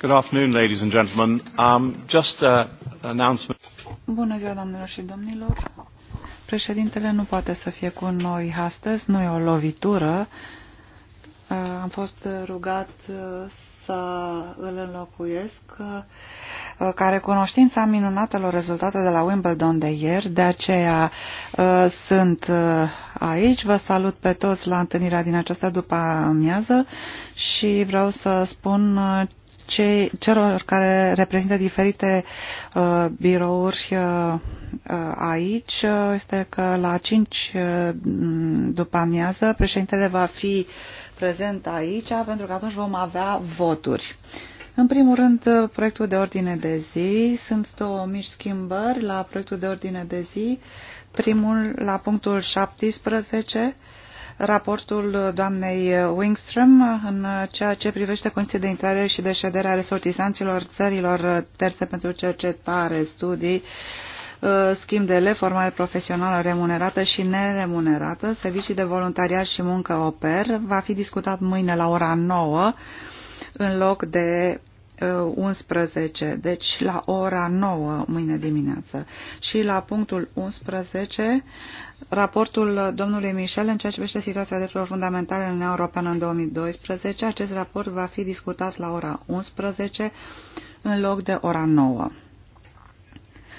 Good afternoon, ladies and gentlemen. Um, just a uh, announcement. Bună ziua, doamnelor și domnilor. Președintele nu poate să fie cu noi astăzi, nu e o lovitură. Uh, am fost rugat uh, să îl înlocuiesc, care recunoștința minunatelor rezultate de la Wimbledon de ieri, de aceea sunt aici. Vă salut pe toți la întâlnirea din această după amiază și vreau să spun cei, celor care reprezintă diferite uh, birouri uh, uh aici uh, este că la 5 uh, după amiază președintele va fi prezent aici pentru că atunci vom avea voturi. În primul rând, uh, proiectul de ordine de zi. Sunt două mici schimbări la proiectul de ordine de zi. Primul la punctul 17 raportul doamnei Wingström în ceea ce privește condiții de intrare și de ședere a resortizanților țărilor terse pentru cercetare, studii, uh, schimb de le, formare profesională remunerată și neremunerată, servicii de voluntariat și muncă oper, va fi discutat mâine la ora 9 în loc de 11, deci la ora 9 mâine dimineață. Și la punctul 11, raportul domnului Michel în ceea ce privește situația drepturilor fundamentale în Uniunea Europeană în 2012. Acest raport va fi discutat la ora 11 în loc de ora 9.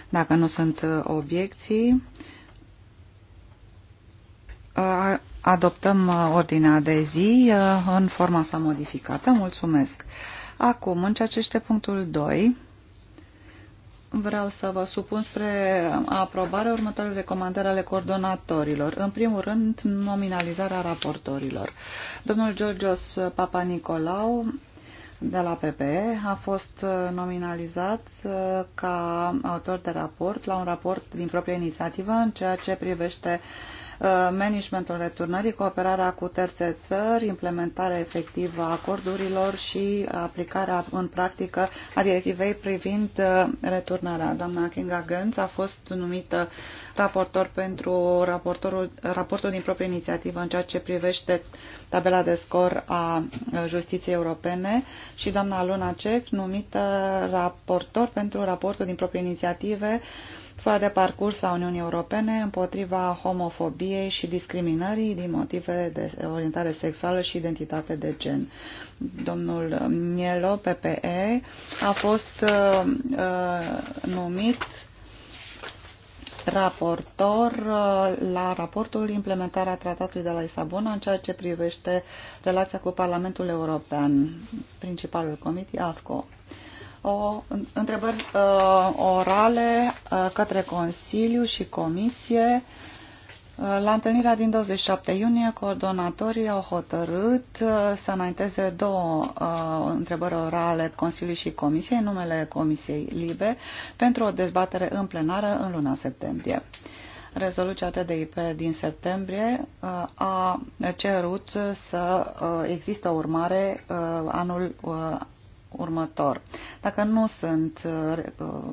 Dacă nu sunt uh, obiecții, uh, adoptăm uh, ordinea de zi în forma sa modificată. Mulțumesc! Acum, în ceea ce este punctul 2, vreau să vă supun spre aprobare următoarele recomandări ale coordonatorilor. În primul rând, nominalizarea raportorilor. Domnul Georgios Papa Nicolau de la PPE a fost nominalizat uh, ca autor de raport la un raport din propria inițiativă în ceea ce privește uh, managementul returnării, cooperarea cu terțe țări, implementarea efectivă a acordurilor și aplicarea în practică a directivei privind uh, returnarea. Doamna Kinga Gânț a fost numită raportor pentru raportorul, raportul din proprie inițiativă în ceea ce privește tabela de scor a uh, justiției europene și doamna Luna Cec numită raportor pentru raportul din proprie inițiative uh, foaia de parcurs a Uniunii Europene împotriva homofobiei și discriminării din motive de orientare sexuală și identitate de gen. Domnul Mielo, PPE, a fost uh, uh, numit raportor uh, la raportul implementarea tratatului de la Lisabona în ceea ce privește relația cu Parlamentul European, principalul comitet AFCO. Uh, o întrebări uh, orale uh, către Consiliu și Comisie. Uh, la întâlnirea din 27 iunie, coordonatorii au hotărât uh, să înainteze două uh, întrebări orale Consiliului și Comisiei, numele Comisiei Libe, pentru o dezbatere în plenară în luna septembrie. Rezoluția TDIP din septembrie uh, a cerut să uh, există urmare uh, anul uh, următor. Dacă nu sunt uh,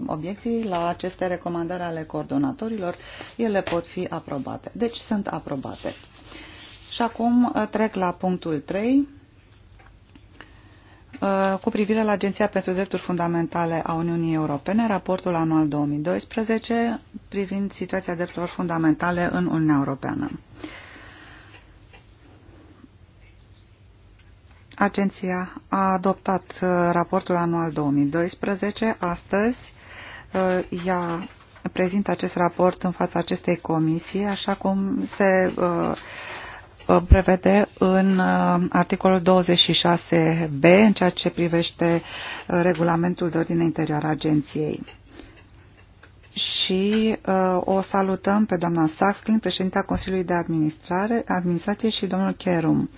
obiecții la aceste recomandări ale coordonatorilor, ele pot fi aprobate. Deci sunt aprobate. Și acum uh, trec la punctul 3 uh, cu privire la Agenția pentru Drepturi Fundamentale a Uniunii Europene, raportul anual 2012 privind situația drepturilor fundamentale în Uniunea Europeană. Agenția a adoptat uh, raportul anual 2012. Astăzi uh, ea prezintă acest raport în fața acestei comisii, așa cum se uh, prevede în articolul 26b, în ceea ce privește regulamentul de ordine interioară a agenției și uh, o salutăm pe doamna Saxlin, președinta Consiliului de Administrare, Administrație și domnul Cherum.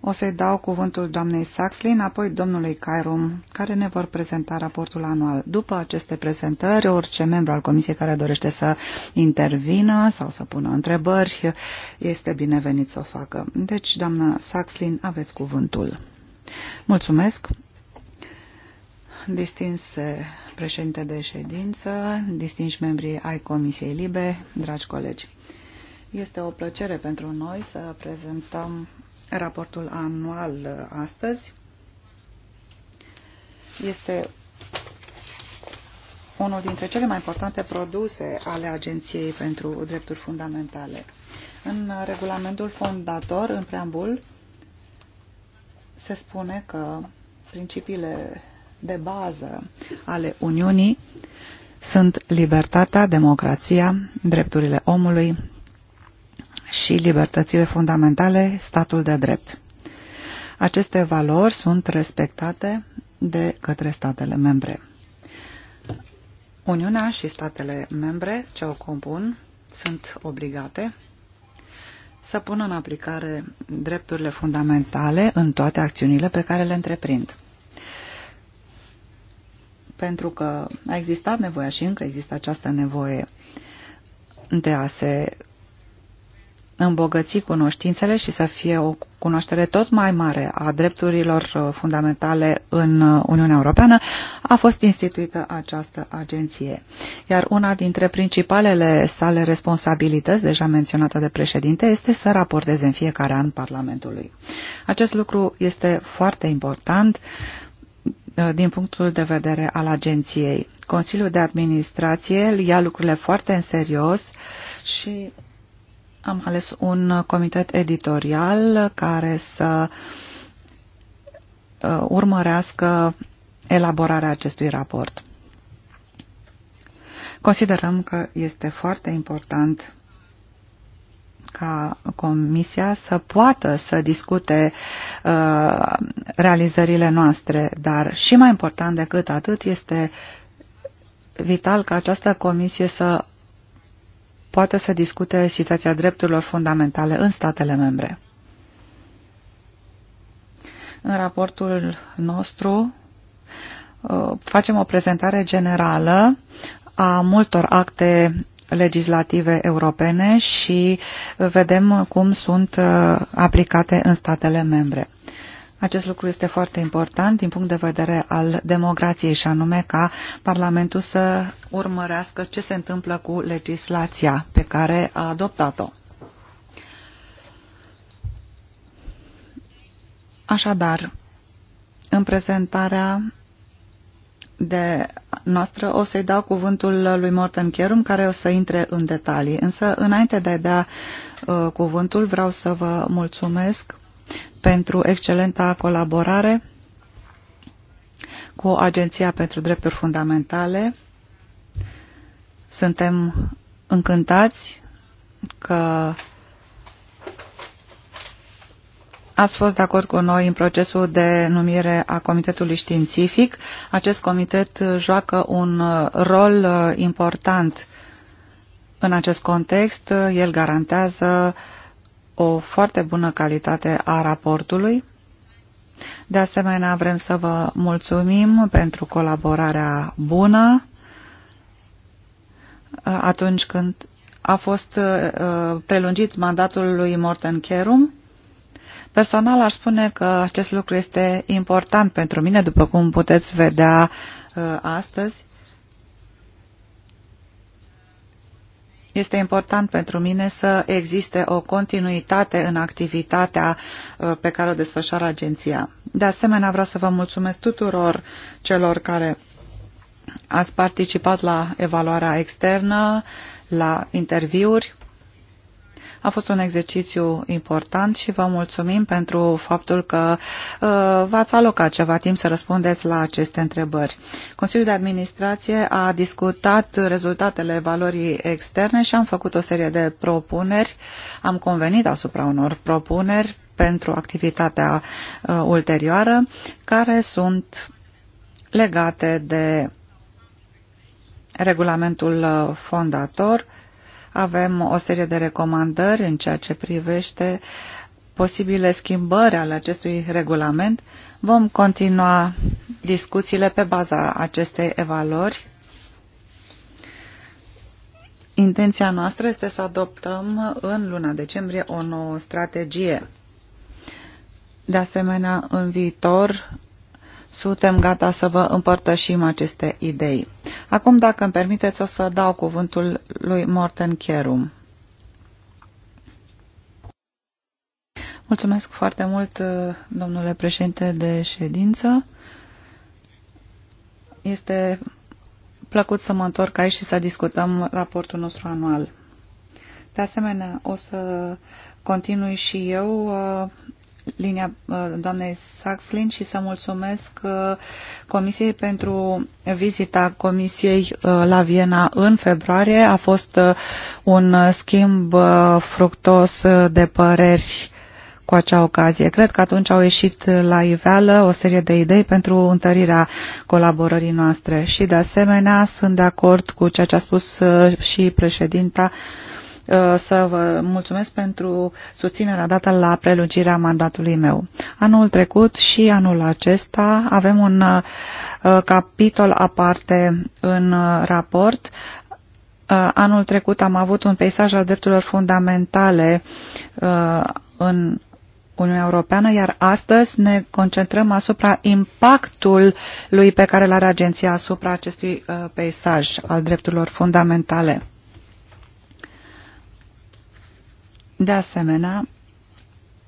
O să-i dau cuvântul doamnei Saxlin, apoi domnului Cairum, care ne vor prezenta raportul anual. După aceste prezentări, orice membru al comisiei care dorește să intervină sau să pună întrebări, este binevenit să o facă. Deci, doamna Saxlin, aveți cuvântul. Mulțumesc! Distinse președinte de ședință, distinși membrii ai Comisiei Libe, dragi colegi, este o plăcere pentru noi să prezentăm raportul anual uh, astăzi. Este unul dintre cele mai importante produse ale Agenției pentru Drepturi Fundamentale. În regulamentul fondator, în preambul, se spune că principiile de bază ale Uniunii sunt libertatea, democrația, drepturile omului, și libertățile fundamentale, statul de drept. Aceste valori sunt respectate de către statele membre. Uniunea și statele membre ce o compun sunt obligate să pună în aplicare drepturile fundamentale în toate acțiunile pe care le întreprind. Pentru că a existat nevoia și încă există această nevoie de a se îmbogăți cunoștințele și să fie o cunoaștere tot mai mare a drepturilor uh, fundamentale în uh, Uniunea Europeană, a fost instituită această agenție. Iar una dintre principalele sale responsabilități, deja menționată de președinte, este să raporteze în fiecare an Parlamentului. Acest lucru este foarte important uh, din punctul de vedere al agenției. Consiliul de administrație ia lucrurile foarte în serios și am ales un comitet editorial care să uh, urmărească elaborarea acestui raport. Considerăm că este foarte important ca Comisia să poată să discute uh, realizările noastre, dar și mai important decât atât este vital ca această Comisie să poată să discute situația drepturilor fundamentale în statele membre. În raportul nostru uh, facem o prezentare generală a multor acte legislative europene și vedem cum sunt uh, aplicate în statele membre. Acest lucru este foarte important din punct de vedere al democrației și anume ca Parlamentul să urmărească ce se întâmplă cu legislația pe care a adoptat-o. Așadar, în prezentarea de noastră o să-i dau cuvântul lui Morten Cherum, care o să intre în detalii. Însă, înainte de a da uh, cuvântul, vreau să vă mulțumesc pentru excelenta colaborare cu Agenția pentru Drepturi Fundamentale. Suntem încântați că ați fost de acord cu noi în procesul de numire a Comitetului Științific. Acest comitet joacă un rol uh, important în acest context. El garantează uh, o foarte bună calitate a raportului. De asemenea, vrem să vă mulțumim pentru colaborarea bună atunci când a fost uh, prelungit mandatul lui Morten Kerum. Personal aș spune că acest lucru este important pentru mine, după cum puteți vedea uh, astăzi. Este important pentru mine să existe o continuitate în activitatea uh, pe care o desfășoară agenția. De asemenea, vreau să vă mulțumesc tuturor celor care ați participat la evaluarea externă, la interviuri a fost un exercițiu important și vă mulțumim pentru faptul că uh, v-ați alocat ceva timp să răspundeți la aceste întrebări. Consiliul de Administrație a discutat rezultatele valorii externe și am făcut o serie de propuneri. Am convenit asupra unor propuneri pentru activitatea uh, ulterioară, care sunt legate de regulamentul uh, fondator avem o serie de recomandări în ceea ce privește posibile schimbări ale acestui regulament. Vom continua discuțiile pe baza acestei evaluări. Intenția noastră este să adoptăm în luna decembrie o nouă strategie. De asemenea, în viitor suntem gata să vă împărtășim aceste idei. Acum, dacă îmi permiteți, o să dau cuvântul lui Morten Kerum. Mulțumesc foarte mult, domnule președinte de ședință. Este plăcut să mă întorc aici și să discutăm raportul nostru anual. De asemenea, o să continui și eu linia uh, doamnei Saxlin și să mulțumesc uh, Comisiei pentru vizita Comisiei uh, la Viena în februarie. A fost un schimb fructos de păreri cu acea ocazie. Cred că atunci au ieșit la iveală o serie de idei pentru întărirea colaborării noastre și de asemenea sunt de acord cu ceea ce a spus și președinta Uh, să vă mulțumesc pentru susținerea dată la prelungirea mandatului meu. Anul trecut și anul acesta avem un uh, capitol aparte în uh, raport Anul trecut am avut un peisaj al drepturilor fundamentale în Uniunea Europeană, iar astăzi ne concentrăm asupra impactului lui pe care l are agenția asupra acestui peisaj al drepturilor fundamentale. De asemenea,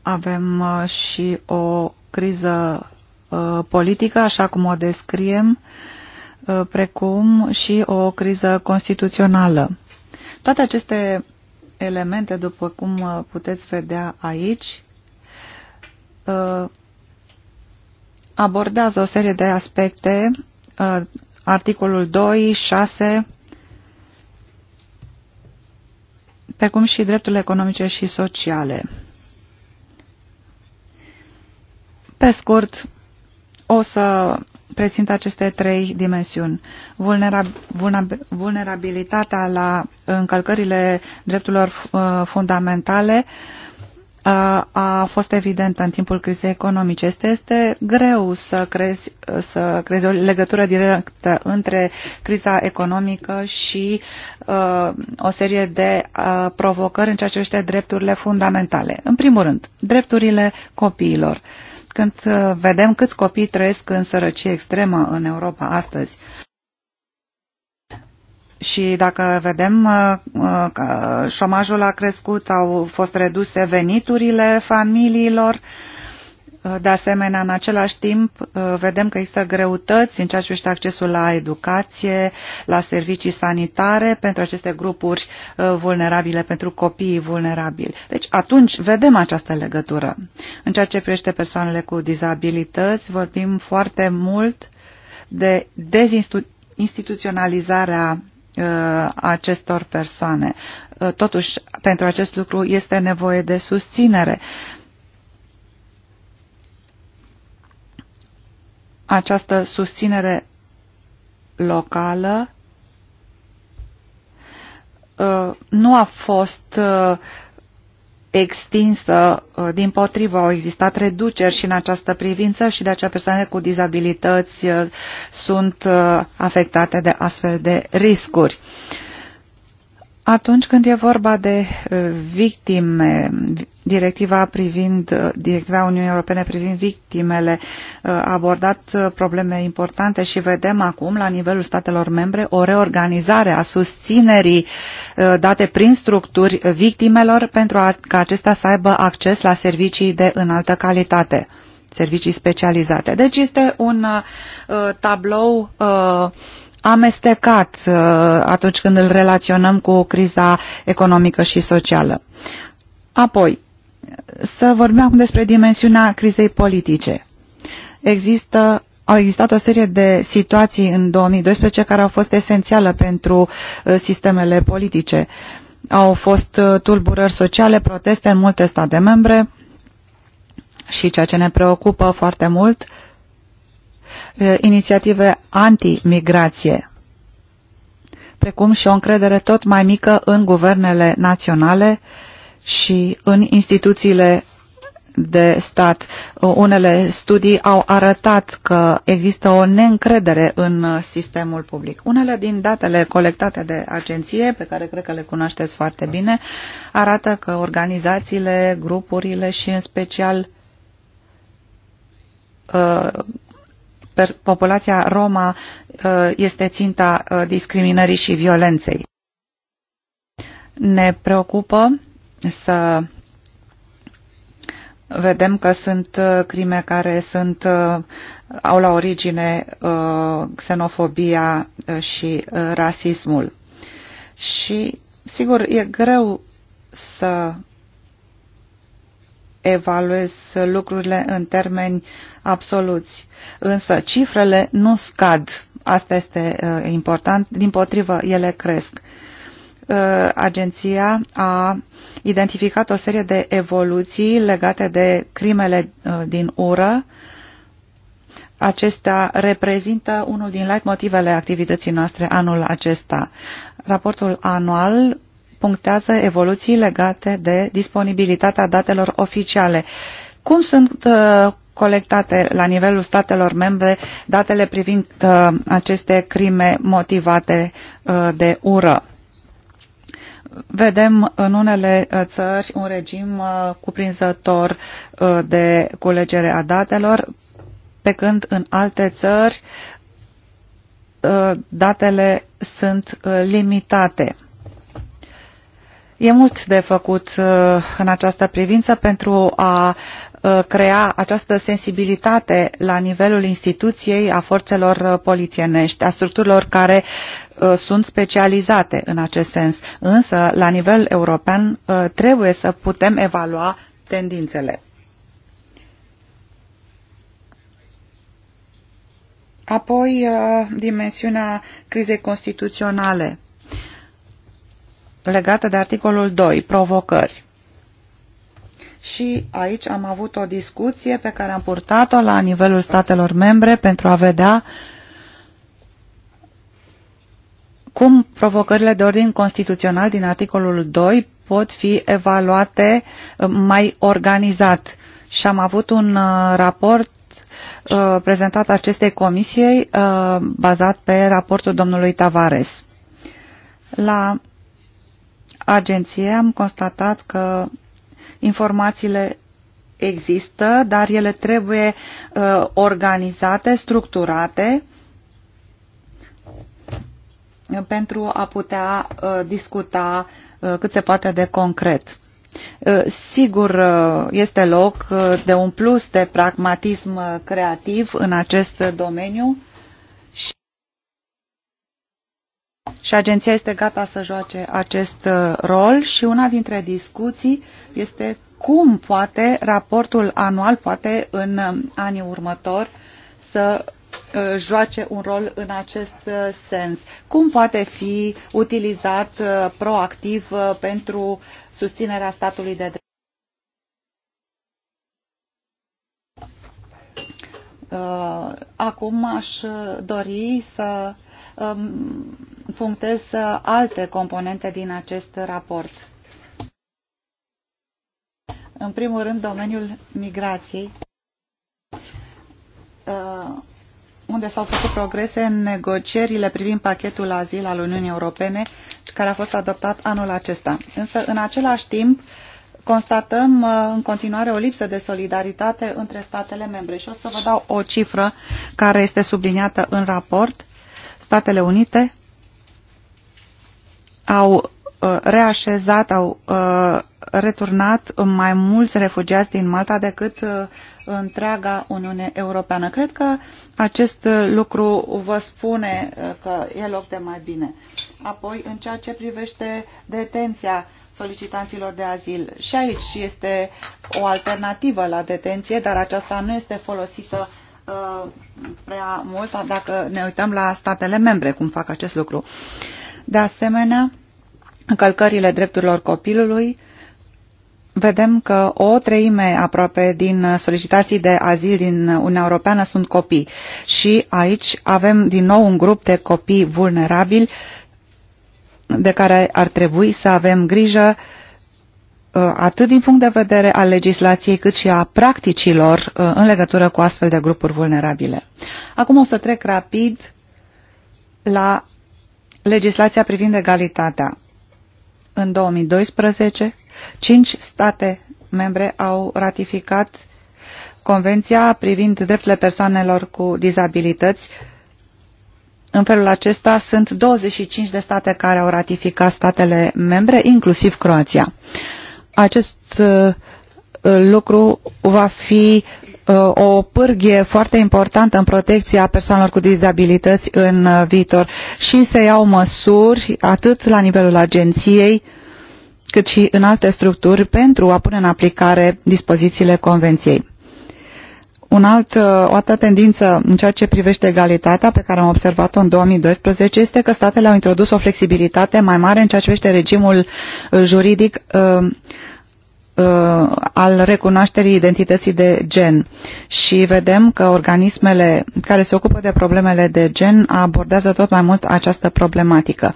avem uh, și o criză uh, politică, așa cum o descriem, uh, precum și o criză constituțională. Toate aceste elemente, după cum puteți vedea aici, abordează o serie de aspecte, articolul 2, 6, precum și drepturile economice și sociale. Pe scurt, o să prezint aceste trei dimensiuni. Vulnerabilitatea la încălcările drepturilor uh, fundamentale, a fost evidentă în timpul crizei economice. Este, este greu să crezi, să crezi o legătură directă între criza economică și uh, o serie de uh, provocări în ceea ce drepturile fundamentale. În primul rând, drepturile copiilor. Când vedem câți copii trăiesc în sărăcie extremă în Europa astăzi, și dacă vedem uh, uh, că șomajul a crescut, au fost reduse veniturile familiilor, uh, de asemenea, în același timp, vedem că există greutăți în ceea ce privește accesul la educație, la servicii sanitare pentru aceste grupuri vulnerabile, pentru copiii vulnerabili. Deci, atunci vedem această legătură. În ceea ce privește persoanele cu dizabilități, vorbim foarte mult de dezinstituționalizarea Uh, acestor persoane. Uh, totuși, pentru acest lucru este nevoie de susținere. Această susținere locală uh, nu a fost uh, extinsă, uh, din potrivă au existat reduceri și în această privință și de aceea persoane cu dizabilități uh, sunt uh, afectate de astfel de riscuri. Uh, atunci când e vorba de uh, victime, directiva privind uh, directiva Uniunii Europene privind victimele uh, a abordat probleme importante și vedem acum la nivelul statelor membre o reorganizare a susținerii date prin structuri victimelor pentru a, ca acestea să aibă acces la servicii de înaltă calitate servicii specializate. Deci este un uh, tablou uh, amestecat uh, atunci când îl relaționăm cu criza economică și socială. Apoi, să vorbim acum despre dimensiunea crizei politice. Există au existat o serie de situații în 2012 care au fost esențiale pentru uh, sistemele politice. Au fost uh, tulburări sociale, proteste în multe state membre și ceea ce ne preocupă foarte mult inițiative anti-migrație, precum și o încredere tot mai mică în guvernele naționale și în instituțiile de stat. Unele studii au arătat că există o neîncredere în sistemul public. Unele din datele colectate de agenție, pe care cred că le cunoașteți foarte bine, arată că organizațiile, grupurile și în special populația Roma uh, este ținta uh, discriminării și violenței. Ne preocupă să vedem că sunt uh, crime care sunt, au la origine xenofobia și rasismul. Și, sigur, e greu să evaluez lucrurile în termeni absoluți. Însă cifrele nu scad. Asta este uh, important. Din potrivă, ele cresc. Uh, agenția a identificat o serie de evoluții legate de crimele uh, din ură. Acestea reprezintă unul din leitmotivele motivele activității noastre anul acesta. Raportul anual punctează evoluții legate de disponibilitatea datelor oficiale. Cum sunt uh, colectate la nivelul statelor membre datele privind uh, aceste crime motivate uh, de ură? Vedem în unele uh, țări un regim uh, cuprinzător uh, de culegere a datelor, pe când în alte țări datele sunt limitate. E mult de făcut uh, în această privință pentru a uh, crea această sensibilitate la nivelul instituției, a forțelor uh, polițienești, a structurilor care sunt specializate în acest sens. Însă, la nivel european, trebuie să putem evalua tendințele. Apoi, dimensiunea crizei constituționale legată de articolul 2, provocări. Și aici am avut o discuție pe care am purtat-o la nivelul statelor membre pentru a vedea cum provocările de ordin constituțional din articolul 2 pot fi evaluate uh, mai organizat. Și am avut un uh, raport uh, prezentat acestei comisiei bazat pe raportul domnului Tavares. La agenție am constatat că informațiile există, dar ele trebuie uh, organizate, structurate uh, pentru a putea uh, discuta uh, cât se poate de concret. Uh, sigur, uh, este loc de un plus de pragmatism creativ în acest domeniu Și agenția este gata să joace acest uh, rol și una dintre discuții este cum poate raportul anual, poate în um, anii următori, să uh, joace un rol în acest uh, sens. Cum poate fi utilizat proactiv pentru susținerea statului de drept? Acum aș dori să punctez uh, alte componente din acest raport. În primul rând, domeniul migrației, uh, unde s-au făcut progrese în negocierile privind pachetul azil al Uniunii Europene, care a fost adoptat anul acesta. Însă, în același timp, constatăm uh, în continuare o lipsă de solidaritate între statele membre. Și o să vă dau o cifră care este subliniată în raport. Statele Unite au uh, reașezat, au uh, returnat mai mulți refugiați din Malta decât uh, întreaga Uniune Europeană. Cred că acest lucru vă spune că e loc de mai bine. Apoi, în ceea ce privește detenția solicitanților de azil, și aici este o alternativă la detenție, dar aceasta nu este folosită prea mult dacă ne uităm la statele membre cum fac acest lucru. De asemenea, încălcările drepturilor copilului vedem că o treime aproape din solicitații de azil din Uniunea Europeană sunt copii. Și aici avem din nou un grup de copii vulnerabili de care ar trebui să avem grijă uh, Uh, atât din punct de vedere al legislației, cât și a practicilor uh, în legătură cu astfel de grupuri vulnerabile. Acum o să trec rapid la legislația privind egalitatea. În 2012, cinci state membre au ratificat Convenția privind drepturile persoanelor cu dizabilități. În felul acesta sunt 25 de state care au ratificat statele membre, inclusiv Croația. Uh, acest uh, lucru va fi uh, o pârghie foarte importantă în protecția persoanelor cu dizabilități în uh, viitor și se iau măsuri atât la nivelul agenției cât și în alte structuri pentru a pune în aplicare dispozițiile convenției. Un alt, uh, o altă tendință în ceea ce privește egalitatea pe care am observat-o în 2012 este că statele au introdus o flexibilitate mai mare în ceea ce privește regimul uh, juridic uh, al recunoașterii identității de gen și vedem că organismele care se ocupă de problemele de gen abordează tot mai mult această problematică.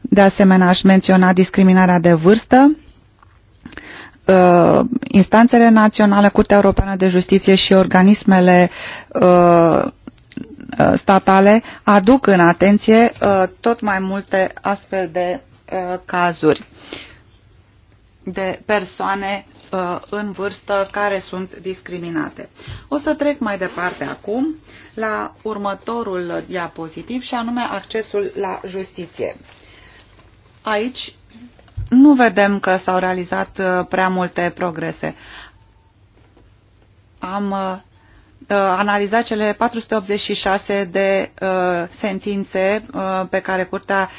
De asemenea, aș menționa discriminarea de vârstă Uh, instanțele naționale, Curtea Europeană de Justiție și organismele uh, uh, statale aduc în atenție tot mai multe astfel de cazuri de persoane în vârstă care sunt discriminate. O să trec mai departe acum la următorul diapozitiv și anume accesul la justiție. Aici nu vedem că s-au realizat uh, prea multe progrese. Am uh, uh, analizat cele 486 de sentințe pe care Curtea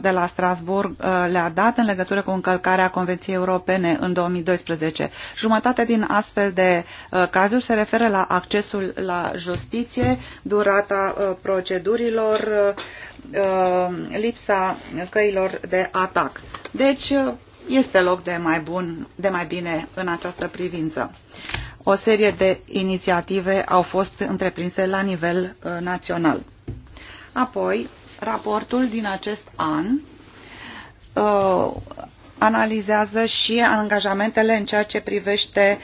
de la Strasburg le-a dat în legătură cu încălcarea Convenției Europene în 2012. Jumătate din astfel de cazuri se referă la accesul la justiție, durata procedurilor, Uh, lipsa căilor de atac. Deci uh, este loc de mai, bun, de mai bine în această privință. O serie de inițiative au fost întreprinse la nivel uh, național. Apoi, raportul din acest an analizează și angajamentele în ceea ce privește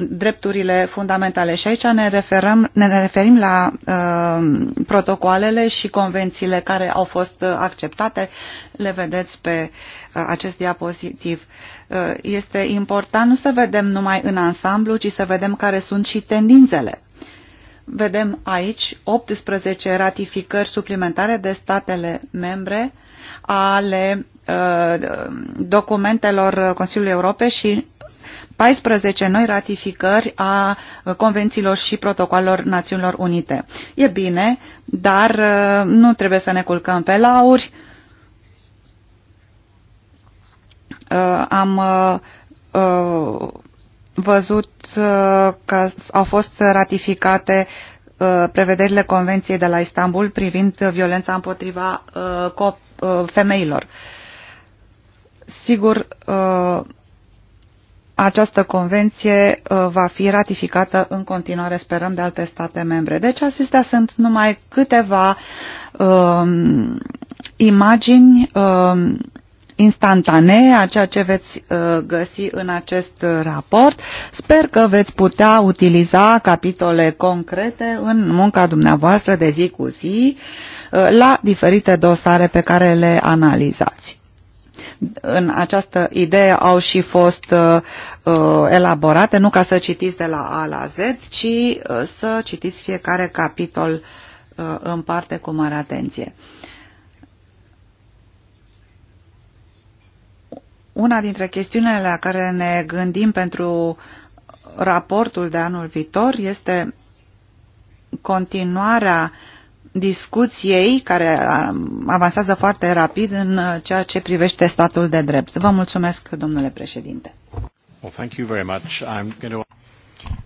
drepturile fundamentale. Și aici ne, referăm, ne referim la uh, protocoalele și convențiile care au fost uh, acceptate. Le vedeți pe uh, acest diapozitiv. Uh, este important nu să vedem numai în ansamblu, ci să vedem care sunt și tendințele. Vedem aici 18 ratificări suplimentare de statele membre ale uh, documentelor Consiliului Europei și 14 noi ratificări a convențiilor și protocolelor Națiunilor Unite. E bine, dar uh, nu trebuie să ne culcăm pe lauri. Uh, am uh, văzut că au fost ratificate prevederile Convenției de la Istanbul privind violența împotriva femeilor. Sigur, această convenție uh, va fi ratificată în continuare, sperăm, de alte state membre. Deci acestea sunt numai câteva um, imagini um, instantanee a ceea ce veți uh, găsi în acest raport. Sper că veți putea utiliza capitole concrete în munca dumneavoastră de zi cu zi uh, la diferite dosare pe care le analizați în această idee au și fost uh, uh, elaborate, nu ca să citiți de la A la Z, ci uh, să citiți fiecare capitol uh, în parte cu mare atenție. Una dintre chestiunile la care ne gândim pentru raportul de anul viitor este continuarea uh, discuției care avansează foarte rapid în ceea ce privește statul de drept. Vă mulțumesc, domnule președinte. Well, thank you very much. I'm going to...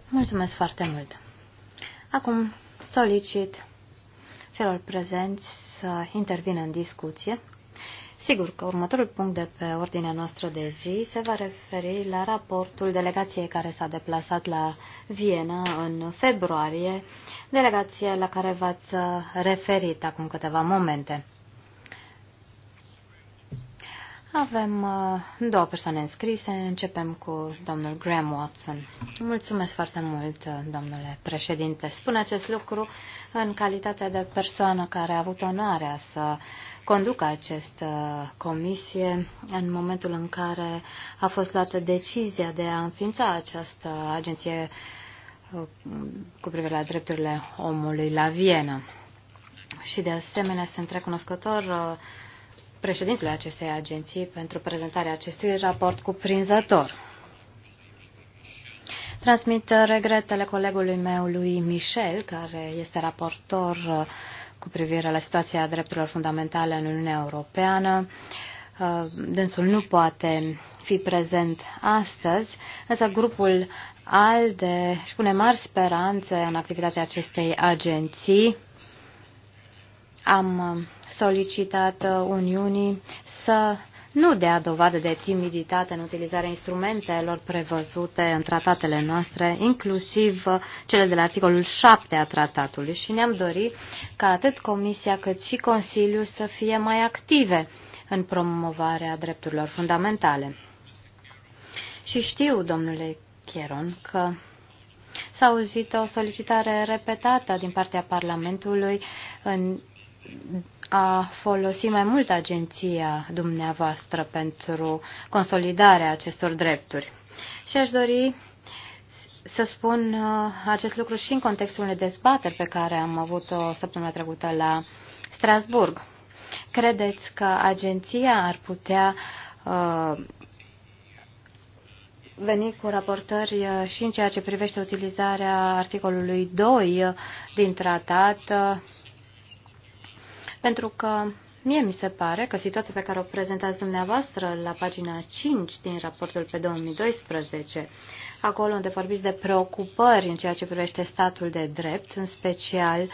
Mulțumesc foarte mult. Acum solicit celor prezenți să intervină în discuție. Sigur că următorul punct de pe ordinea noastră de zi se va referi la raportul delegației care s-a deplasat la Viena în februarie delegație la care v-ați uh, referit acum câteva momente. Avem uh, două persoane înscrise. Începem cu domnul Graham Watson. Mulțumesc foarte mult, uh, domnule președinte. Spun acest lucru în calitate de persoană care a avut onoarea să conducă această comisie în momentul în care a fost luată decizia de a înființa această agenție cu privire la drepturile omului la Viena. Și de asemenea sunt recunoscător uh, președintele acestei agenții pentru prezentarea acestui raport cuprinzător. Transmit uh, regretele colegului meu, lui Michel, care este raportor uh, cu privire la situația drepturilor fundamentale în Uniunea Europeană. Uh, Uh, dânsul nu poate fi prezent astăzi, însă grupul ALDE își pune mari speranțe în activitatea acestei agenții. Am solicitat Uniunii să nu dea dovadă de timiditate în utilizarea instrumentelor prevăzute în tratatele noastre, inclusiv cele de la articolul 7 a tratatului și ne-am dorit ca atât Comisia cât și Consiliul să fie mai active în promovarea drepturilor fundamentale. Și știu, domnule Chiron, că s-a auzit o solicitare repetată din partea Parlamentului în a folosi mai mult agenția dumneavoastră pentru consolidarea acestor drepturi. Și aș dori să spun uh, acest lucru și în contextul unei dezbateri pe care am avut-o săptămâna trecută la Strasburg. Credeți că agenția ar putea uh, veni cu raportări uh, și în ceea ce privește utilizarea articolului 2 uh, din tratat, pentru că mie mi se pare că situația pe care o prezentați dumneavoastră la pagina 5 din raportul pe 2012, acolo unde vorbiți de preocupări în ceea ce privește statul de drept, în special uh,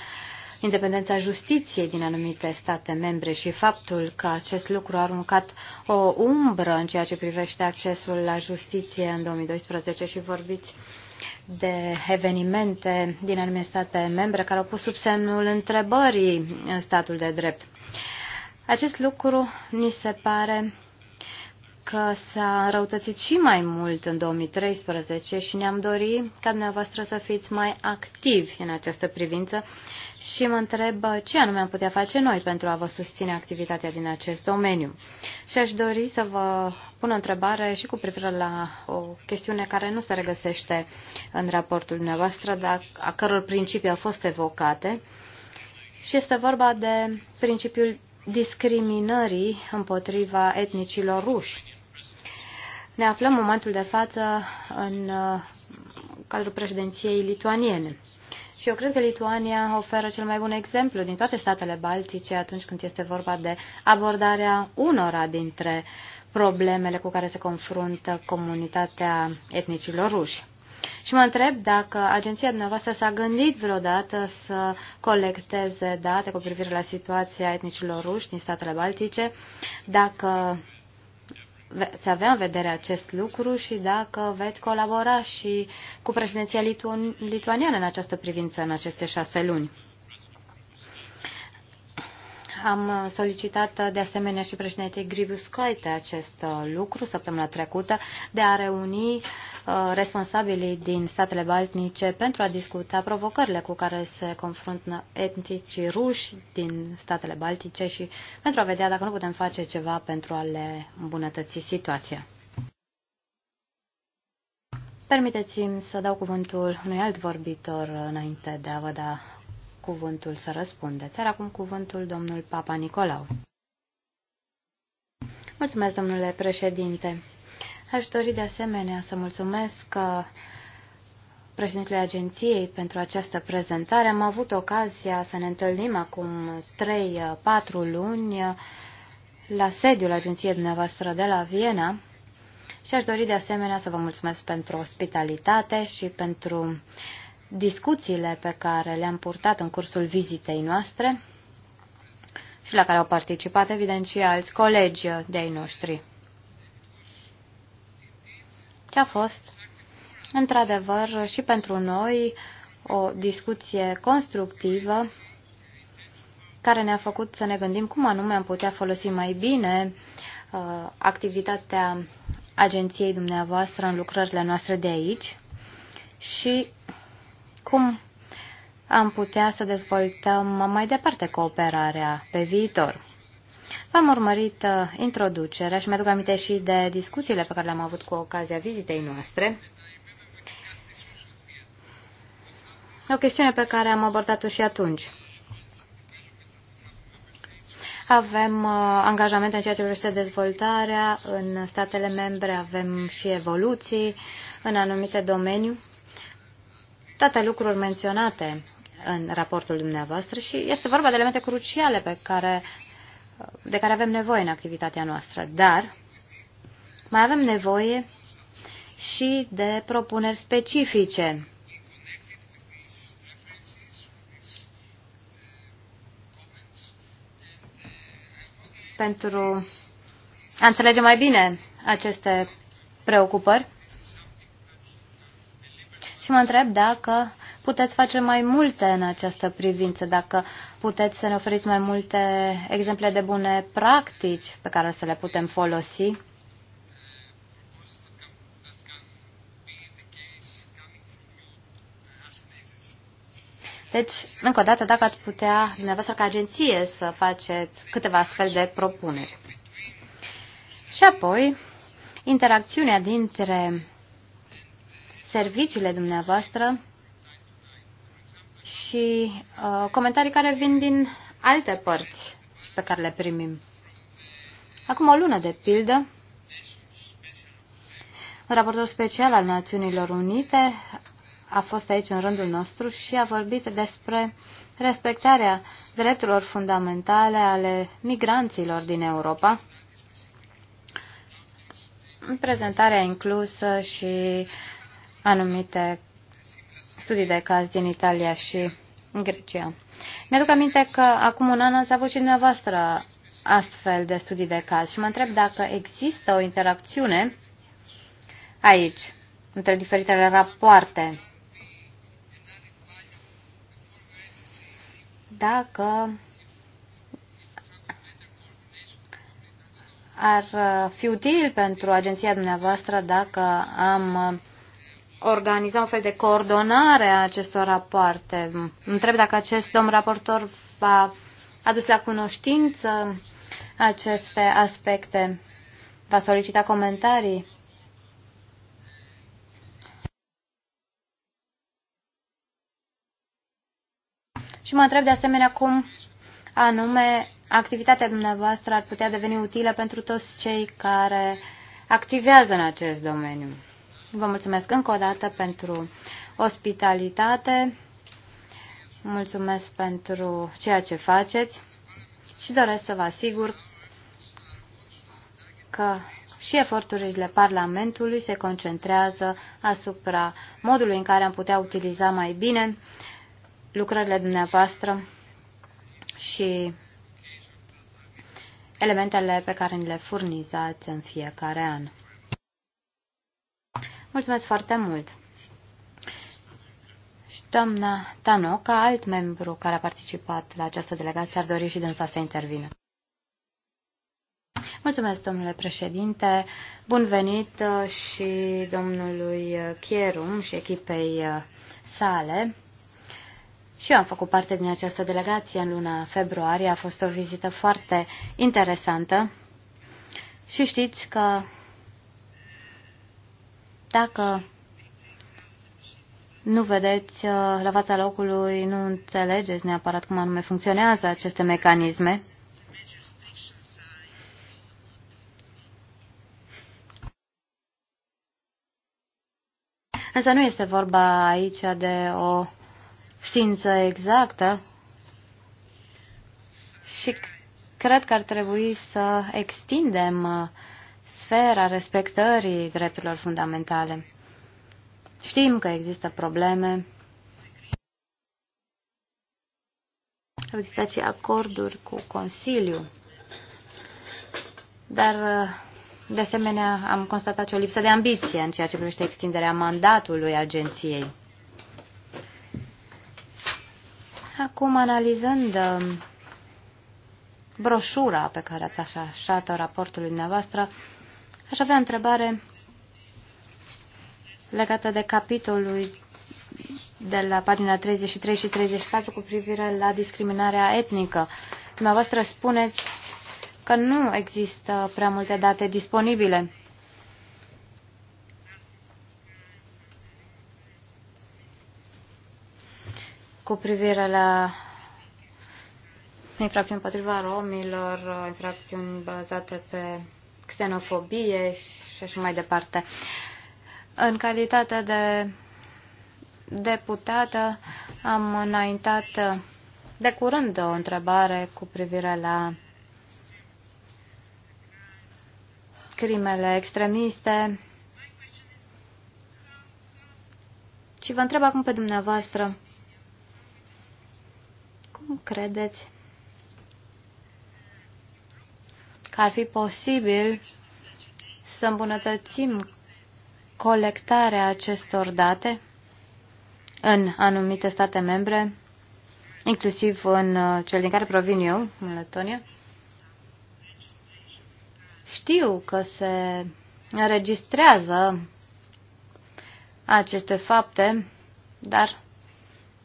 independența justiției din anumite state membre și faptul că acest lucru a aruncat o umbră în ceea ce privește accesul la justiție în 2012 și vorbiți de evenimente din anumite state membre care au pus sub semnul întrebării în statul de drept. Acest lucru ni se pare că s-a răutățit și mai mult în 2013 și ne-am dorit ca dumneavoastră să fiți mai activi în această privință și mă întreb uh, ce anume am putea face noi pentru a vă susține activitatea din acest domeniu. Și aș dori să vă pun o întrebare și cu privire la o chestiune care nu se regăsește în raportul dumneavoastră, dar a căror principii au fost evocate, și este vorba de principiul discriminării împotriva etnicilor ruși. Ne aflăm în momentul de față în uh, cadrul președinției lituaniene. Și eu cred că Lituania oferă cel mai bun exemplu din toate statele baltice atunci când este vorba de abordarea unora dintre problemele cu care se confruntă comunitatea etnicilor ruși. Și mă întreb dacă agenția dumneavoastră s-a gândit vreodată să colecteze date cu privire la situația etnicilor ruși din statele baltice, dacă veți avea în vedere acest lucru și dacă veți colabora și cu președinția litu- lituaniană în această privință în aceste șase luni. Am solicitat de asemenea și președintei Gribius Coite acest lucru săptămâna trecută de a reuni Uh, responsabilii din statele baltnice pentru a discuta provocările cu care se confruntă etnicii ruși din statele baltice și pentru a vedea dacă nu putem face ceva pentru a le îmbunătăți situația. Permiteți-mi să dau cuvântul unui alt vorbitor înainte de a vă da cuvântul să răspundeți. Are acum cuvântul domnul Papa Nicolau. Mulțumesc, domnule președinte. Aș dori de asemenea să mulțumesc uh, președintele agenției pentru această prezentare. Am avut ocazia să ne întâlnim acum 3-4 uh, luni uh, la sediul agenției dumneavoastră de la Viena și aș dori de asemenea să vă mulțumesc pentru ospitalitate și pentru discuțiile pe care le-am purtat în cursul vizitei noastre și la care au participat, evident, și alți colegi de-ai noștri ce a fost, într-adevăr, și pentru noi o discuție constructivă care ne-a făcut să ne gândim cum anume am putea folosi mai bine uh, activitatea agenției dumneavoastră în lucrările noastre de aici și cum am putea să dezvoltăm mai departe cooperarea pe viitor. V-am urmărit uh, introducerea și mi-aduc aminte și de discuțiile pe care le-am avut cu ocazia vizitei noastre. O chestiune pe care am abordat-o și atunci. Avem uh, angajamente în ceea ce privește dezvoltarea în statele membre, avem și evoluții în anumite domenii. Toate lucruri menționate în raportul dumneavoastră și este vorba de elemente cruciale pe care de care avem nevoie în activitatea noastră, dar mai avem nevoie și de propuneri specifice. Pentru a înțelege mai bine aceste preocupări. Și mă întreb dacă puteți face mai multe în această privință, dacă puteți să ne oferiți mai multe exemple de bune practici pe care să le putem folosi. Deci, încă o dată, dacă ați putea, dumneavoastră, ca agenție, să faceți câteva astfel de propuneri. Și apoi, interacțiunea dintre serviciile dumneavoastră și uh, comentarii care vin din alte părți pe care le primim. Acum o lună, de pildă, un raportor special al Națiunilor Unite a fost aici în rândul nostru și a vorbit despre respectarea drepturilor fundamentale ale migranților din Europa. prezentarea inclusă și anumite studii de caz din Italia și Grecia. Mi-aduc aminte că acum un an ați avut și dumneavoastră astfel de studii de caz și mă întreb dacă există o interacțiune aici, între diferitele rapoarte. Dacă ar fi util pentru agenția dumneavoastră dacă am organiza un fel de coordonare a acestor rapoarte. Întreb dacă acest domn raportor va adus la cunoștință aceste aspecte. Va solicita comentarii? Și mă întreb de asemenea cum anume activitatea dumneavoastră ar putea deveni utilă pentru toți cei care activează în acest domeniu. Vă mulțumesc încă o dată pentru ospitalitate, mulțumesc pentru ceea ce faceți și doresc să vă asigur că și eforturile Parlamentului se concentrează asupra modului în care am putea utiliza mai bine lucrările dumneavoastră și elementele pe care ni le furnizați în fiecare an. Mulțumesc foarte mult! Și doamna Tano, ca alt membru care a participat la această delegație, ar dori și dânsa să intervină. Mulțumesc, domnule președinte. Bun venit uh, și domnului uh, Chierum și echipei uh, sale. Și eu am făcut parte din această delegație în luna februarie. A fost o vizită foarte interesantă. Și știți că dacă nu vedeți uh, la fața locului, nu înțelegeți neapărat cum anume funcționează aceste mecanisme. Însă nu este vorba aici de o știință exactă și cred că ar trebui să extindem uh, sfera respectării drepturilor fundamentale. Știm că există probleme. Au existat și acorduri cu Consiliu. Dar, de asemenea, am constatat și o lipsă de ambiție în ceea ce privește extinderea mandatului agenției. Acum, analizând um, broșura pe care ați așașat-o raportului dumneavoastră, Aș avea întrebare legată de capitolul de la pagina 33 și 34 cu privire la discriminarea etnică. Dumneavoastră spuneți că nu există prea multe date disponibile. cu privire la infracțiuni împotriva romilor, infracțiuni bazate pe xenofobie și așa mai departe. În calitate de deputată am înaintat de curând o întrebare cu privire la crimele extremiste și vă întreb acum pe dumneavoastră cum credeți că ar fi posibil să îmbunătățim colectarea acestor date în anumite state membre, inclusiv în uh, cel din care provin eu, în Letonia. Știu că se înregistrează aceste fapte, dar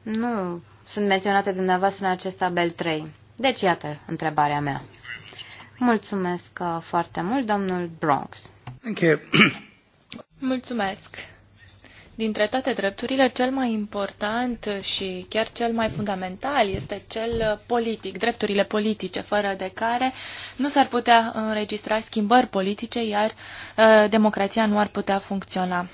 nu sunt menționate dumneavoastră în acest tabel 3. Deci, iată întrebarea mea. Mulțumesc uh, foarte mult, domnul Bronx. Thank you. Mulțumesc. Dintre toate drepturile, cel mai important și chiar cel mai fundamental este cel politic, drepturile politice, fără de care nu s-ar putea înregistra schimbări politice, iar uh, democrația nu ar putea funcționa.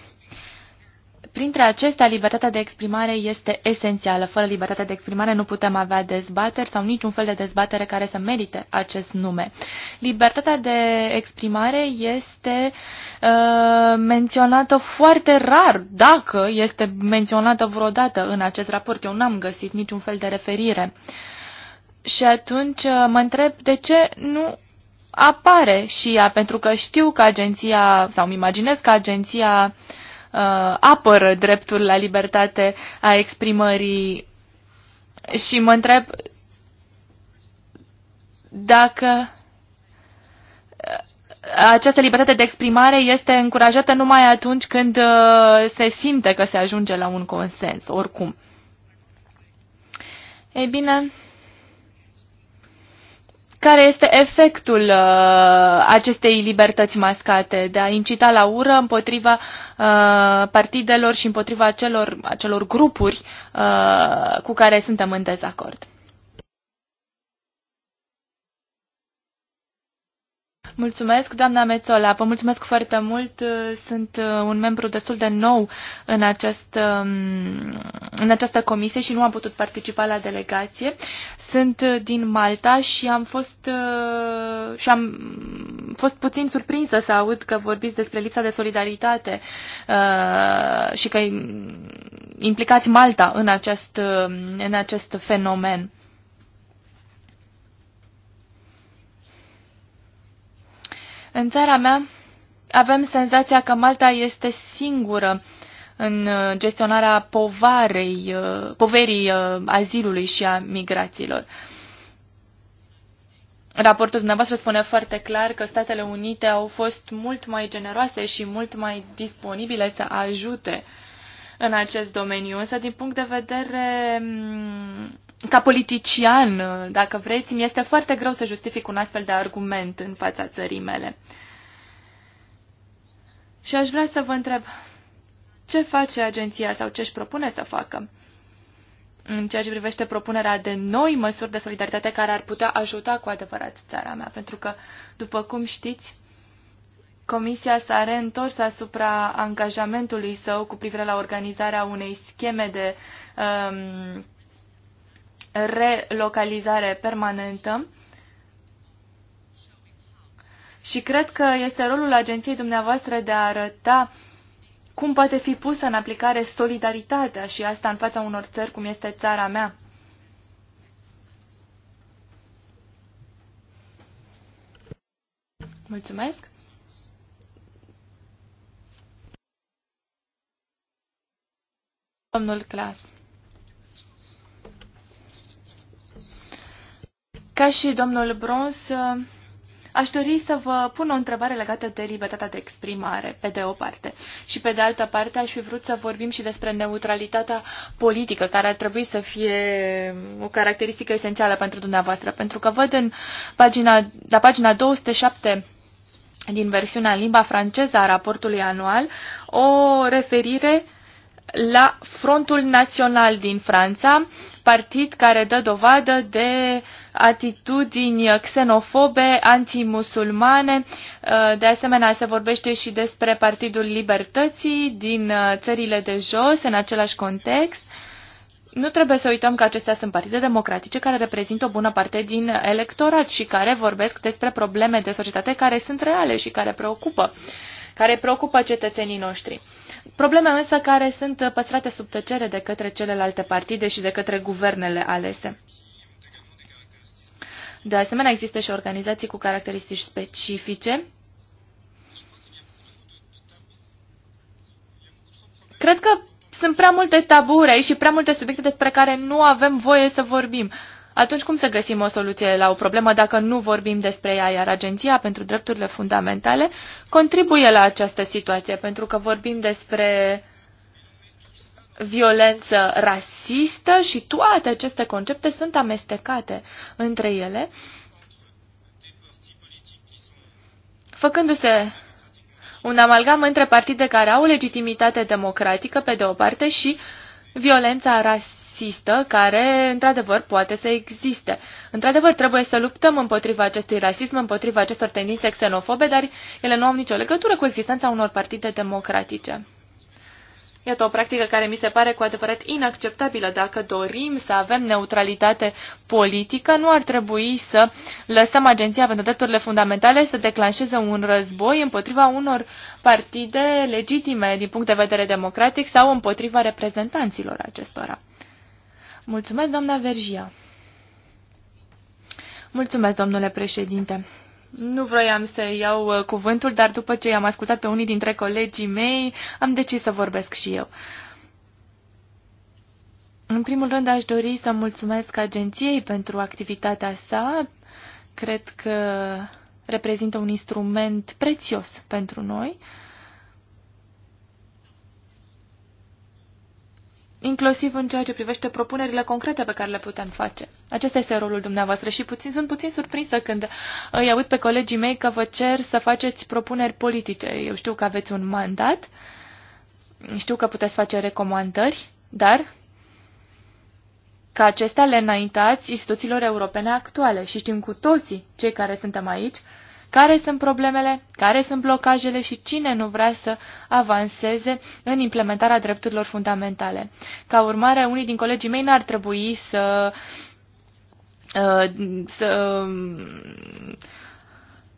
Printre acestea, libertatea de exprimare este esențială. Fără libertatea de exprimare nu putem avea dezbateri sau niciun fel de dezbatere care să merite acest nume. Libertatea de exprimare este uh, menționată foarte rar, dacă este menționată vreodată în acest raport. Eu n-am găsit niciun fel de referire. Și atunci uh, mă întreb de ce nu apare și ea, pentru că știu că agenția, sau îmi imaginez că agenția uh, uh, apără dreptul la libertate a exprimării și mă întreb dacă uh, această libertate de exprimare este încurajată numai atunci când uh, se simte că se ajunge la un consens, oricum. Ei bine, care este efectul uh, acestei libertăți mascate de a incita la ură împotriva uh, partidelor și împotriva acelor, acelor grupuri uh, cu care suntem în dezacord. Mulțumesc, doamna Mețola, vă mulțumesc foarte mult. Sunt uh, un membru destul de nou în, acest, um, în această comisie și nu am putut participa la delegație. Sunt uh, din Malta și am fost, uh, și am fost puțin surprinsă să aud că vorbiți despre lipsa de solidaritate și că implicați Malta în acest, în acest fenomen. În țara mea avem senzația că Malta este singură în uh, gestionarea povarei, uh, poverii uh, azilului și a migrațiilor. Raportul dumneavoastră spune foarte clar că Statele Unite au fost mult mai generoase și mult mai disponibile să ajute în acest domeniu. Însă, din punct de vedere mm, ca politician, dacă vreți, mi este foarte greu să justific un astfel de argument în fața țării mele. Și aș vrea să vă întreb, ce face agenția sau ce își propune să facă? În ceea ce privește propunerea de noi măsuri de solidaritate care ar putea ajuta cu adevărat țara mea, pentru că, după cum știți, Comisia s-a reîntors asupra angajamentului său cu privire la organizarea unei scheme de um, relocalizare permanentă. Și cred că este rolul agenției dumneavoastră de a arăta cum poate fi pusă în aplicare solidaritatea și asta în fața unor țări cum este țara mea. Mulțumesc! Domnul Clas. Ca și domnul Brons, aș dori să vă pun o întrebare legată de libertatea de exprimare, pe de o parte. Și pe de altă parte, aș fi vrut să vorbim și despre neutralitatea politică, care ar trebui să fie o caracteristică esențială pentru dumneavoastră. Pentru că văd în pagina, la pagina 207 din versiunea în limba franceză a raportului anual o referire la Frontul Național din Franța, partid care dă dovadă de atitudini xenofobe, antimusulmane. Uh, de asemenea, se vorbește și despre Partidul Libertății din uh, țările de jos, în același context. Nu trebuie să uităm că acestea sunt partide democratice care reprezintă o bună parte din electorat și care vorbesc despre probleme de societate care sunt reale și care preocupă, care preocupă cetățenii noștri. Probleme însă care sunt păstrate sub tăcere de către celelalte partide și de către guvernele alese. De asemenea, există și organizații cu caracteristici specifice. Cred că sunt prea multe taburi aici și prea multe subiecte despre care nu avem voie să vorbim. Uh, atunci cum să găsim o soluție la o problemă dacă nu vorbim despre ea, iar Agenția pentru Drepturile Fundamentale contribuie la această situație, pentru că vorbim despre violență rasistă și toate aceste concepte sunt amestecate între ele, făcându-se un amalgam între partide care au legitimitate democratică, pe de o parte, și violența rasistă rasistă care, într-adevăr, poate să existe. Într-adevăr, trebuie să luptăm împotriva acestui rasism, împotriva acestor tendințe xenofobe, dar ele nu au nicio legătură cu existența unor partide democratice. Iată o practică care mi se pare cu adevărat inacceptabilă. Dacă dorim să avem neutralitate politică, nu ar trebui să lăsăm Agenția pentru Drepturile Fundamentale să declanșeze un război împotriva unor partide legitime din punct de vedere democratic sau împotriva reprezentanților acestora. Mulțumesc, doamna Vergia. Mulțumesc, domnule președinte. Nu vroiam să iau uh, cuvântul, dar după ce i-am ascultat pe unii dintre colegii mei, am decis să vorbesc și eu. În primul rând, aș dori să mulțumesc agenției pentru activitatea sa. Cred că reprezintă un instrument prețios pentru noi. Uh, inclusiv în ceea ce privește propunerile concrete pe care le putem face. Acesta este rolul dumneavoastră și puțin, sunt puțin surprinsă când uh, îi aud pe colegii mei că vă cer să faceți propuneri politice. Eu știu că aveți un mandat, știu că puteți face recomandări, dar că acestea le înaintați instituțiilor europene actuale și știm cu toții cei care suntem aici care sunt problemele, care sunt blocajele și cine nu vrea să avanseze în implementarea drepturilor fundamentale. Ca urmare, unii din colegii mei n-ar trebui să, uh, să um,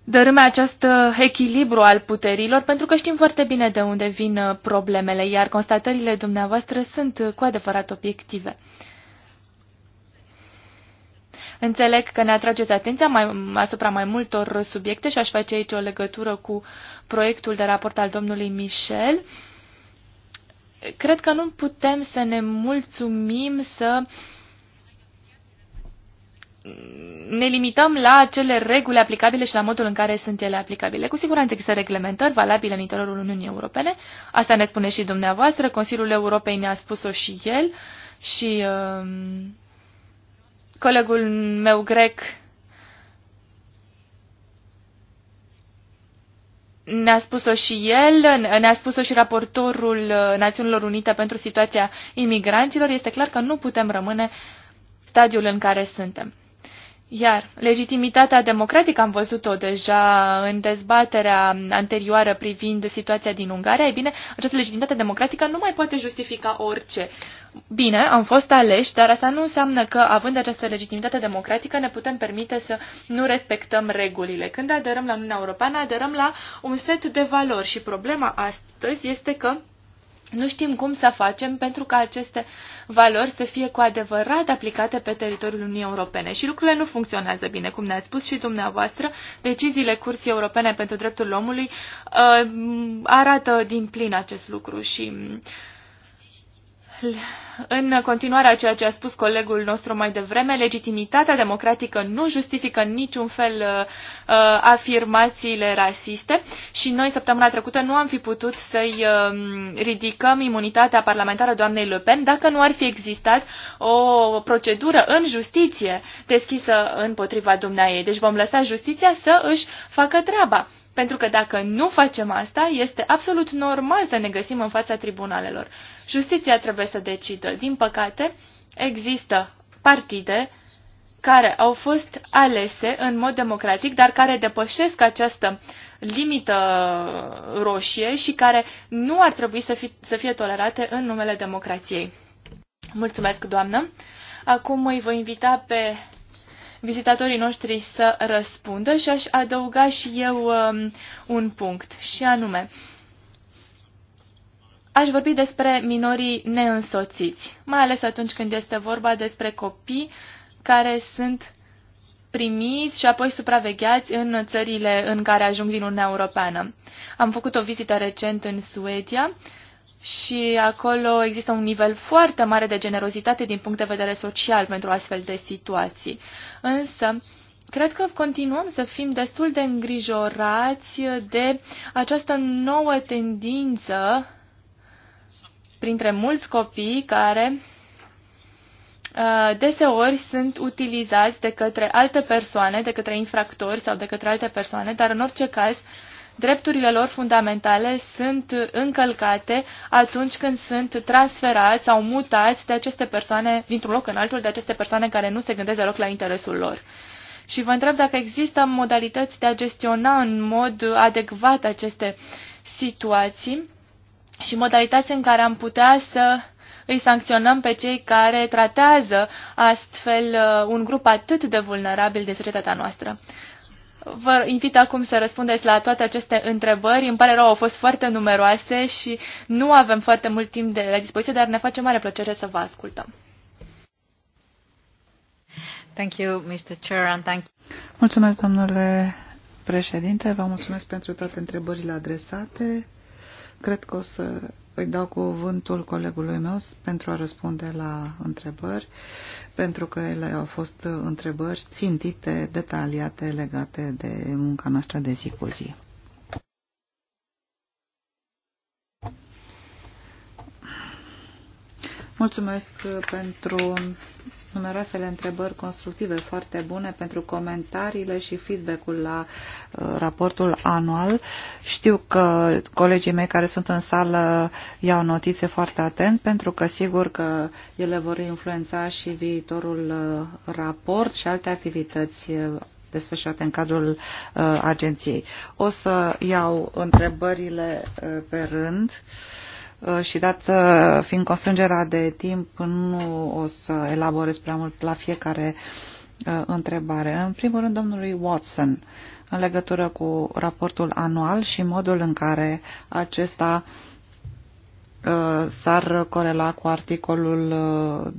dărâme acest uh, echilibru al puterilor, pentru că știm foarte bine de unde vin uh, problemele, iar constatările dumneavoastră sunt cu adevărat obiective. Înțeleg că ne atrageți atenția mai, asupra mai multor subiecte și aș face aici o legătură cu proiectul de raport al domnului Michel. Cred că nu putem să ne mulțumim să ne limităm la acele reguli aplicabile și la modul în care sunt ele aplicabile. Cu siguranță există reglementări valabile în interiorul Uniunii Europene. Asta ne spune și dumneavoastră. Consiliul Europei ne-a spus-o și el. Și uh, Colegul meu grec ne-a spus-o și el, ne-a spus-o și raportorul Națiunilor Unite pentru situația imigranților. Este clar că nu putem rămâne stadiul în care suntem. Iar legitimitatea democratică, am văzut-o deja în dezbaterea anterioară privind situația din Ungaria, e bine, această legitimitate democratică nu mai poate justifica orice. Bine, am fost aleși, dar asta nu înseamnă că, având această legitimitate democratică, ne putem permite să nu respectăm regulile. Când aderăm la Uniunea Europeană, aderăm la un set de valori și problema astăzi este că nu știm cum să facem pentru ca aceste valori să fie cu adevărat aplicate pe teritoriul Uniunii Europene și lucrurile nu funcționează bine, cum ne-ați spus și dumneavoastră. Deciziile Curții Europene pentru Dreptul Omului uh, arată din plin acest lucru și în continuare a ceea ce a spus colegul nostru mai devreme, legitimitatea democratică nu justifică în niciun fel uh, uh, afirmațiile rasiste și noi săptămâna trecută nu am fi putut să-i uh, ridicăm imunitatea parlamentară doamnei Le Pen dacă nu ar fi existat o procedură în justiție deschisă împotriva ei. Deci vom lăsa justiția să își facă treaba. Pentru că dacă nu facem asta, este absolut normal să ne găsim în fața tribunalelor. Justiția trebuie să decidă. Din păcate, există partide care au fost alese în mod democratic, dar care depășesc această limită roșie și care nu ar trebui să, fi, să fie tolerate în numele democrației. Mulțumesc, doamnă! Acum îi voi invita pe vizitatorii noștri să răspundă și aș adăuga și eu um, un punct, și anume, aș vorbi despre minorii neînsoțiți, mai ales atunci când este vorba despre copii care sunt primiți și apoi supravegheați în țările în care ajung din Uniunea Europeană. Am făcut o vizită recent în Suedia și acolo există un nivel foarte mare de generozitate din punct de vedere social pentru astfel de situații. Însă, cred că continuăm să fim destul de îngrijorați de această nouă tendință printre mulți copii care uh, deseori sunt utilizați de către alte persoane, de către infractori sau de către alte persoane, dar în orice caz uh, drepturile lor fundamentale sunt încălcate atunci când sunt transferați sau mutați de aceste persoane dintr-un loc în altul, de aceste persoane care nu se gândesc deloc la interesul lor. Și vă întreb dacă există modalități de a gestiona în mod adecvat aceste situații și modalități în care am putea să îi sancționăm pe cei care tratează astfel uh, un grup atât de vulnerabil din societatea noastră. Vă invit acum să răspundeți la toate aceste întrebări. Îmi pare rău, au fost foarte numeroase și nu avem foarte mult timp de la dispoziție, dar ne face mare plăcere să vă ascultăm. Thank you, Mr. Chair, and thank you. Mulțumesc, domnule președinte. Vă mulțumesc pentru toate întrebările adresate. Cred că o să îi dau cuvântul colegului meu pentru a răspunde la întrebări, pentru că ele au fost întrebări țintite, detaliate, legate de munca noastră de zi cu zi. Mulțumesc pentru numeroasele întrebări constructive foarte bune pentru comentariile și feedback-ul la uh, raportul anual. Știu că colegii mei care sunt în sală iau notițe foarte atent pentru că sigur că ele vor influența și viitorul uh, raport și alte activități uh, desfășurate în cadrul uh, agenției. O să iau întrebările uh, pe rând. Uh, Uh, și dat uh, fiind constrângerea de timp, nu o să elaborez prea mult la fiecare uh, întrebare. În primul rând, domnului Watson, în legătură cu raportul anual și modul în care acesta s-ar corela cu articolul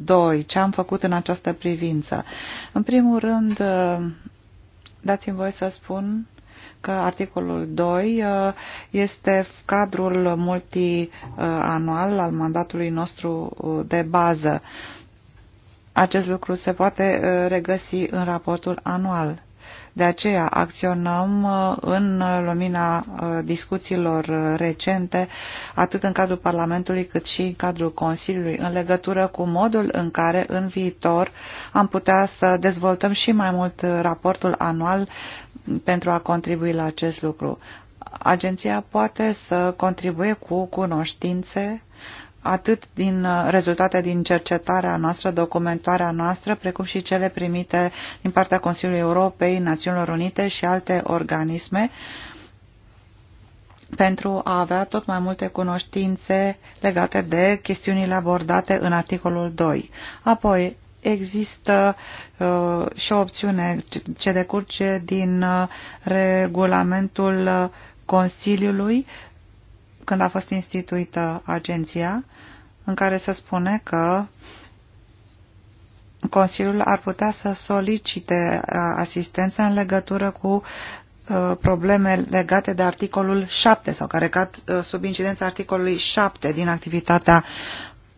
2. Ce am făcut în această privință? În primul rând, dați-mi voi să spun că articolul 2 uh, este cadrul multianual al mandatului nostru uh, de bază. Acest lucru se poate uh, regăsi în raportul anual. De aceea acționăm în lumina discuțiilor recente, atât în cadrul Parlamentului cât și în cadrul Consiliului, în legătură cu modul în care în viitor am putea să dezvoltăm și mai mult raportul anual pentru a contribui la acest lucru. Agenția poate să contribuie cu cunoștințe atât din uh, rezultate din cercetarea noastră, documentarea noastră, precum și cele primite din partea Consiliului Europei, Națiunilor Unite și alte organisme, pentru a avea tot mai multe cunoștințe legate de chestiunile abordate în articolul 2. Apoi, există uh, și o opțiune ce decurge din uh, regulamentul uh, Consiliului când a fost instituită agenția, în care se spune că Consiliul ar putea să solicite uh, asistență în legătură cu uh, probleme legate de articolul 7 sau care cad sub incidența articolului 7 din activitatea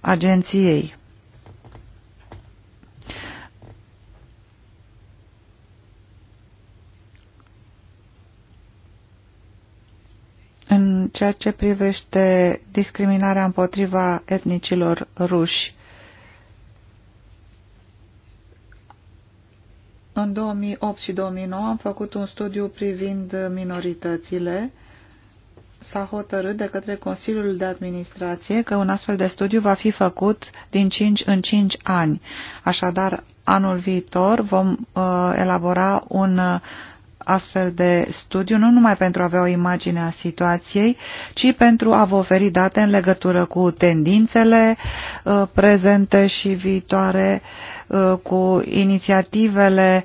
agenției. în ceea ce privește discriminarea împotriva etnicilor ruși. În 2008 și 2009 am făcut un studiu privind minoritățile. S-a hotărât de către Consiliul de Administrație că un astfel de studiu va fi făcut din 5 în 5 ani. Așadar, anul viitor vom uh, elabora un uh, astfel de studiu, nu numai pentru a avea o imagine a situației, ci pentru a vă oferi date în legătură cu tendințele uh, prezente și viitoare, uh, cu inițiativele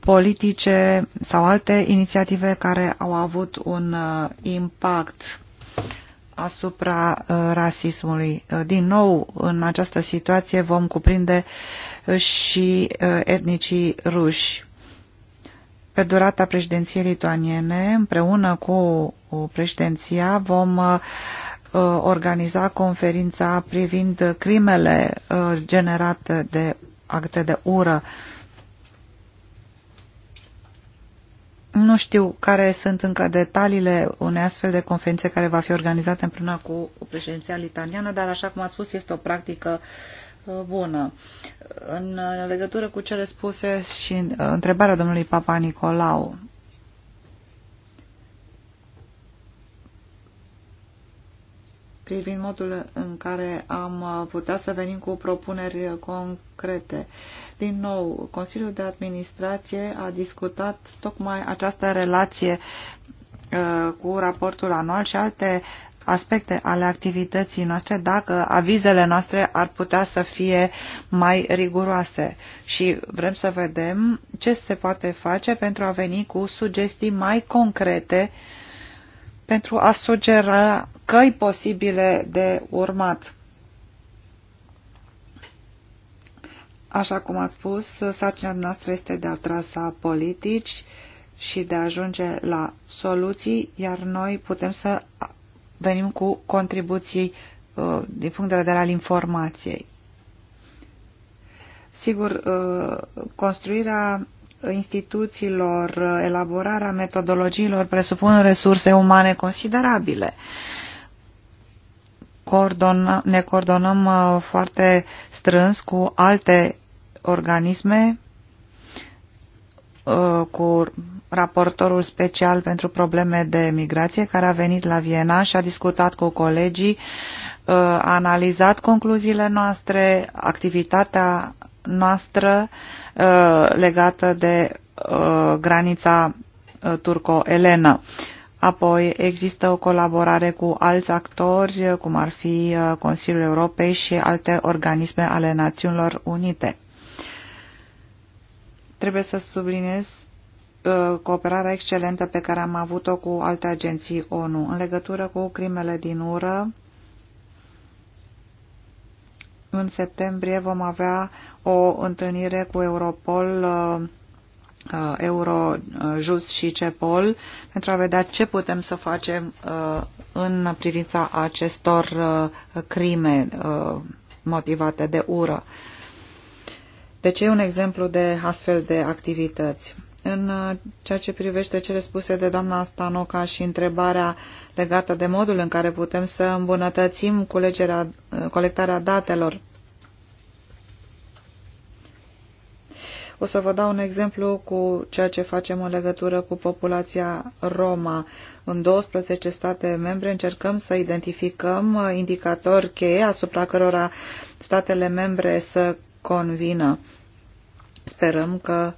politice sau alte inițiative care au avut un uh, impact asupra rasismului. Din nou, în această situație vom cuprinde și etnicii ruși pe durata președinției lituaniene, împreună cu președinția, vom uh, organiza conferința privind crimele uh, generate de acte de ură. Nu știu care sunt încă detaliile unei astfel de conferințe care va fi organizată împreună cu președinția litaniană, dar așa cum ați spus, este o practică bună. În legătură cu cele spuse și uh, întrebarea domnului Papa Nicolau, privind modul în care am putea să venim cu propuneri concrete. Din nou, Consiliul de Administrație a discutat tocmai această relație uh, cu raportul anual și alte aspecte ale activității noastre dacă avizele noastre ar putea să fie mai riguroase și vrem să vedem ce se poate face pentru a veni cu sugestii mai concrete pentru a sugera căi posibile de urmat. Așa cum ați spus, sarcina noastră este de a trasa politici și de a ajunge la soluții, iar noi putem să venim cu contribuții uh, din punct de vedere al informației. Sigur, uh, construirea instituțiilor, uh, elaborarea metodologiilor presupun resurse umane considerabile. ne coordonăm foarte strâns cu alte organisme Uh, cu raportorul special pentru probleme de migrație care a venit la Viena și a discutat cu colegii, uh, a analizat concluziile noastre, activitatea noastră uh, legată de granița turco-elenă. Apoi există o colaborare cu alți actori, cum ar fi Consiliul Europei și alte organisme ale Națiunilor Unite. Trebuie să subliniez uh, cooperarea excelentă pe care am avut-o cu alte agenții ONU în legătură cu crimele din ură. În septembrie vom avea o întâlnire cu Europol, uh, uh, Eurojust și CEPOL pentru a vedea ce putem să facem în privința acestor crime motivate de ură. Deci e un exemplu de astfel de activități. În uh, ceea ce privește cele spuse de doamna Stanoca și întrebarea legată de modul în care putem să îmbunătățim culegerea, uh, colectarea datelor, o să vă dau un exemplu cu ceea ce facem în legătură cu populația Roma. În 12 state membre încercăm să identificăm uh, indicatori cheie asupra cărora statele membre să convină. Sperăm că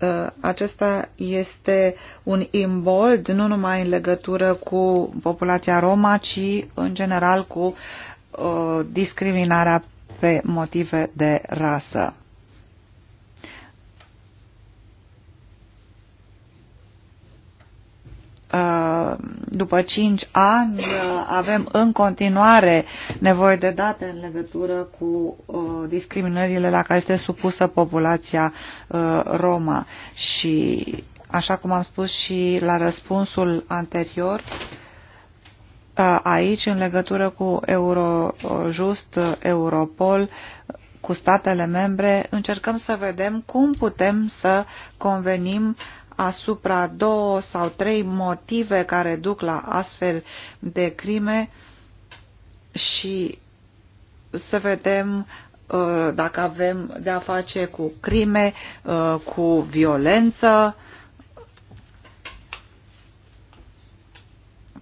ă, acesta este un imbold nu numai în legătură cu populația Roma, ci în general cu ă, discriminarea pe motive de rasă. Uh, după 5 ani uh, avem în continuare nevoie de date în legătură cu uh, discriminările la care este supusă populația Roma. Și așa cum am spus și la răspunsul anterior, aici în legătură cu Eurojust, Europol, cu statele membre, încercăm să vedem cum putem să convenim uh, asupra două sau trei motive care duc la astfel de crime și să vedem uh, dacă avem de a face cu crime, uh, cu violență,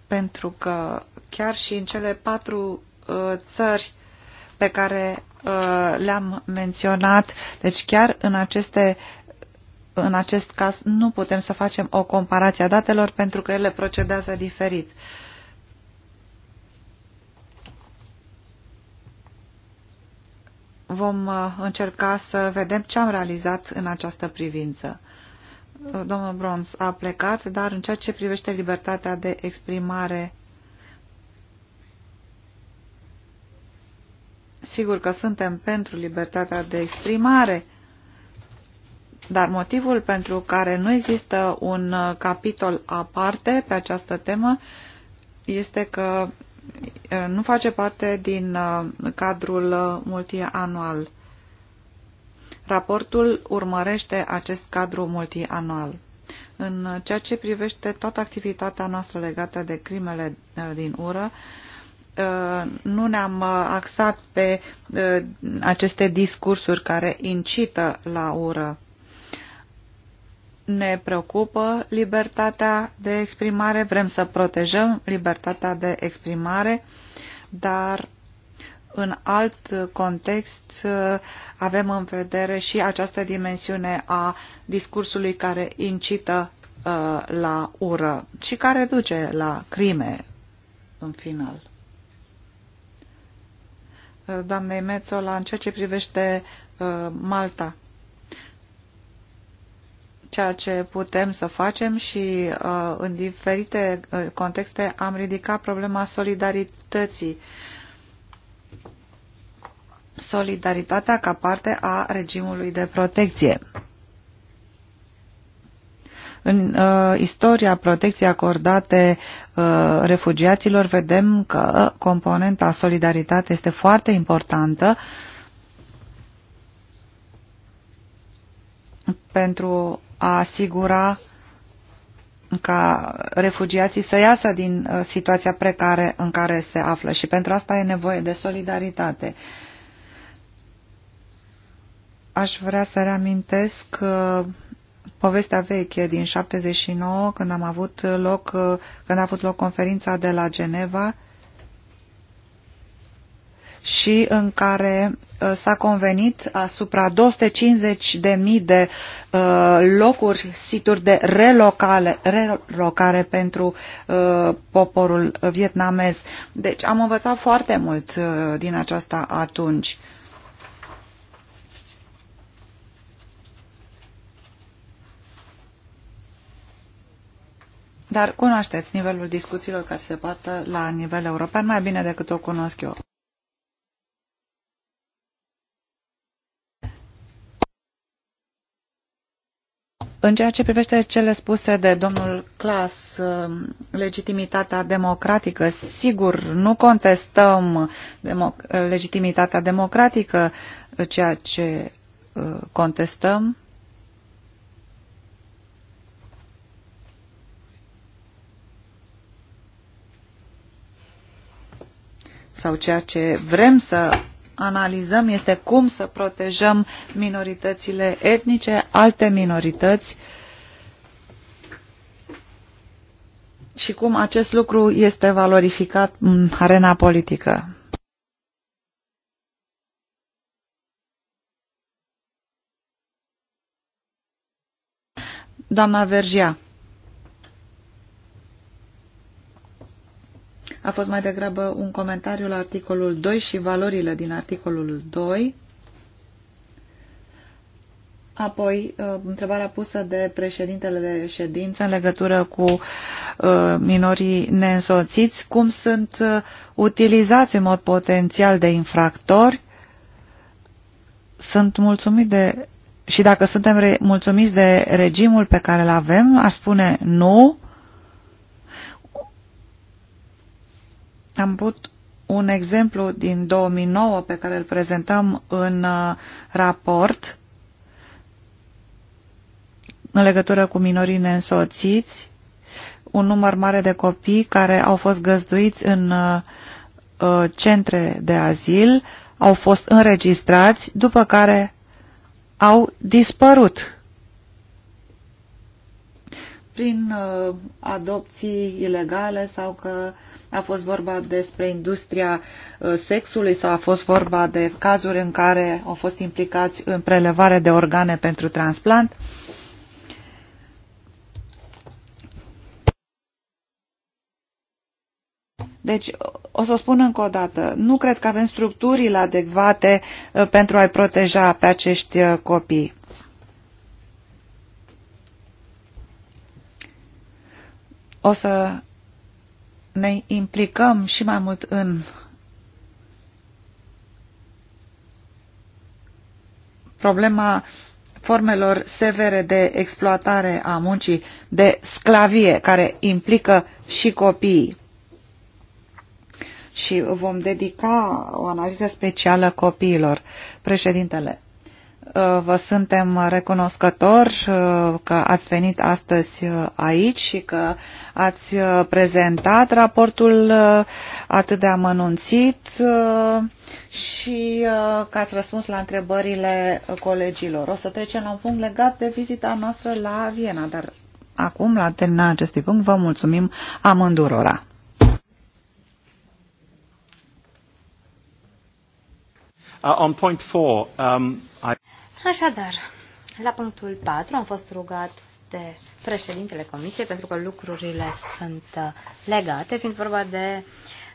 pentru că chiar și în cele patru uh, țări pe care le-am menționat, deci chiar în aceste în acest caz nu putem să facem o comparație a datelor pentru că ele procedează diferit. Vom uh, încerca să vedem ce am realizat în această privință. Uh, domnul Bronz a plecat, dar în ceea ce privește libertatea de exprimare, sigur că suntem pentru libertatea de exprimare, dar motivul pentru care nu există un uh, capitol aparte pe această temă este că uh, nu face parte din uh, cadrul multianual. Raportul urmărește acest cadru multianual. În ceea ce privește toată activitatea noastră legată de crimele din ură, nu ne-am axat pe aceste discursuri care incită la ură ne preocupă libertatea de exprimare, vrem să protejăm libertatea de exprimare, dar în alt context uh, avem în vedere și această dimensiune a discursului care incită uh, la ură și care duce la crime în final. Uh, doamnei Mețola, în ceea ce privește Malta, ceea ce putem să facem și uh, în diferite uh, contexte am ridicat problema solidarității. Solidaritatea ca parte a regimului de protecție. În uh, istoria protecției acordate uh, refugiaților vedem că componenta solidaritate este foarte importantă uh, pentru a asigura ca refugiații să iasă din uh, situația precare în care se află și pentru asta e nevoie de solidaritate. Aș vrea să reamintesc uh, povestea veche din 79 când am avut loc uh, când a avut loc conferința de la Geneva și în care uh, s-a convenit asupra 250 de mii de uh, locuri, situri de relocale, relocare pentru uh, poporul vietnamez. Deci am învățat foarte mult din aceasta atunci. Dar cunoașteți nivelul discuțiilor care se poartă la nivel european mai bine decât o cunosc eu. În ceea ce privește cele spuse de domnul Clas, um, legitimitatea democratică, sigur, nu contestăm demo legitimitatea democratică, ceea ce uh, contestăm sau ceea ce vrem să analizăm este cum să protejăm minoritățile etnice, alte minorități și cum acest lucru este valorificat în arena politică. Doamna Vergia. A fost mai degrabă un comentariu la articolul 2 și valorile din articolul 2. Apoi, uh, întrebarea pusă de președintele de ședință în legătură cu uh, minorii neînsoțiți, cum sunt uh, utilizați în mod potențial de infractori. Sunt mulțumit de... Și dacă suntem mulțumiți de regimul pe care îl avem, aș spune nu, Am put un exemplu din 2009 pe care îl prezentăm în uh, raport în legătură cu minorii neînsoțiți, un număr mare de copii care au fost găzduiți în uh, uh, centre de azil, au fost înregistrați, după care au dispărut prin adopții ilegale sau că a fost vorba despre industria uh, sexului sau a fost vorba de cazuri în care au fost implicați în prelevare de organe pentru transplant. Deci, o să o spun încă o dată, nu cred că avem structurile adecvate uh, pentru a-i proteja pe acești uh, copii. O să ne implicăm și mai mult în problema formelor severe de exploatare a muncii, de sclavie, care implică și copiii. Și vom dedica o analiză specială copiilor. Președintele, Uh, vă suntem recunoscători uh, că ați venit astăzi uh, aici și că ați prezentat raportul atât de amănunțit și că ați răspuns la întrebările colegilor. O să trecem la un punct legat de vizita noastră la Viena, dar acum, la terminarea acestui punct, vă mulțumim amândurora. Uh, on point four, um, I... Așadar, la punctul 4 am fost rugat de președintele Comisiei pentru că lucrurile sunt uh, legate, fiind vorba de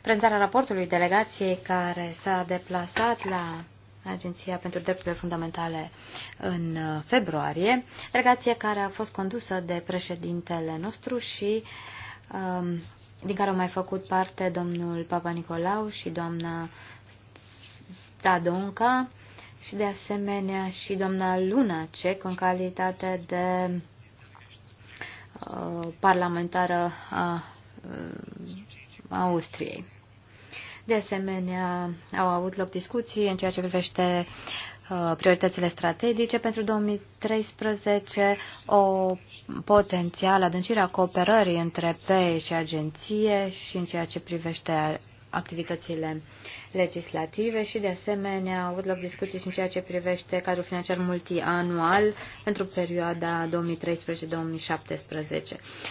prezentarea raportului delegației care s-a deplasat la Agenția pentru Drepturile Fundamentale în uh, februarie, delegație care a fost condusă de președintele nostru și um, din care au mai făcut parte domnul Papa Nicolau și doamna Tadonca, și de asemenea și doamna Lunacek în calitate de uh, parlamentară a uh, Austriei. De asemenea, au avut loc discuții în ceea ce privește uh, prioritățile strategice pentru 2013, o potențială adâncire a cooperării între PE și agenție și în ceea ce privește activitățile legislative și, de asemenea, au avut loc discuții și în ceea ce privește cadrul financiar multianual pentru perioada 2013-2017.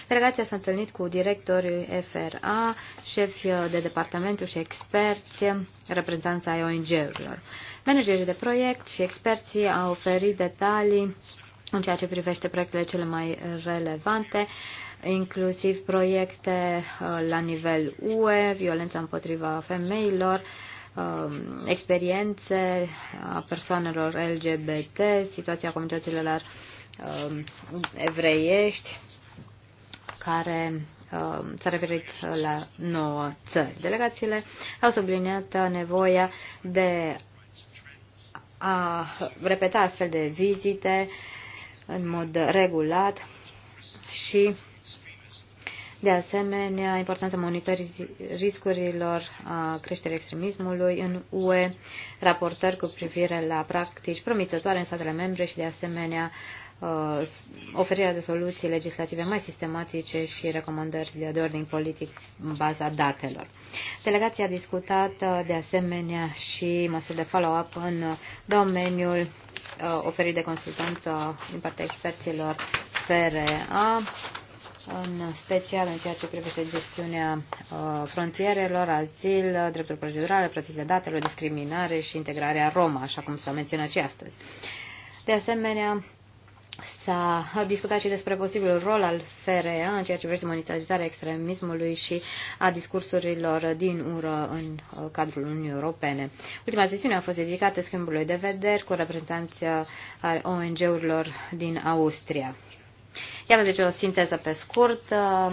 Delegația s-a întâlnit cu directorii FRA, șefi de departamentul și experți, reprezentanța ONG-urilor. Managerii de proiect și experții au oferit detalii în ceea ce privește proiectele cele mai relevante, inclusiv proiecte uh, la nivel UE, violența împotriva femeilor, uh, experiențe a persoanelor LGBT, situația comunităților uh, evreiești, care s-a referit la nouă țări. Delegațiile au subliniat nevoia de a repeta astfel de vizite uh, în mod regulat și de asemenea, importanța monitorizării riscurilor a creșterii extremismului în UE, raportări cu privire la practici promițătoare în statele membre și, de asemenea, uh, oferirea de soluții legislative mai sistematice și recomandări de ordin politic în baza datelor. Delegația a discutat, uh, de asemenea, și măsuri de follow-up în domeniul Uh, oferit de consultanță din partea experților FRA, în special în ceea ce privește gestiunea uh, frontierelor, azil, drepturi procedurale, protecția datelor, discriminare și integrarea Roma, așa cum s-a menționat și astăzi. De asemenea, S-a discutat și despre posibilul rol al FRA în ceea ce privește monitorizarea extremismului și a discursurilor din ură în uh, cadrul Uniunii Europene. Ultima sesiune a fost dedicată schimbului de vederi cu reprezentanții uh, al ONG-urilor din Austria. Iată deci o sinteză pe scurt uh,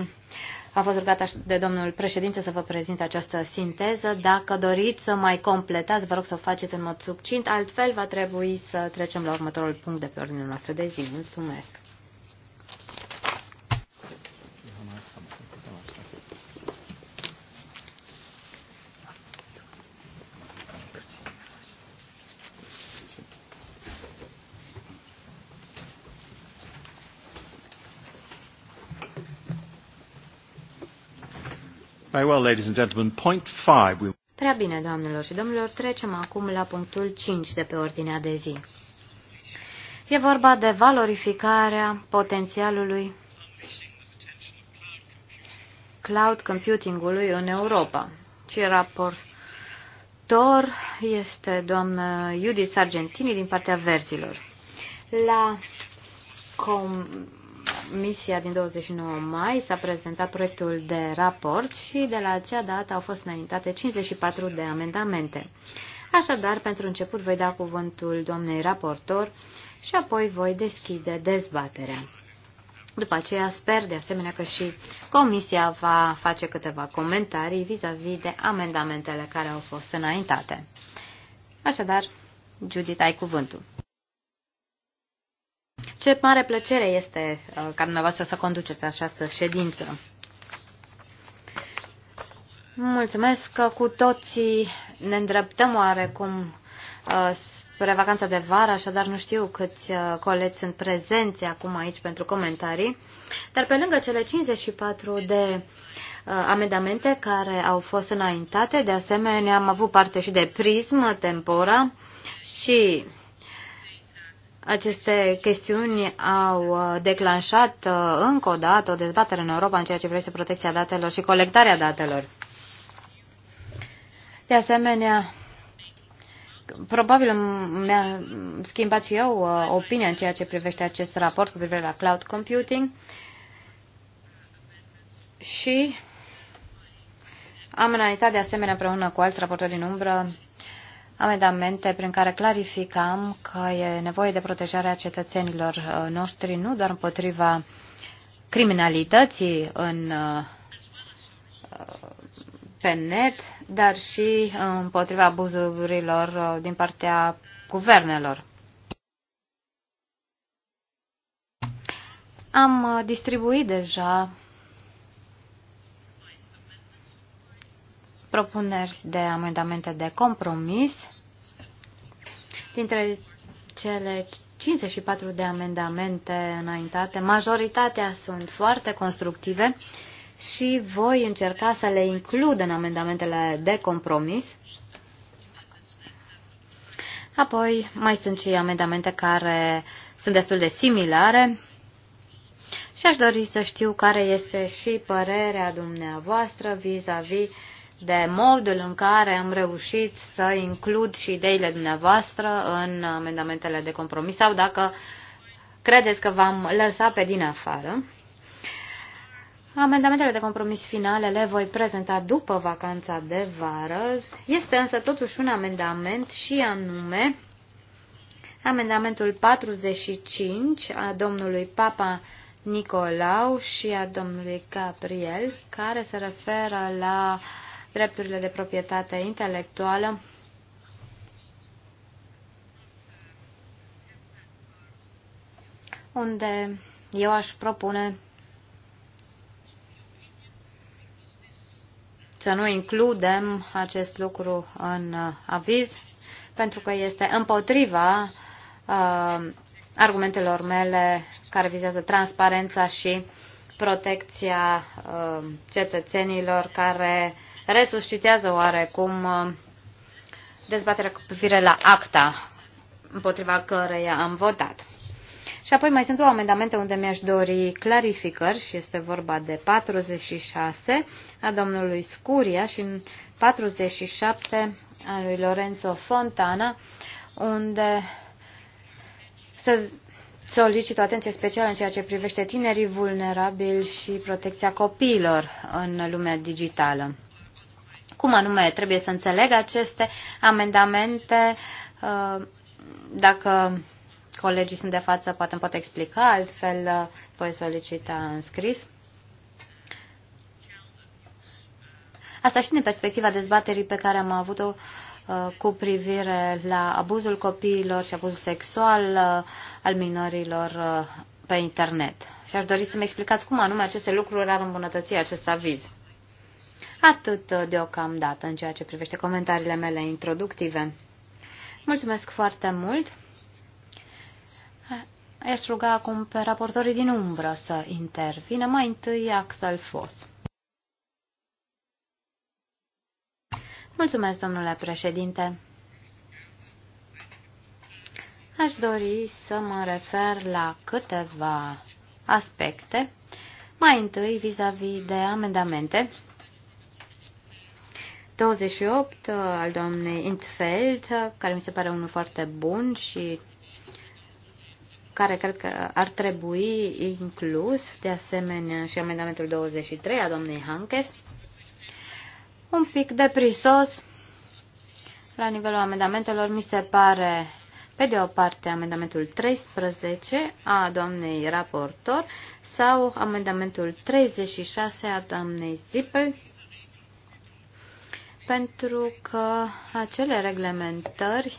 am fost rugat de domnul președinte să vă prezint această sinteză. Dacă doriți să mai completați, vă rog să o faceți în mod succint, altfel va trebui să trecem la următorul punct de pe ordinea noastră de zi. Mulțumesc! Very well, ladies and gentlemen. Point five. Prea bine, doamnelor și domnilor, trecem acum la punctul 5 de pe ordinea de zi. E vorba de valorificarea potențialului cloud computingului în Europa. Ce raportor este doamna Judith Sargentini din partea verzilor. La com comisia din 29 mai s-a prezentat proiectul de raport și de la acea dată au fost înaintate 54 de amendamente. Așadar, pentru început voi da cuvântul doamnei raportor și apoi voi deschide dezbaterea. După aceea sper de asemenea că și comisia va face câteva comentarii vis-a-vis -vis de amendamentele care au fost înaintate. Așadar, Judith, ai cuvântul. Ce mare plăcere este uh, ca dumneavoastră să conduceți această ședință. Mulțumesc că cu toții ne îndreptăm oarecum uh, spre vacanța de vară, așadar nu știu câți uh, colegi sunt prezenți acum aici pentru comentarii, dar pe lângă cele 54 de amendamente care au fost înaintate, de asemenea am avut parte și de prism, tempora și aceste chestiuni au uh, declanșat uh, încă o dată o dezbatere în Europa în ceea ce privește protecția datelor și colectarea datelor. De asemenea, probabil mi-a schimbat și eu uh, opinia în ceea ce privește acest raport cu privire la cloud computing și am înaintat de asemenea împreună cu alți raportori din umbră amendamente prin care clarificam că e nevoie de protejarea cetățenilor uh, noștri nu doar împotriva criminalității în uh, uh, pe net, dar și împotriva abuzurilor din partea guvernelor. Am distribuit deja propuneri de amendamente de compromis. Dintre cele 54 de amendamente înaintate, majoritatea sunt foarte constructive și voi încerca să le includ în amendamentele de compromis. Apoi mai sunt și amendamente care sunt destul de similare și aș dori să știu care este și părerea dumneavoastră vis-a-vis -vis de modul în care am reușit să includ și ideile dumneavoastră în amendamentele de compromis sau dacă credeți că v-am lăsat pe din afară. Amendamentele de compromis finale le voi prezenta după vacanța de vară. Este însă totuși un amendament și anume amendamentul 45 a domnului Papa Nicolau și a domnului Gabriel, care se referă la drepturile de proprietate intelectuală, unde eu aș propune să nu includem acest lucru în uh, aviz, pentru că este împotriva uh, argumentelor mele care vizează transparența și protecția uh, cetățenilor care resuscitează oarecum uh, dezbaterea cu privire la acta împotriva căreia am votat. Și apoi mai sunt două amendamente unde mi-aș dori clarificări și este vorba de 46 a domnului Scuria și 47 a lui Lorenzo Fontana unde se solicit o atenție specială în ceea ce privește tinerii vulnerabili și protecția copiilor în lumea digitală. Cum anume trebuie să înțeleg aceste amendamente? Uh, dacă colegii sunt de față, poate îmi pot explica, altfel uh, voi solicita în scris. Asta și din perspectiva dezbaterii pe care am avut-o Uh, cu privire la abuzul copiilor și abuzul sexual uh, al minorilor uh, pe internet. Și aș dori să-mi explicați cum anume aceste lucruri ar îmbunătăți acest aviz. Atât deocamdată în ceea ce privește comentariile mele introductive. Mulțumesc foarte mult! aș ruga acum pe raportorii din umbră să intervină, mai întâi Axel Foss. Mulțumesc, domnule președinte. Aș dori să mă refer la câteva aspecte. Mai întâi, vis-a-vis -vis de amendamente, 28 uh, al doamnei Intfeld, uh, care mi se pare unul foarte bun și care cred că ar trebui inclus, de asemenea, și amendamentul 23 a doamnei Hankes un pic deprisos la nivelul amendamentelor. Mi se pare, pe de o parte, amendamentul 13 a doamnei raportor sau amendamentul 36 a doamnei Zipel, pentru că acele reglementări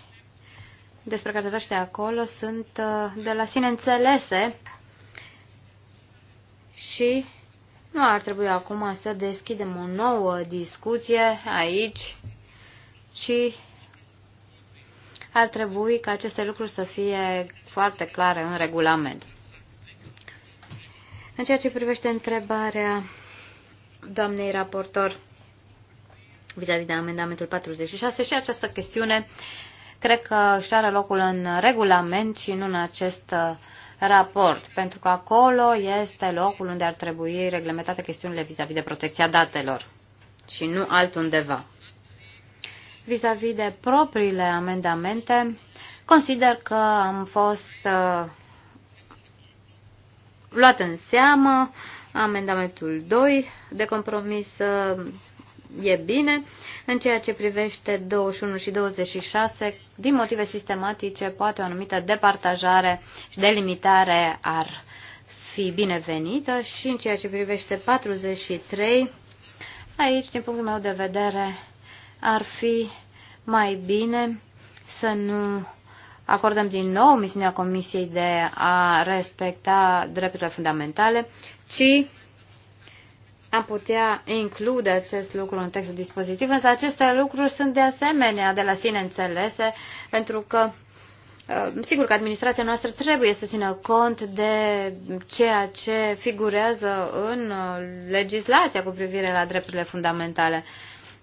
despre care se vorbește acolo sunt uh, de la sine înțelese și nu ar trebui acum să deschidem o nouă discuție aici, ci ar trebui ca aceste lucruri să fie foarte clare în regulament. În ceea ce privește întrebarea doamnei raportor vis-a-vis -vis de amendamentul 46 și această chestiune, cred că își are locul în regulament și nu în acest raport, pentru că acolo este locul unde ar trebui reglementate chestiunile vis-a-vis -vis de protecția datelor și nu altundeva. Vis-a-vis -vis de propriile amendamente, consider că am fost uh, luat în seamă amendamentul 2 de compromis uh, e bine. În ceea ce privește 21 și 26, din motive sistematice, poate o anumită departajare și delimitare ar fi binevenită și în ceea ce privește 43, aici, din punctul meu de vedere, ar fi mai bine să nu acordăm din nou misiunea Comisiei de a respecta drepturile fundamentale, ci am putea include acest lucru în textul dispozitiv, însă aceste lucruri sunt de asemenea de la sine înțelese, pentru că uh, Sigur că administrația noastră trebuie să țină cont de ceea ce figurează în uh, legislația cu privire la drepturile fundamentale.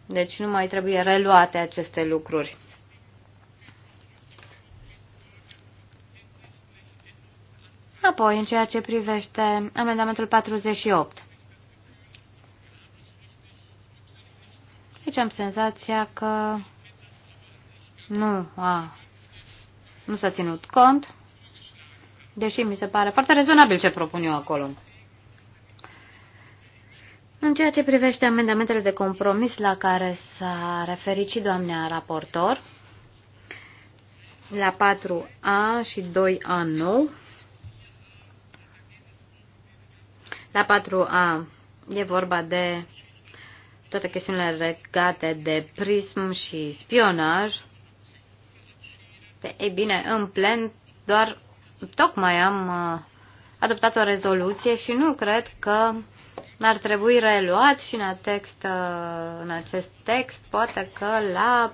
Deci nu mai trebuie reluate aceste lucruri. Apoi, în ceea ce privește amendamentul 48. Aici am senzația că nu, a, nu s-a ținut cont, deși mi se pare foarte rezonabil ce propun eu acolo. În ceea ce privește amendamentele de compromis la care s-a referit și doamna raportor, la 4A și 2A9, la 4A e vorba de toate chestiunile legate de prism și spionaj. Ei bine, în plen doar tocmai am uh, adoptat o rezoluție și nu cred că ar trebui reluat și în, text, uh, în acest text, poate că la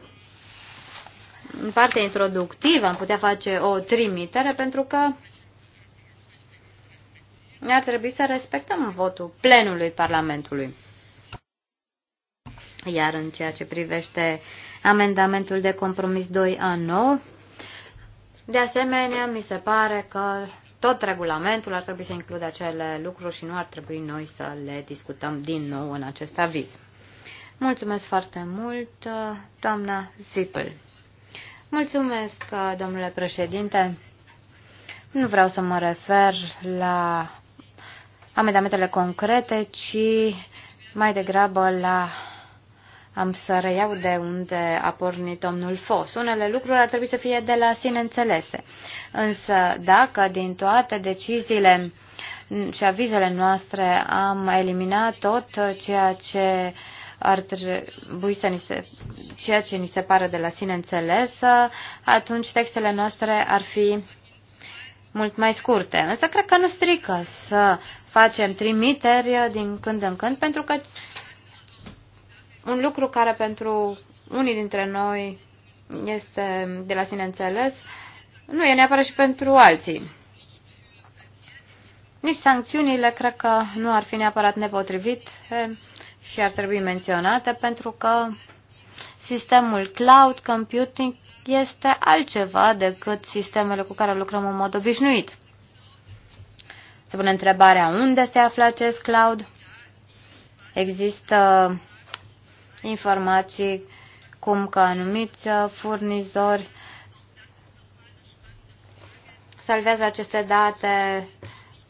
partea introductivă am putea face o trimitere pentru că ar trebui să respectăm votul plenului Parlamentului. Iar în ceea ce privește amendamentul de compromis 2A9, de asemenea, mi se pare că tot regulamentul ar trebui să includă acele lucruri și nu ar trebui noi să le discutăm din nou în acest aviz. Mulțumesc foarte mult, doamna Zipel. Mulțumesc, domnule președinte. Nu vreau să mă refer la amendamentele concrete, ci mai degrabă la am să reiau de unde a pornit domnul Fos. Unele lucruri ar trebui să fie de la sine înțelese. Însă dacă din toate deciziile și avizele noastre am eliminat tot ceea ce ar trebui să ni se, ceea ce ni se pare de la sine înțeles, atunci textele noastre ar fi mult mai scurte. Însă cred că nu strică să facem trimiteri din când în când, pentru că un lucru care pentru unii dintre noi este de la sine înțeles, nu e neapărat și pentru alții. Nici sancțiunile cred că nu ar fi neapărat nepotrivite și ar trebui menționate pentru că sistemul cloud computing este altceva decât sistemele cu care lucrăm în mod obișnuit. Se pune întrebarea unde se află acest cloud. Există informații cum că anumiți furnizori salvează aceste date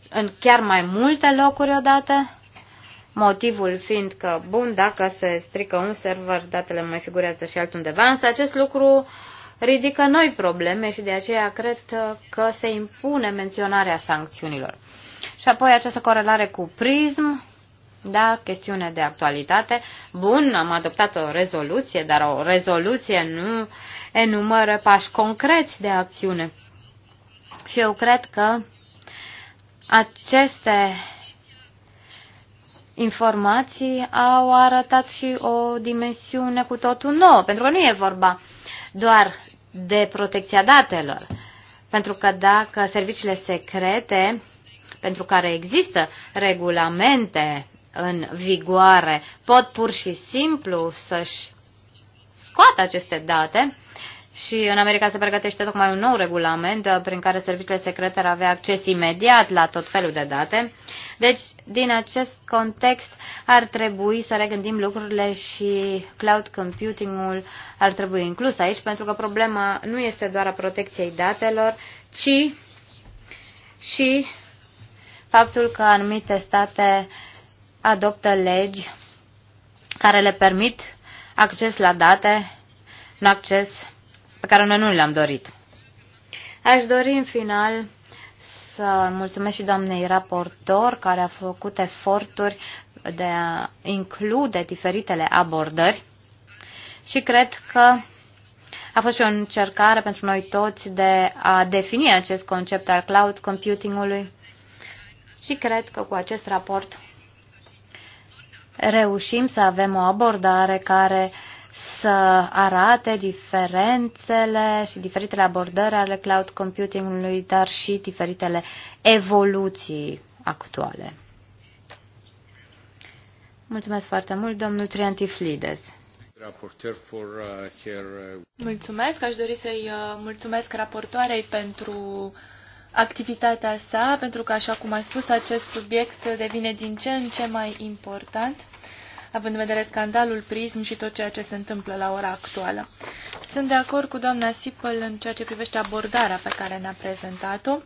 în chiar mai multe locuri odată, motivul fiind că, bun, dacă se strică un server, datele mai figurează și altundeva, însă acest lucru ridică noi probleme și de aceea cred că se impune menționarea sancțiunilor. Și apoi această corelare cu prism, da, chestiune de actualitate. Bun, am adoptat o rezoluție, dar o rezoluție nu enumără pași concreți de acțiune. Și eu cred că aceste informații au arătat și o dimensiune cu totul nouă, pentru că nu e vorba doar de protecția datelor. Pentru că dacă serviciile secrete, pentru care există regulamente în vigoare pot pur și simplu să-și scoată aceste date și în America se pregătește tocmai un nou regulament uh, prin care serviciile secrete ar avea acces imediat la tot felul de date. Deci, din acest context, ar trebui să regândim lucrurile și cloud computing-ul ar trebui inclus aici, pentru că problema nu este doar a protecției datelor, ci și faptul că anumite state adoptă legi care le permit acces la date, un acces pe care noi nu le am dorit. Aș dori în final să mulțumesc și doamnei raportor care a făcut eforturi de a include diferitele abordări și cred că a fost și o încercare pentru noi toți de a defini acest concept al cloud computingului și cred că cu acest raport reușim să avem o abordare care să arate diferențele și diferitele abordări ale cloud computingului, dar și diferitele evoluții actuale. Mulțumesc foarte mult, domnul Triantiflides. Uh, uh, mulțumesc, aș dori să-i uh, mulțumesc raportoarei pentru activitatea sa, pentru că, așa cum a spus, acest subiect devine din ce în ce mai important, având în vedere scandalul PRISM și tot ceea ce se întâmplă la ora actuală. Sunt de acord cu doamna Sipăl în ceea ce privește abordarea pe care ne-a prezentat-o.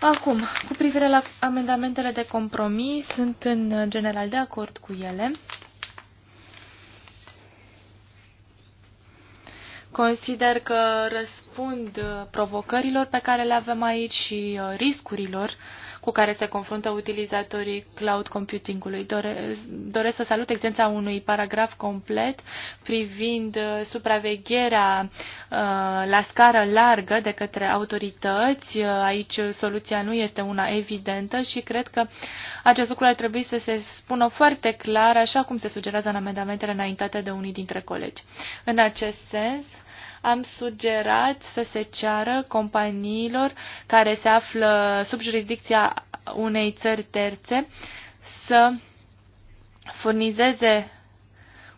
Acum, cu privire la amendamentele de compromis, sunt în general de acord cu ele. Consider că răspund uh, provocărilor pe care le avem aici și uh, riscurilor cu care se confruntă utilizatorii cloud computingului. Dore, doresc să salut existența unui paragraf complet privind uh, supravegherea la scară largă de către autorități. Aici soluția nu este una evidentă și cred că acest lucru ar trebui să se spună foarte clar, așa cum se sugerează în amendamentele înaintate de unii dintre colegi. În acest sens, am sugerat să se ceară companiilor care se află sub jurisdicția unei țări terțe să furnizeze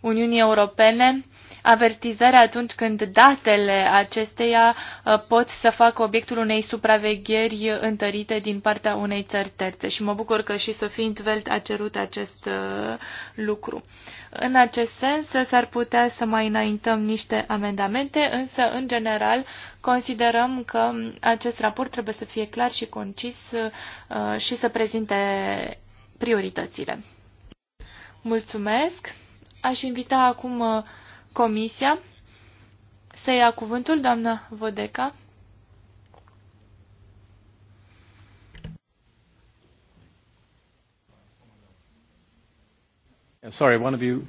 Uniunii Europene avertizări atunci când datele acesteia uh, pot să facă obiectul unei supravegheri întărite din partea unei țări terțe. Și mă bucur că și Sofie Intveld a cerut acest uh, lucru. În acest sens, s-ar putea să mai înaintăm niște amendamente, însă, în general, considerăm că acest raport trebuie să fie clar și concis uh, și să prezinte prioritățile. Mulțumesc! Aș invita acum Comisia să ia cuvântul, doamnă Vodeca. Sorry, one of you. Uh,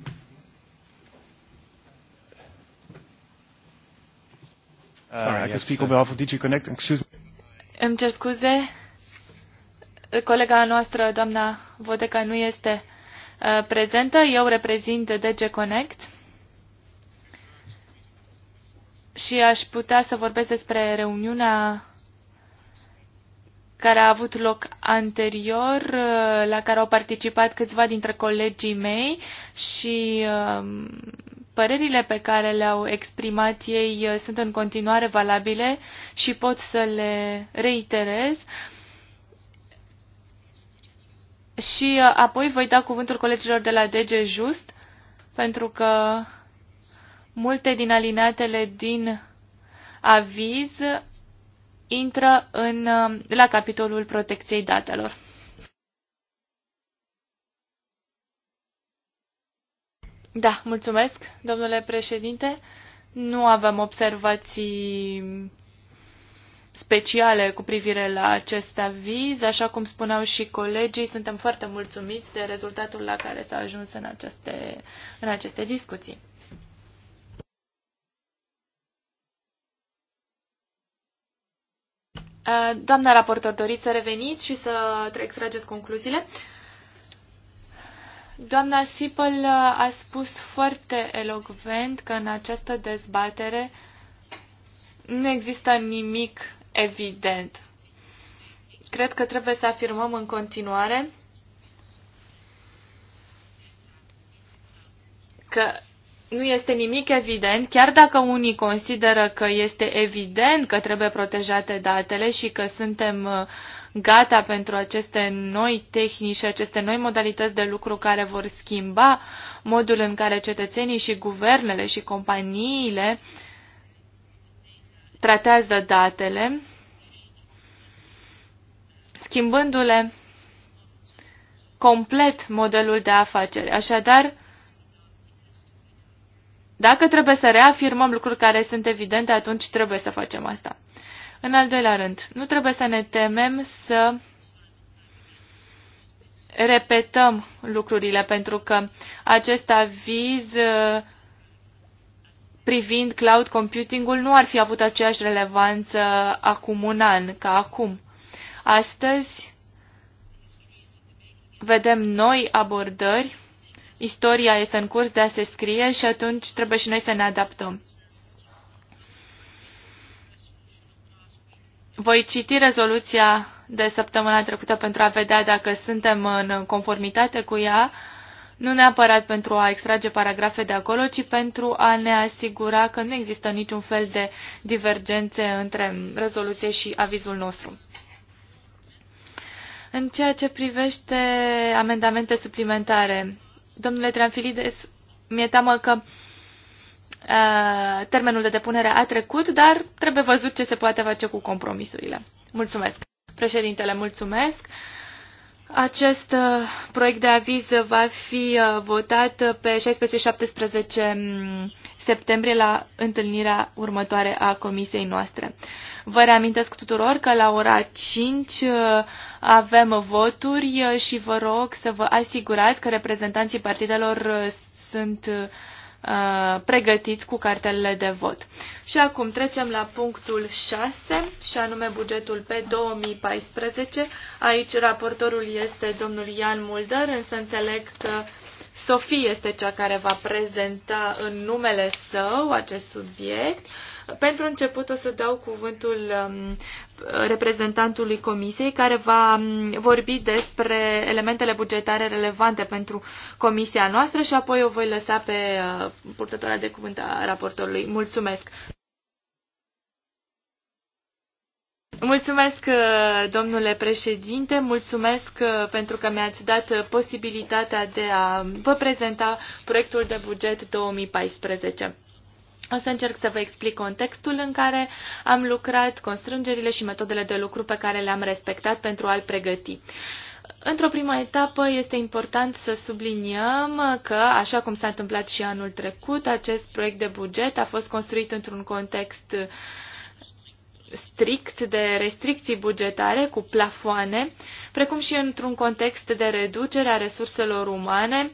sorry, I can speak uh, on behalf of DG Connect. Excuse me. Îmi cer scuze. Colega noastră, doamna Vodeca, nu este uh, prezentă. Eu reprezint DG Connect și aș putea să vorbesc despre reuniunea care a avut loc anterior, uh, la care au participat câțiva dintre colegii mei și um, părerile pe care le-au exprimat ei uh, sunt în continuare valabile și pot să le reiterez. Și uh, apoi voi da cuvântul colegilor de la DG Just, pentru că multe din alineatele din aviz intră în, la capitolul protecției datelor. Da, mulțumesc, domnule președinte. Nu avem observații speciale cu privire la acest aviz. Așa cum spuneau și colegii, suntem foarte mulțumiți de rezultatul la care s-a ajuns în aceste, în aceste discuții. Uh, doamna raportor, doriți să reveniți și să extrageți concluziile? Doamna Sipăl uh, a spus foarte elocvent că în această dezbatere nu există nimic evident. Cred că trebuie să afirmăm în continuare că nu este nimic evident, chiar dacă unii consideră că este evident că trebuie protejate datele și că suntem uh, gata pentru aceste noi tehnici și aceste noi modalități de lucru care vor schimba modul în care cetățenii și guvernele și companiile tratează datele, schimbându-le complet modelul de afaceri. Așadar, dacă trebuie să reafirmăm lucruri care sunt evidente, atunci trebuie să facem asta. În al doilea rând, nu trebuie să ne temem să repetăm lucrurile, pentru că acest aviz uh, privind cloud computing-ul nu ar fi avut aceeași relevanță acum un an ca acum. Astăzi vedem noi abordări istoria este în curs de a se scrie și atunci trebuie și noi să ne adaptăm. Voi citi rezoluția de săptămâna trecută pentru a vedea dacă suntem în conformitate cu ea, nu neapărat pentru a extrage paragrafe de acolo, ci pentru a ne asigura că nu există niciun fel de divergențe între rezoluție și avizul nostru. În ceea ce privește amendamente suplimentare, Domnule Tranfilides, mi-e teamă că a, ă, termenul de depunere a trecut, dar trebuie văzut ce se poate face cu compromisurile. Mulțumesc. Președintele, mulțumesc. Acest uh, proiect de aviz va fi uh, votat pe 16-17 septembrie la întâlnirea următoare a comisiei noastre. Vă reamintesc tuturor că la ora 5 uh, avem voturi uh, și vă rog să vă asigurați că reprezentanții partidelor uh, sunt pregătiți cu cartelele de vot. Și acum trecem la punctul 6, și anume bugetul pe 2014. Aici raportorul este domnul Ian Mulder, însă înțeleg că Sofie este cea care va prezenta în numele său acest subiect. Pentru început o să dau cuvântul um, reprezentantului comisiei care va um, vorbi despre elementele bugetare relevante pentru comisia noastră și apoi o voi lăsa pe uh, purtătoarea de cuvânt a raportorului. Mulțumesc! Mulțumesc, uh, domnule președinte, mulțumesc uh, pentru că mi-ați dat uh, posibilitatea de a vă prezenta proiectul de buget 2014. O să încerc să vă explic contextul în care am lucrat, constrângerile și metodele de lucru pe care le-am respectat pentru a-l pregăti. Într-o primă etapă este important să subliniem că, așa cum s-a întâmplat și anul trecut, acest proiect de buget a fost construit într-un context uh, strict de restricții bugetare cu plafoane, precum și într-un context de reducere a resurselor umane,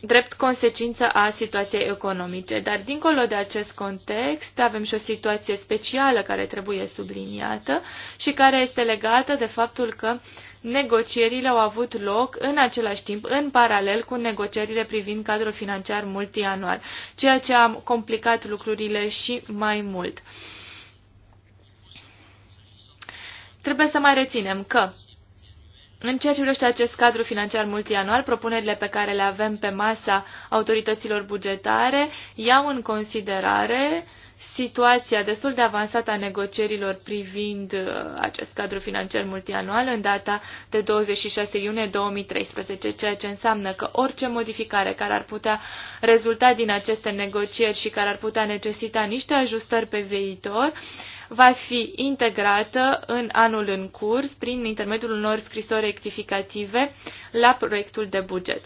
drept consecință a situației economice. Dar dincolo de acest context avem și o situație specială care trebuie subliniată și care este legată de faptul că negocierile au avut loc în același timp, în paralel cu negocierile privind cadrul financiar multianual, ceea ce a complicat lucrurile și mai mult. Trebuie să mai reținem că în ceea ce privește acest cadru financiar multianual, propunerile pe care le avem pe masa autorităților bugetare iau în considerare situația destul de avansată a negocierilor privind uh, acest cadru financiar multianual în data de 26 iunie 2013, ceea ce înseamnă că orice modificare care ar putea rezulta din aceste negocieri și care ar putea necesita niște ajustări pe viitor, va fi integrată în anul în curs prin intermediul unor scrisori rectificative la proiectul de buget.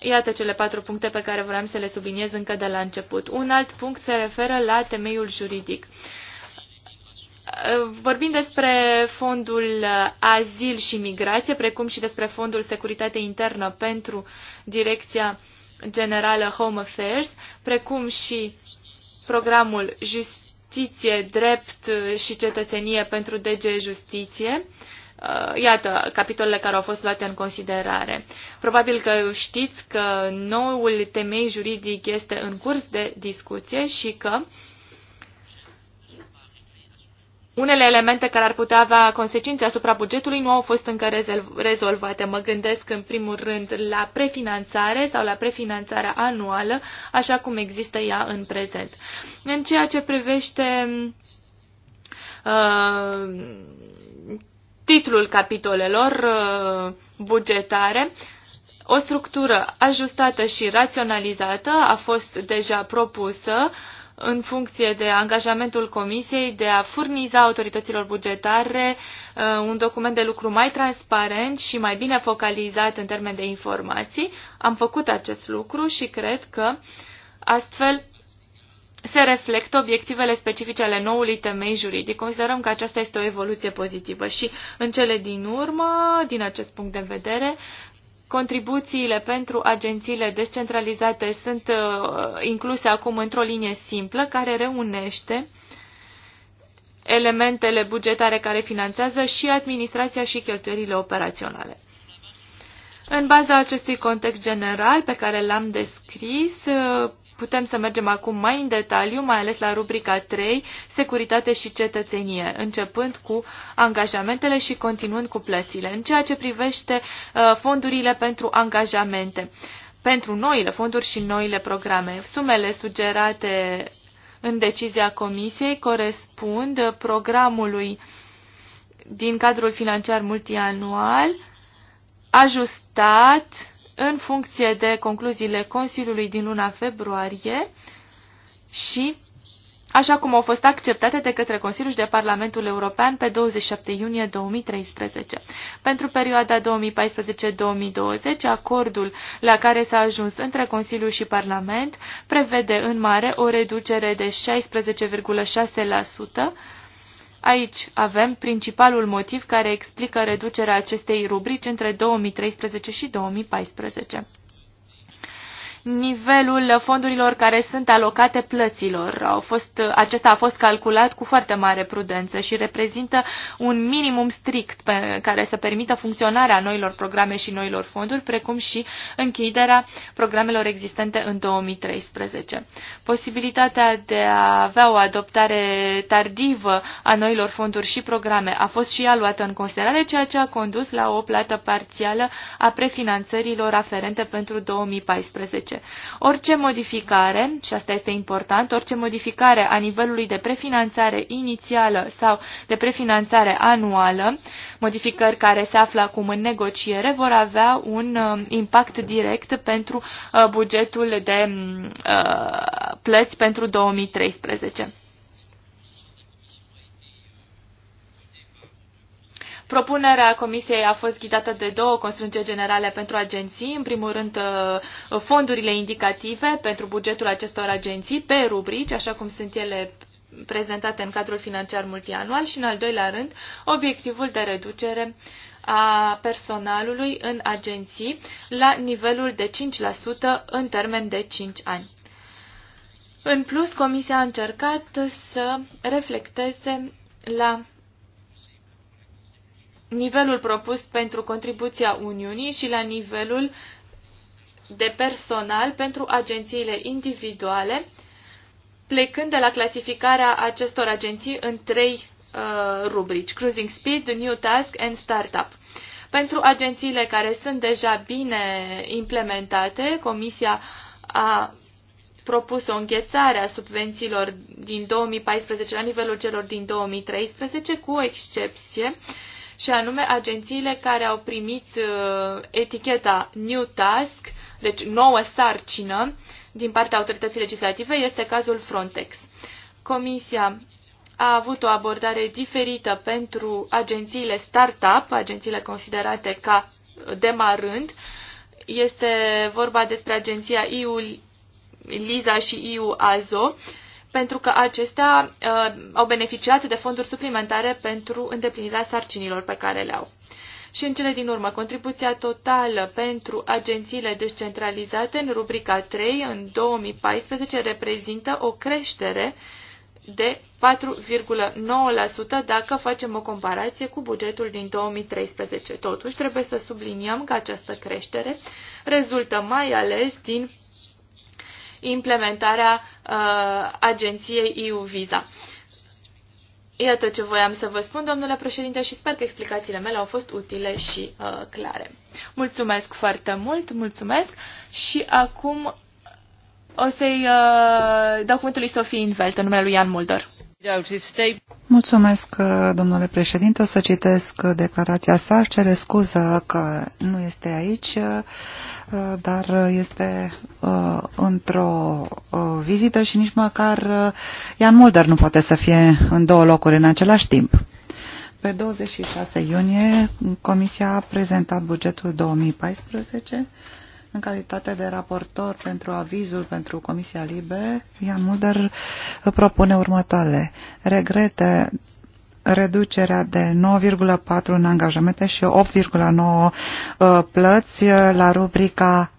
Iată cele patru puncte pe care vreau să le subliniez încă de la început. Un alt punct se referă la temeiul juridic. Vorbim despre fondul azil și migrație, precum și despre fondul securitate internă pentru Direcția Generală Home Affairs, precum și programul Justiție justiție, drept uh, și cetățenie pentru DG Justiție. Uh, iată capitolele care au fost luate în considerare. Probabil că știți că noul temei juridic este în curs de discuție și că uh, unele elemente care ar putea avea consecințe asupra bugetului nu au fost încă rezolvate. Mă gândesc în primul rând la prefinanțare sau la prefinanțarea anuală, așa cum există ea în prezent. În ceea ce privește uh, titlul capitolelor uh, bugetare, o structură ajustată și raționalizată a fost deja propusă uh, în funcție de angajamentul Comisiei de a furniza autorităților bugetare uh, un document de lucru mai transparent și mai bine focalizat în termen de informații. Am făcut acest lucru și cred că astfel se reflectă obiectivele specifice ale noului temei juridic. Considerăm că aceasta este o evoluție pozitivă și în cele din urmă, din acest punct de vedere, Contribuțiile pentru agențiile descentralizate sunt uh, incluse acum într-o linie simplă care reunește elementele bugetare care finanțează și administrația și cheltuielile operaționale. În baza acestui context general pe care l-am descris, uh, putem să mergem acum mai în detaliu, mai ales la rubrica 3, securitate și cetățenie, începând cu angajamentele și continuând cu plățile. În ceea ce privește uh, fondurile pentru angajamente, pentru noile fonduri și noile programe, sumele sugerate în decizia Comisiei corespund programului din cadrul financiar multianual ajustat în funcție de concluziile Consiliului din luna februarie și așa cum au fost acceptate de către Consiliul și de Parlamentul European pe 27 iunie 2013. Pentru perioada 2014-2020, acordul la care s-a ajuns între Consiliu și Parlament prevede în mare o reducere de 16,6% Aici avem principalul motiv care explică reducerea acestei rubrici între 2013 și 2014 nivelul fondurilor care sunt alocate plăților. Au fost, acesta a fost calculat cu foarte mare prudență și reprezintă un minimum strict pe care să permită funcționarea noilor programe și noilor fonduri, precum și închiderea programelor existente în 2013. Posibilitatea de a avea o adoptare tardivă a noilor fonduri și programe a fost și ea luată în considerare, ceea ce a condus la o plată parțială a prefinanțărilor aferente pentru 2014 publice. Orice modificare, și asta este important, orice modificare a nivelului de prefinanțare inițială sau de prefinanțare anuală, modificări care se află acum în negociere, vor avea un uh, impact direct pentru uh, bugetul de uh, plăți pentru 2013. Propunerea Comisiei a fost ghidată de două constrângeri generale pentru agenții. În primul rând, uh, fondurile indicative pentru bugetul acestor agenții pe rubrici, așa cum sunt ele prezentate în cadrul financiar multianual și, în al doilea rând, obiectivul de reducere a personalului în agenții la nivelul de 5% în termen de 5 ani. În plus, Comisia a încercat să reflecteze la nivelul propus pentru contribuția Uniunii și la nivelul de personal pentru agențiile individuale, plecând de la clasificarea acestor agenții în trei uh, rubrici, Cruising Speed, New Task and Startup. Pentru agențiile care sunt deja bine implementate, Comisia a propus o înghețare a subvențiilor din 2014 la nivelul celor din 2013, cu excepție uh, și anume agențiile care au primit uh, eticheta New Task, deci nouă sarcină din partea autorității legislative, este cazul Frontex. Comisia a avut o abordare diferită pentru agențiile startup, agențiile considerate ca demarând. Este vorba despre agenția EU Liza și EU Azo, pentru că acestea uh, au beneficiat de fonduri suplimentare pentru îndeplinirea sarcinilor pe care le au. Și în cele din urmă, contribuția totală pentru agențiile descentralizate în rubrica 3 în 2014 reprezintă o creștere de 4,9% dacă facem o comparație cu bugetul din 2013. Totuși, trebuie să subliniem că această creștere rezultă mai ales din implementarea uh, agenției EU Visa. Iată ce voiam să vă spun, domnule președinte, și sper că explicațiile mele au fost utile și uh, clare. Mulțumesc foarte mult, mulțumesc și acum o să-i uh, dau cuvântul lui Sofie Invelt în numele lui Ian Mulder. Mulțumesc, domnule președinte. O să citesc declarația sa. Cere scuză că nu este aici, uh, dar este uh, într-o uh, vizită și nici măcar Ian Mulder nu poate să fie în două locuri în același timp. Pe 26 iunie, Comisia a prezentat bugetul 2014 în calitate de raportor pentru avizul pentru Comisia Libe, Ian Mulder propune următoarele. Regrete reducerea de 9,4 în angajamente și 8,9 uh, plăți la rubrica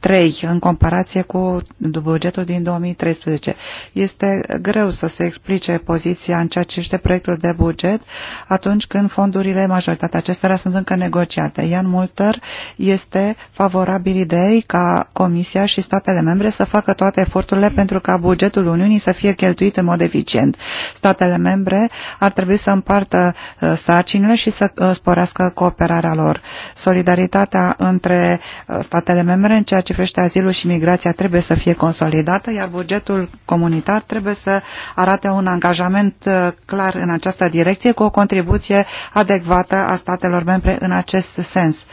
3 în comparație cu bugetul din 2013. Este greu să se explice poziția în ceea ce este proiectul de buget atunci când fondurile, majoritatea acestora, sunt încă negociate. Ian Multer este favorabil ideii ca Comisia și statele membre să facă toate eforturile pentru ca bugetul Uniunii să fie cheltuit în mod eficient. Statele membre ar trebui să împartă uh, sarcinile și să uh, sporească cooperarea lor. Solidaritatea între uh, statele membre Uniune în ceea ce privește azilul și migrația trebuie să fie consolidată, iar bugetul comunitar trebuie să arate un angajament uh, clar în această direcție cu o contribuție adecvată a statelor membre în acest sens.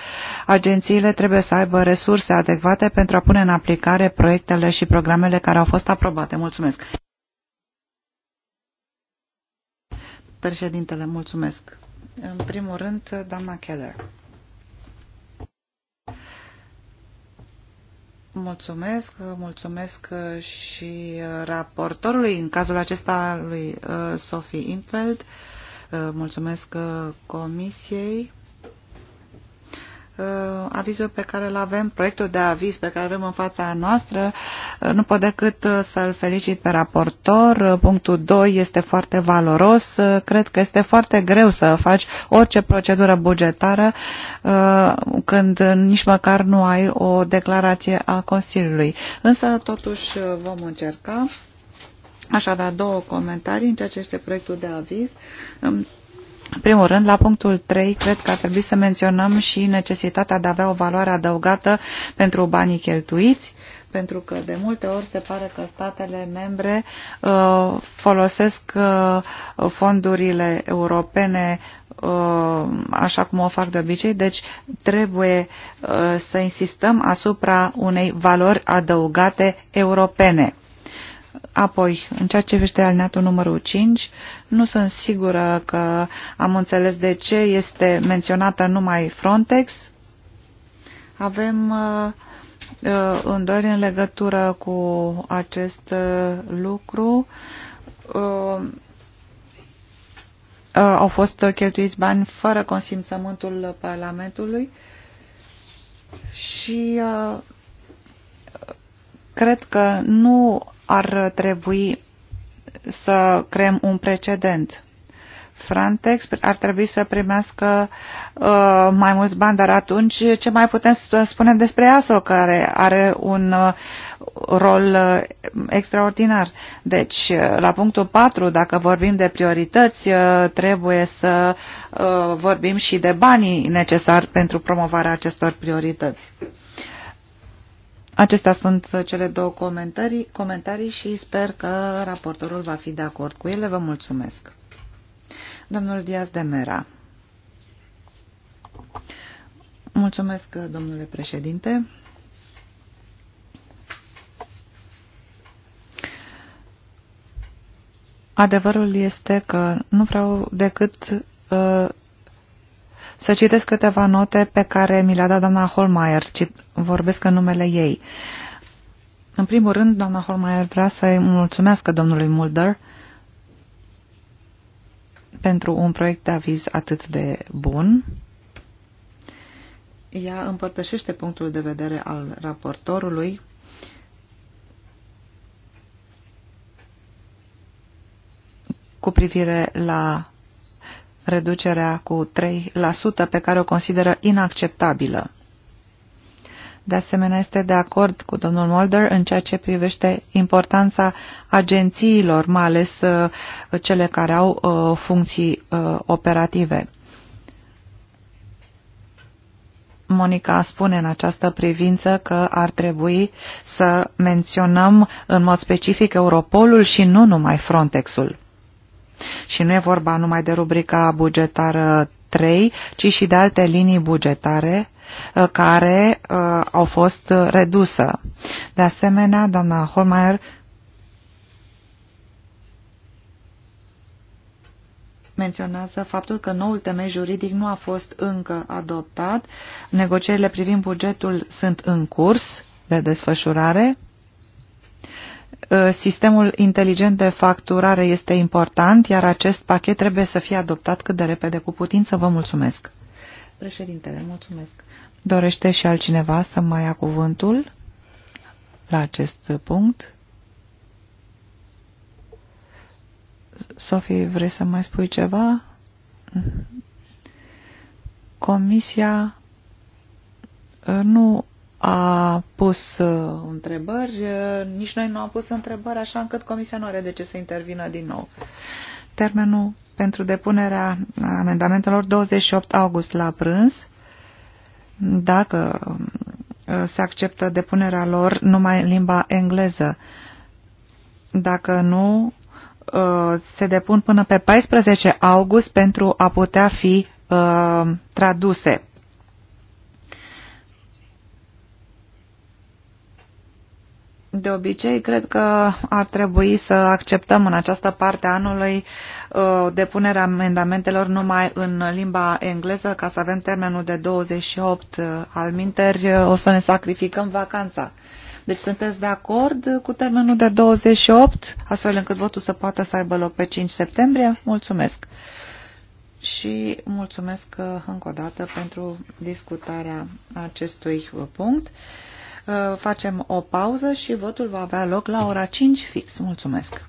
Agențiile trebuie să aibă resurse adecvate pentru a pune în aplicare proiectele și programele care au fost aprobate. Mulțumesc! Președintele, mulțumesc. În primul rând, doamna Keller. Mulțumesc, mulțumesc și raportorului, în cazul acesta lui uh, Sophie Infeld, uh, mulțumesc uh, comisiei Uh, avizul pe care îl avem, proiectul de aviz pe care îl avem în fața noastră, uh, nu pot decât uh, să-l felicit pe raportor. Punctul 2 este foarte valoros. Cred că este foarte greu să faci orice procedură bugetară când nici măcar nu ai o declarație a Consiliului. Însă, totuși, vom încerca. Aș avea două comentarii în ceea ce este proiectul de aviz. În primul rând, la punctul 3, cred că ar trebui să menționăm și necesitatea de a avea o valoare adăugată pentru banii cheltuiți, pentru că de multe ori se pare că statele membre uh, folosesc uh, fondurile europene uh, așa cum o fac de obicei, deci trebuie uh, să insistăm asupra unei valori adăugate europene Apoi, în ceea ce privește alineatul numărul 5, nu sunt sigură că am înțeles de ce este menționată numai Frontex. Avem uh, uh îndoieli în legătură cu acest uh, lucru. Uh, uh, au fost cheltuiți bani fără consimțământul Parlamentului și uh, cred că nu ar trebui să creăm un precedent. Frontex ar trebui să primească uh, mai mulți bani, dar atunci ce mai putem să spunem despre ASO, care are un uh, rol uh, extraordinar? Deci, uh, la punctul 4, dacă vorbim de priorități, uh, trebuie să uh, vorbim și de banii necesari pentru promovarea acestor priorități. Acestea sunt cele două comentarii, comentarii și sper că raportorul va fi de acord cu ele. Vă mulțumesc. Domnul Diaz de Mera. Mulțumesc, domnule președinte. Adevărul este că nu vreau decât uh, să citesc câteva note pe care mi le-a dat doamna Holmeier, vorbesc în numele ei. În primul rând, doamna Holmeier vrea să îi mulțumească domnului Mulder pentru un proiect de aviz atât de bun. Ea împărtășește punctul de vedere al raportorului cu privire la reducerea cu 3% pe care o consideră inacceptabilă. De asemenea, este de acord cu domnul Mulder în ceea ce privește importanța agențiilor, mai ales uh, cele care au uh, funcții uh, operative. Monica spune în această privință că ar trebui să menționăm în mod specific Europolul și nu numai Frontexul. Și nu e vorba numai de rubrica bugetară 3, ci și de alte linii bugetare Uh, care uh, au fost uh, redusă. De asemenea, doamna Holmeier menționează faptul că noul temei juridic nu a fost încă adoptat. Negocierile privind bugetul sunt în curs de desfășurare. Sistemul inteligent de facturare este important, iar acest pachet trebuie să fie adoptat cât de repede cu putință. Vă mulțumesc! Președintele, mulțumesc. Dorește și altcineva să mai ia cuvântul la acest punct? Sofie, vrei să mai spui ceva? Comisia uh, nu a pus uh, întrebări, uh, nici noi nu am pus întrebări, așa încât Comisia nu are de ce să intervină din nou. Termenul pentru depunerea amendamentelor 28 august la prânz. Dacă uh, se acceptă depunerea lor numai în limba engleză. Dacă nu, uh, se depun până pe 14 august pentru a putea fi uh, traduse. de obicei, cred că ar trebui să acceptăm în această parte a anului uh, depunerea amendamentelor numai în limba engleză, ca să avem termenul de 28 uh, al minteri, uh, o să ne sacrificăm vacanța. Deci sunteți de acord cu termenul de 28, astfel încât votul să poată să aibă loc pe 5 septembrie? Mulțumesc! Și mulțumesc încă o dată pentru discutarea acestui punct facem o pauză și votul va avea loc la ora 5 fix. Mulțumesc!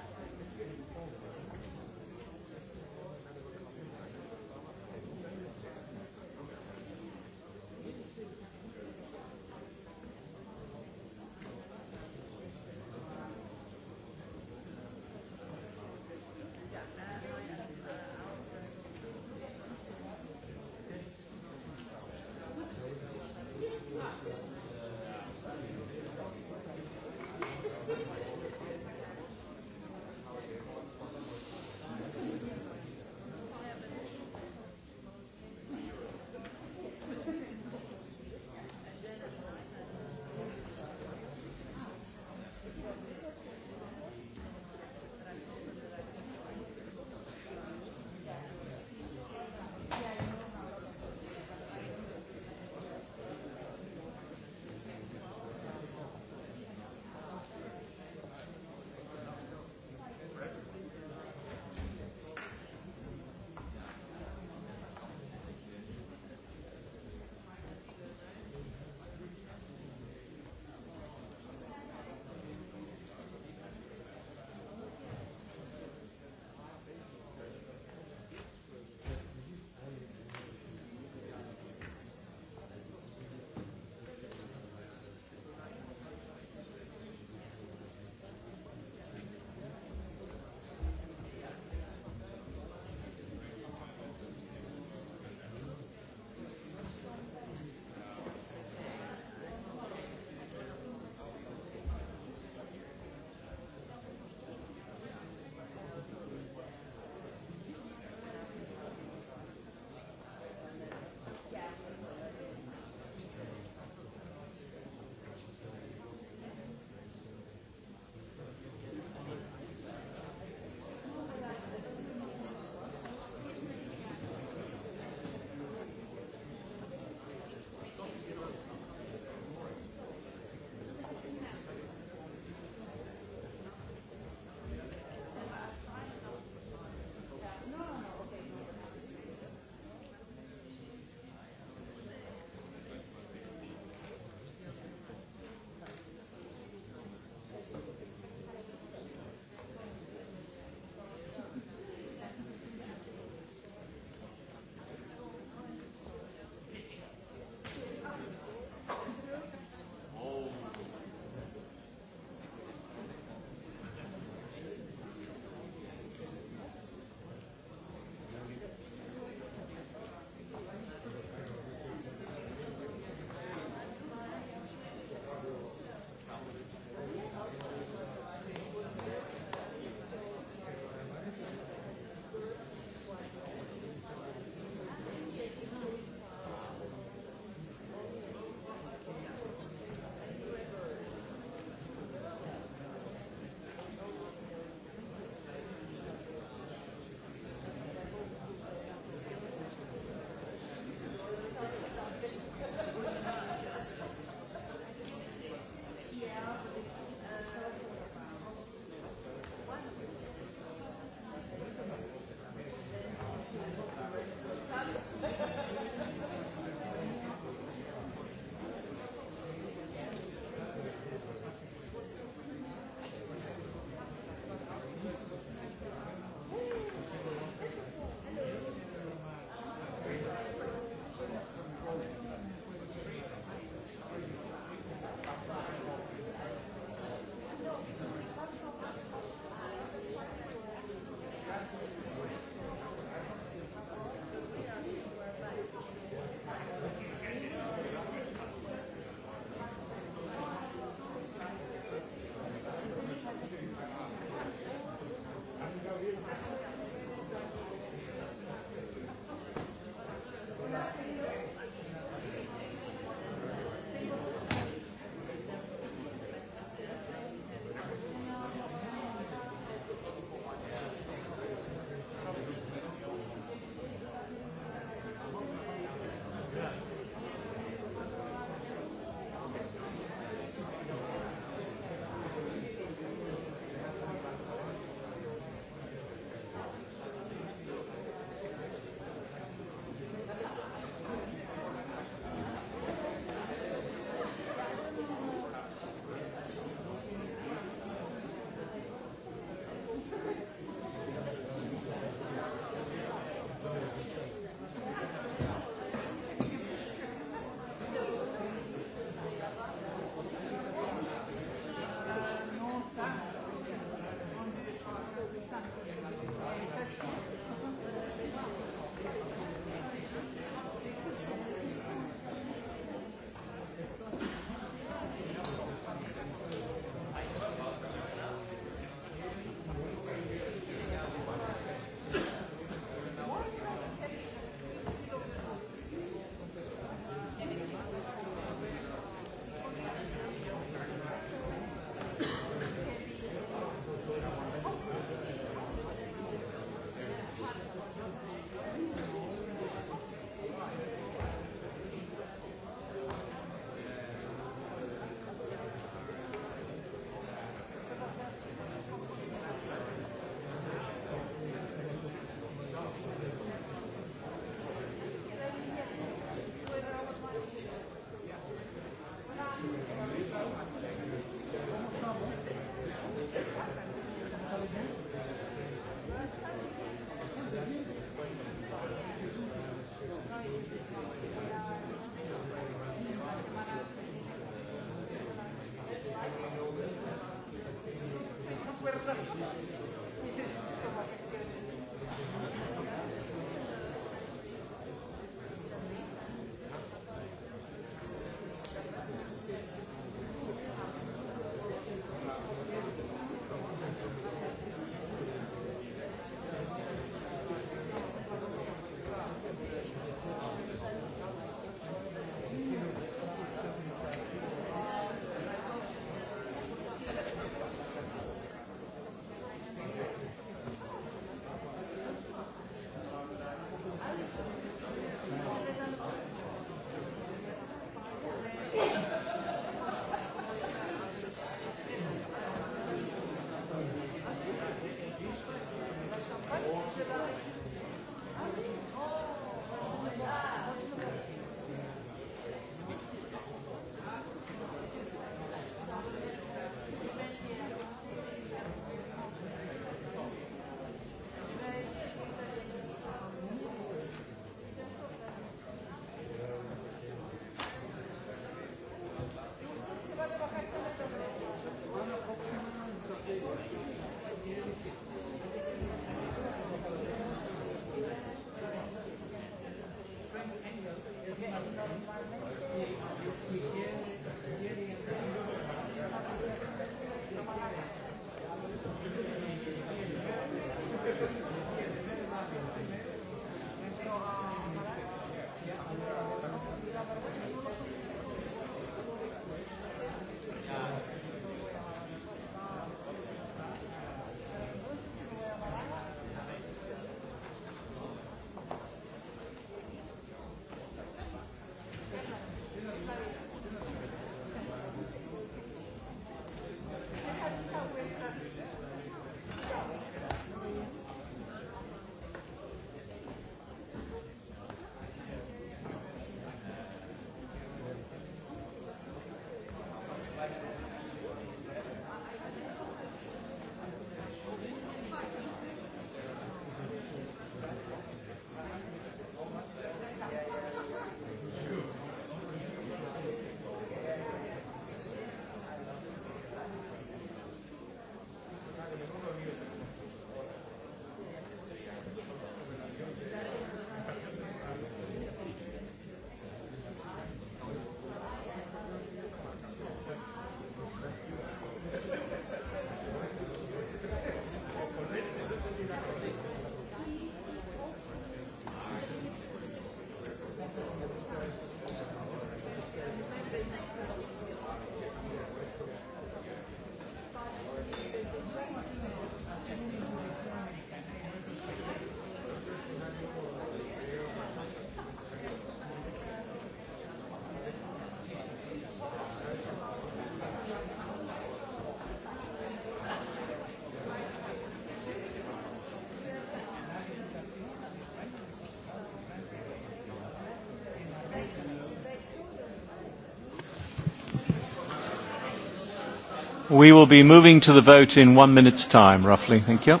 We will be moving to the vote in one minute's time, roughly. Thank you.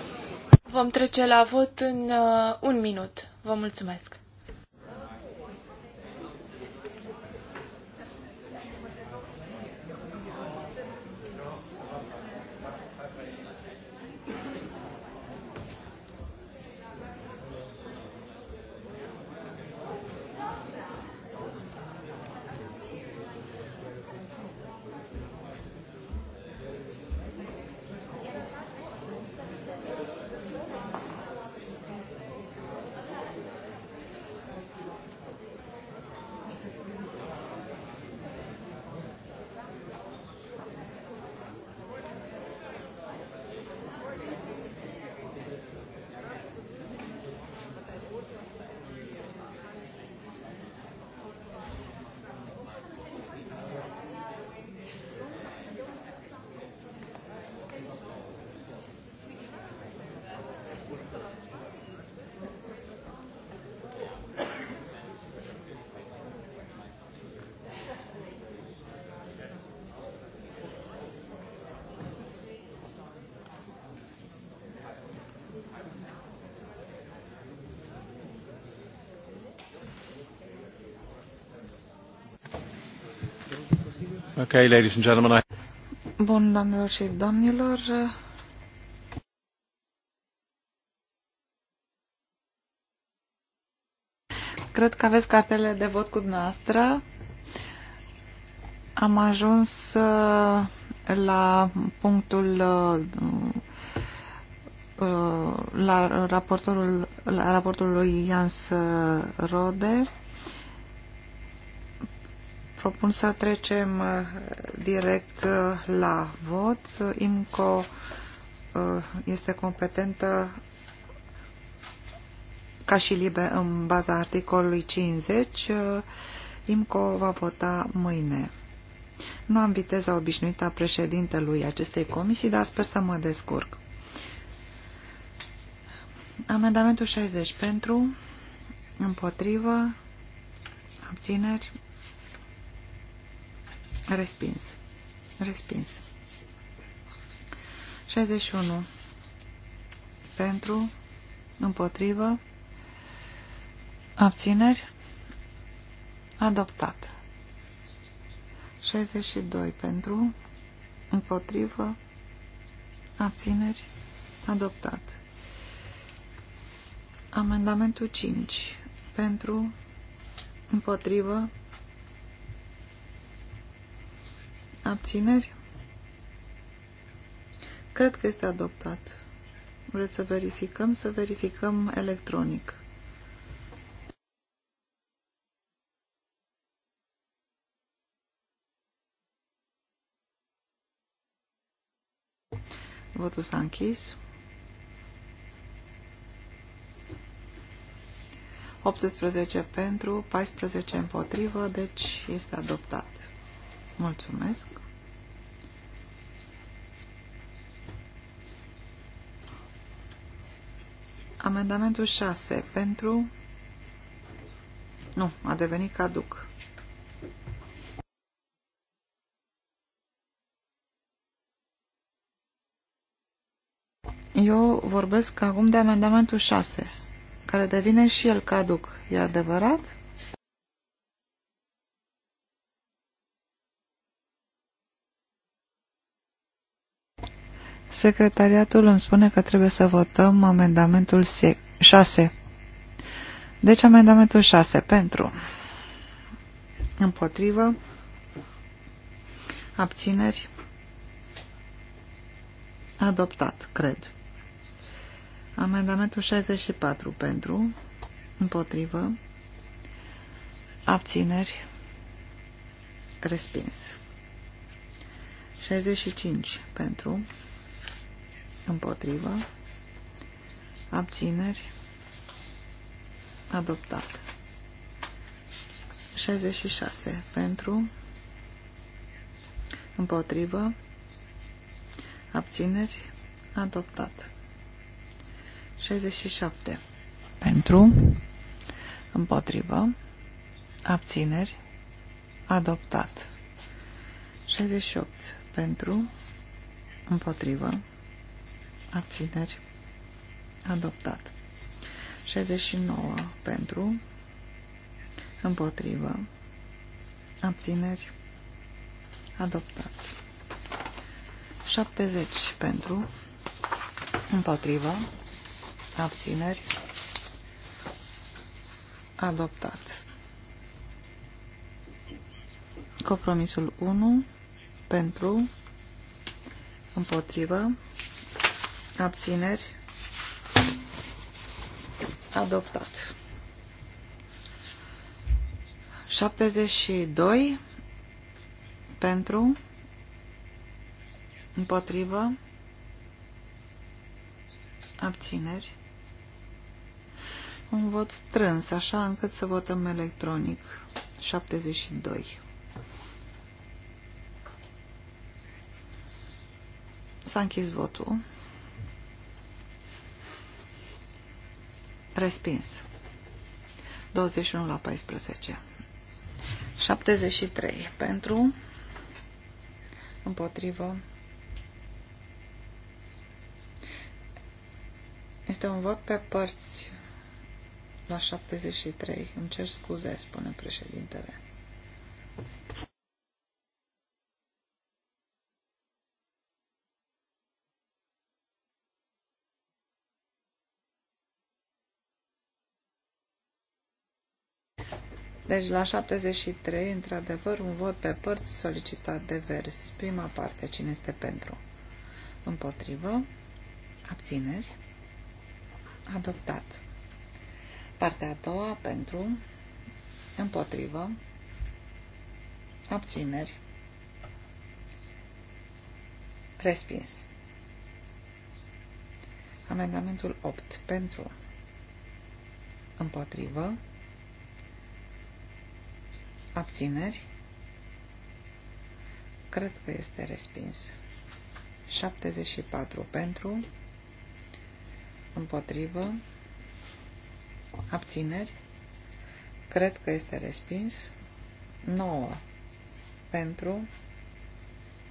Vom trece la vot în uh, un minut. Vă mulțumesc. Okay, ladies and gentlemen, I... Bun, doamnelor și domnilor, Cred că aveți cartele de vot cu dumneavoastră. Am ajuns uh, la punctul uh, uh, la raportorul la raportul lui Jans Rode propun să trecem uh, direct uh, la vot. IMCO uh, este competentă ca și libe în baza articolului 50. IMCO va vota mâine. Nu am viteza obișnuită a președintelui acestei comisii, dar sper să mă descurc. Amendamentul 60 pentru, împotrivă, abțineri, Respins. Respins. 61. Pentru, împotrivă, abțineri, adoptat. 62. Pentru, împotrivă, abțineri, adoptat. Amendamentul 5. Pentru, împotrivă, Abțineri? Cred că este adoptat. Vreți să verificăm? Să verificăm electronic. Votul s-a închis. 18 pentru, 14 împotrivă, deci este adoptat. Mulțumesc. Amendamentul 6 pentru... Nu, a devenit caduc. Eu vorbesc acum de amendamentul 6, care devine și el caduc. E adevărat? Secretariatul îmi spune că trebuie să votăm amendamentul 6. Deci amendamentul 6 pentru. Împotrivă. Abțineri. Adoptat, cred. Amendamentul 64 pentru. Împotrivă. Abțineri. Respins. 65 pentru împotrivă, abțineri, adoptat. 66 pentru, împotrivă, abțineri, adoptat. 67 pentru, împotrivă, abțineri, adoptat. 68 pentru, împotrivă, abțineri, adoptat. 69 pentru, împotrivă, abțineri, adoptați. 70 pentru, împotrivă, abțineri, adoptat. Compromisul 1 pentru, împotrivă, abțineri, adoptat. 72 pentru, împotrivă, abțineri. Un vot strâns, așa încât să votăm electronic. 72. S-a închis votul. Respins. 21 la 14. 73 pentru, împotrivă. Este un vot pe părți la 73. Îmi cer scuze, spune președintele. Deci la 73, într-adevăr, un vot pe părți solicitat de vers. Prima parte, cine este pentru? Împotrivă. Abțineri. Adoptat. Partea a doua, pentru. Împotrivă. Abțineri. Respins. Amendamentul 8. Pentru. Împotrivă. Abțineri. Cred că este respins. 74 pentru. Împotrivă. Abțineri. Cred că este respins. 9 pentru.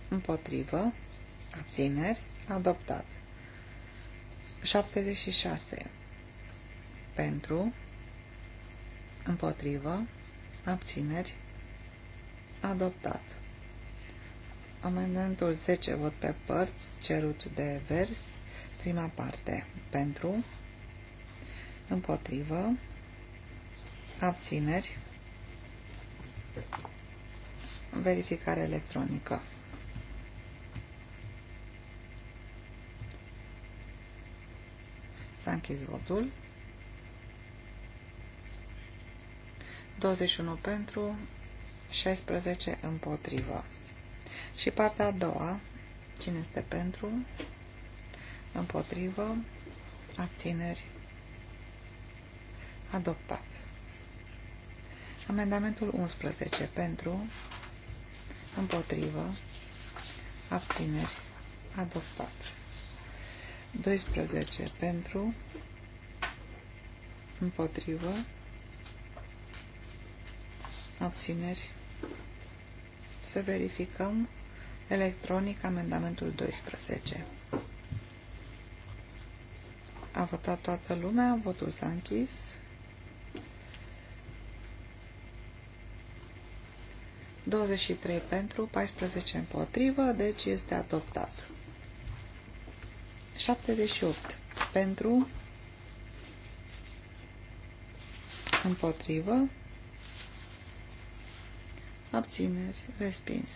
Împotrivă. Abțineri. Adoptat. 76 pentru. Împotrivă abțineri, adoptat. Amendamentul 10, vot pe părți, cerut de vers, prima parte, pentru, împotrivă, abțineri, verificare electronică. S-a închis votul. 21 pentru, 16 împotrivă. Și partea a doua, cine este pentru, împotrivă, abțineri, adoptat. Amendamentul 11 pentru, împotrivă, abțineri, adoptat. 12 pentru, împotrivă, abțineri. Să verificăm electronic amendamentul 12. A votat toată lumea, votul s-a închis. ...23 pentru, 14 împotrivă, deci este adoptat. 78 pentru, împotrivă, abțineri, respins.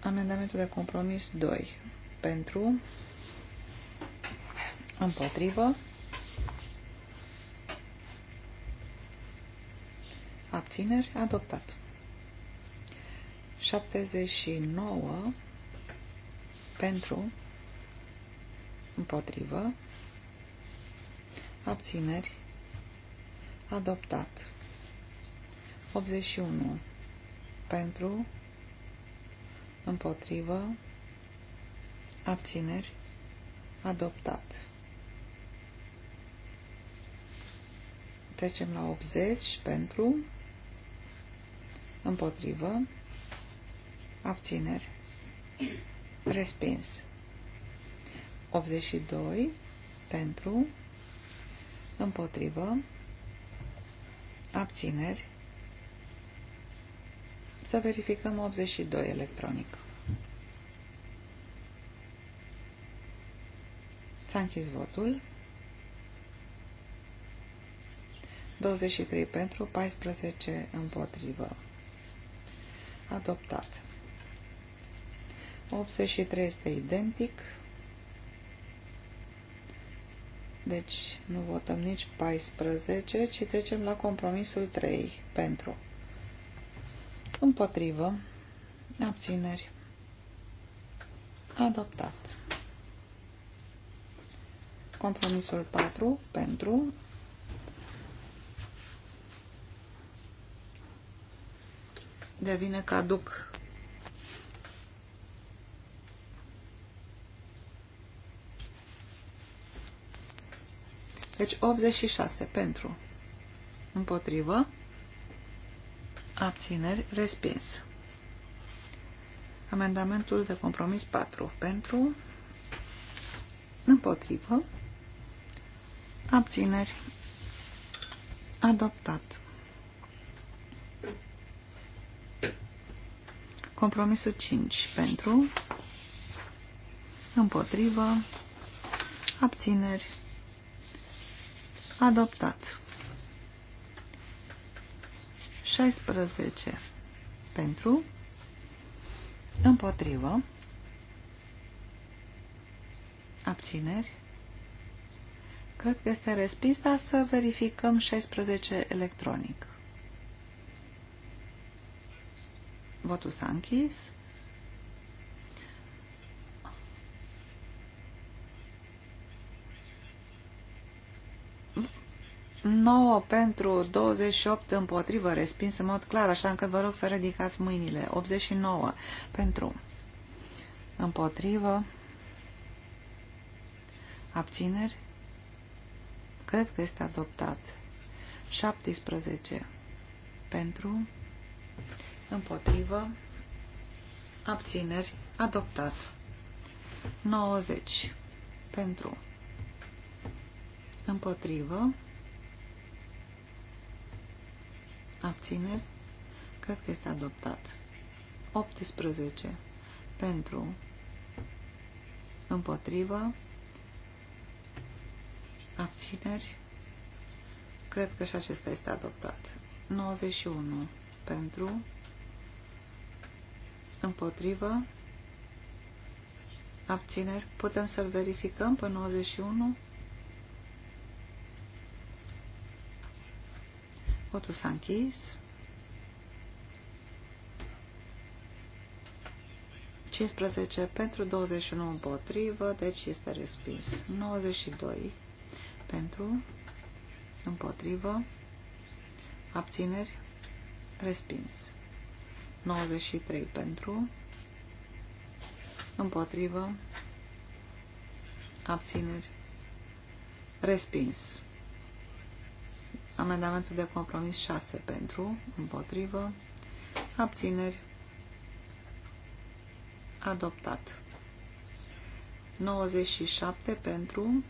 Amendamentul de compromis 2. Pentru, împotrivă, abțineri, adoptat. 79 pentru, împotrivă, abțineri, adoptat. 81 pentru, împotrivă, abțineri, adoptat. Trecem la 80 pentru, împotrivă, abțineri, respins. 82 pentru, împotrivă, abțineri, să verificăm 82 electronic. S-a închis votul. 23 pentru, 14 împotrivă. Adoptat. 83 este identic. Deci nu votăm nici 14, ci trecem la compromisul 3 pentru. Împotrivă. Abțineri. Adoptat. Compromisul 4 pentru devine caduc. Deci 86 pentru împotrivă Abțineri. Respins. Amendamentul de compromis 4. Pentru. Împotrivă. Abțineri. Adoptat. Compromisul 5. Pentru. Împotrivă. Abțineri. Adoptat. 16 pentru, împotrivă, abțineri. Cred că este respins, dar să verificăm 16 electronic. Votul s-a închis. 9 pentru 28 împotrivă, respins în mod clar, așa încât vă rog să ridicați mâinile. 89 pentru împotrivă, abțineri, cred că este adoptat. 17 pentru împotrivă, abțineri, adoptat. 90 pentru împotrivă, abțineri, cred că este adoptat. 18 pentru, împotrivă, abțineri, cred că și acesta este adoptat. 91 pentru, împotrivă, abțineri, putem să-l verificăm pe 91 Votul s-a închis. 15 pentru 21 împotrivă, deci este respins. 92 pentru împotrivă, abțineri, respins. 93 pentru împotrivă, abțineri, respins. Amendamentul de compromis 6 pentru, împotrivă, abțineri, adoptat. 97 pentru,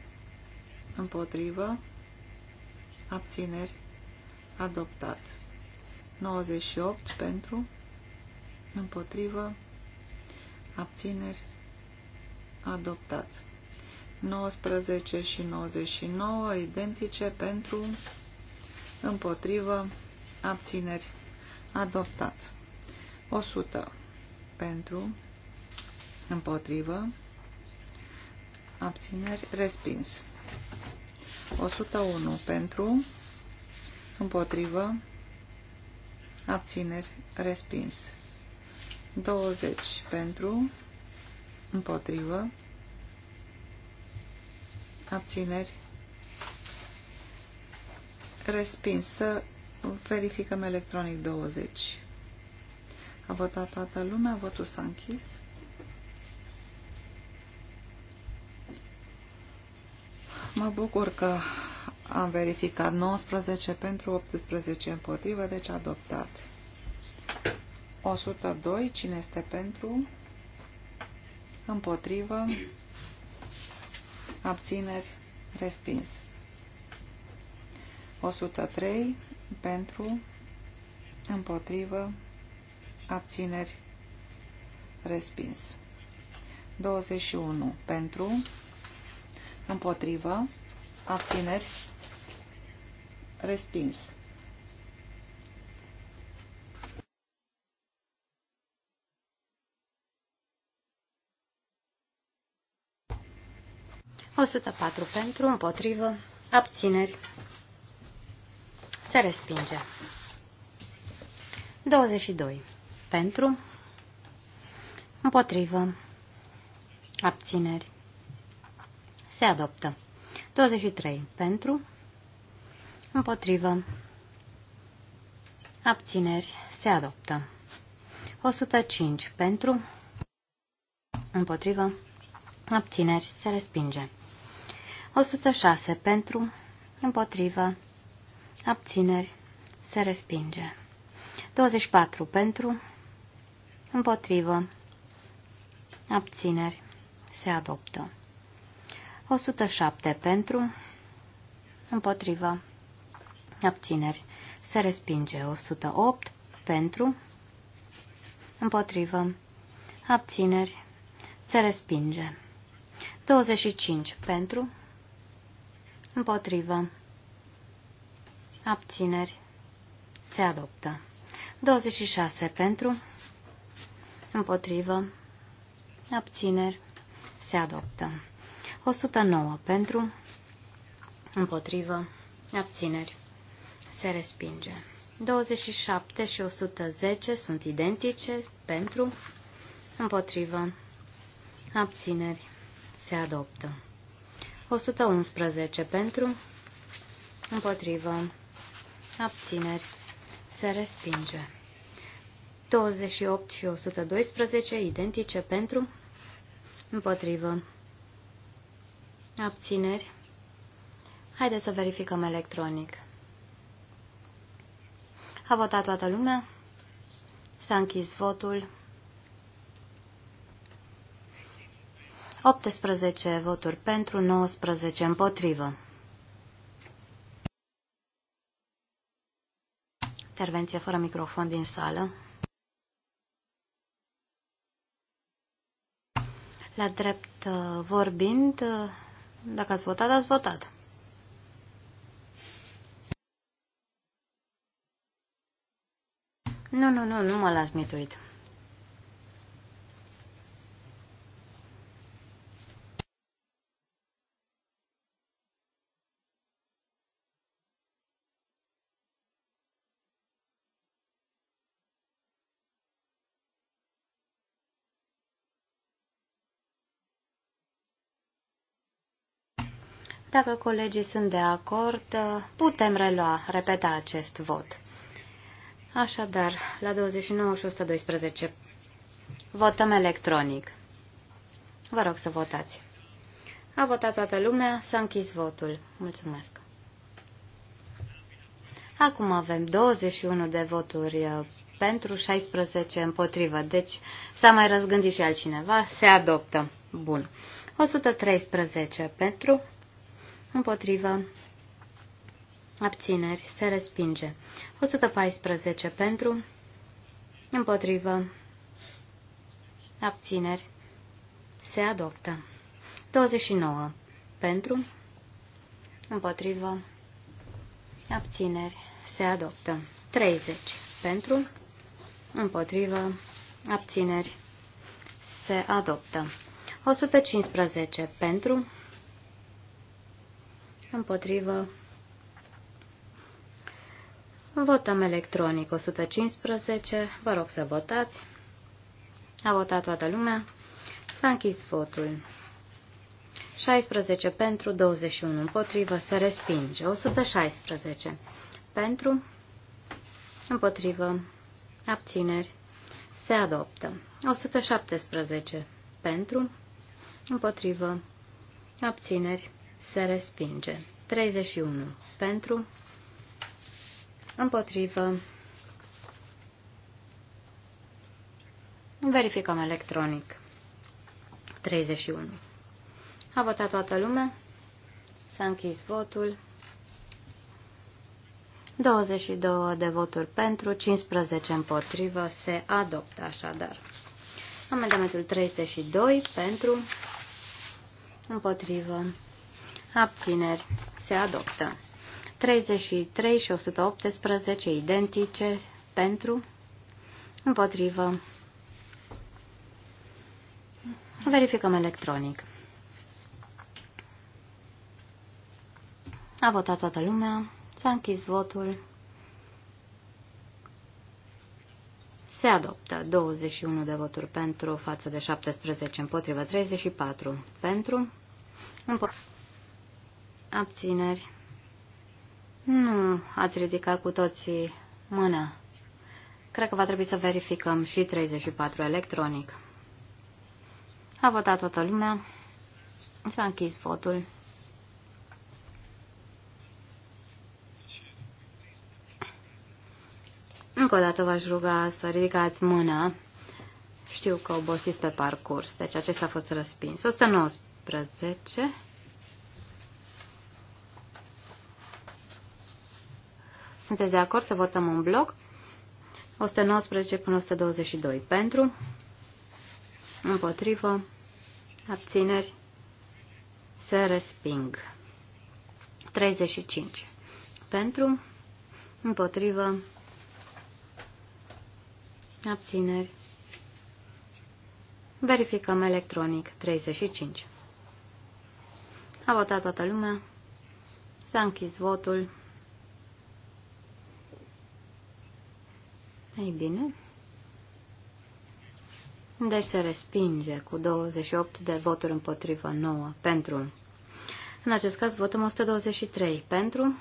împotrivă, abțineri, adoptat. 98 pentru, împotrivă, abțineri, adoptat. 19 și 99 identice pentru, împotrivă, abțineri, adoptat. 100 pentru, împotrivă, abțineri, respins. 101 pentru, împotrivă, abțineri, respins. 20 pentru, împotrivă, abțineri, Respins. Să verificăm electronic 20. A votat toată lumea, votul s-a închis. Mă bucur că am verificat 19 pentru 18 împotrivă, deci adoptat. 102, cine este pentru? Împotrivă. Abțineri. Respins. 103 pentru, împotrivă, abțineri, respins. 21 pentru, împotrivă, abțineri, respins. patru pentru, împotrivă, abțineri, se respinge. 22. Pentru. Împotrivă. Abțineri. Se adoptă. 23. Pentru. Împotrivă. Abțineri. Se adoptă. 105. Pentru. Împotrivă. Abțineri. Se respinge. 106. Pentru. Împotrivă abțineri, se respinge. 24 pentru, împotrivă, abțineri, se adoptă. 107 pentru, împotrivă, abțineri, se respinge. 108 pentru, împotrivă, abțineri, se respinge. 25 pentru, împotrivă, abțineri, se adoptă. 26 pentru, împotrivă, abțineri, se adoptă. 109 pentru, împotrivă, abțineri, se respinge. 27 și 110 sunt identice pentru, împotrivă, abțineri, se adoptă. 111 pentru, împotrivă, abțineri, se respinge. 28 și 112 identice pentru, împotrivă, abțineri. Haideți să verificăm electronic. A votat toată lumea? S-a închis votul. 18 voturi pentru, 19 împotrivă. Intervenție fără microfon din sală. La drept uh, vorbind, uh, dacă ați votat, ați votat. Nu, nu, nu, nu mă las mituit. Dacă colegii sunt de acord, putem relua, repeta acest vot. Așadar, la 29 și 112 votăm electronic. Vă rog să votați. A votat toată lumea, s-a închis votul. Mulțumesc. Acum avem 21 de voturi uh, pentru, 16 împotrivă. Deci s-a mai răzgândit și altcineva. Se adoptă. Bun. 113 pentru, împotrivă, abțineri, se respinge. 114 pentru, împotrivă, abțineri, se adoptă. 29 pentru, împotrivă, abțineri, se adoptă. 30 pentru, împotrivă, abțineri, se adoptă. 115 pentru, împotrivă. Votăm electronic 115. Vă rog să votați. A votat toată lumea. S-a închis votul. 16 pentru, 21 împotrivă, se respinge. 116 pentru, împotrivă, abțineri, se adoptă. 117 pentru, împotrivă, abțineri, se respinge. 31 pentru, împotrivă, verificăm electronic. 31. A votat toată lumea, s-a închis votul. 22 de voturi pentru, 15 împotrivă, se adoptă așadar. Amendamentul 32 pentru, împotrivă, abțineri, se adoptă. 33 și 118 identice pentru, împotrivă. Verificăm electronic. A votat toată lumea, s-a închis votul. Se adoptă 21 de voturi pentru față de 17 împotrivă 34 pentru împotrivă. Abțineri. Nu ați ridicat cu toții mâna. Cred că va trebui să verificăm și 34 electronic. A votat toată lumea. S-a închis votul. Încă o dată v-aș ruga să ridicați mâna. Știu că obosiți pe parcurs, deci acesta a fost răspins. 119. Sunteți de acord să votăm un bloc? 119 până 122 pentru, împotrivă, abțineri, se resping. 35 pentru, împotrivă, abțineri. Verificăm electronic 35. A votat toată lumea. S-a închis votul. Ei bine. Deci se respinge cu 28 de voturi împotrivă, 9 pentru. În acest caz votăm 123 pentru.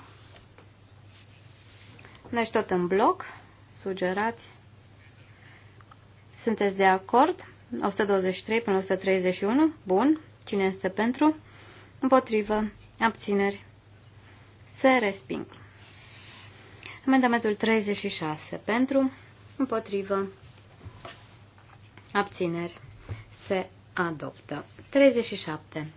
Deci tot în bloc, sugerați. Sunteți de acord? 123 până 131. Bun. Cine este pentru? Împotrivă. Abțineri. Se resping. Amendamentul 36 pentru. Împotrivă. Abțineri. Se adoptă. 37.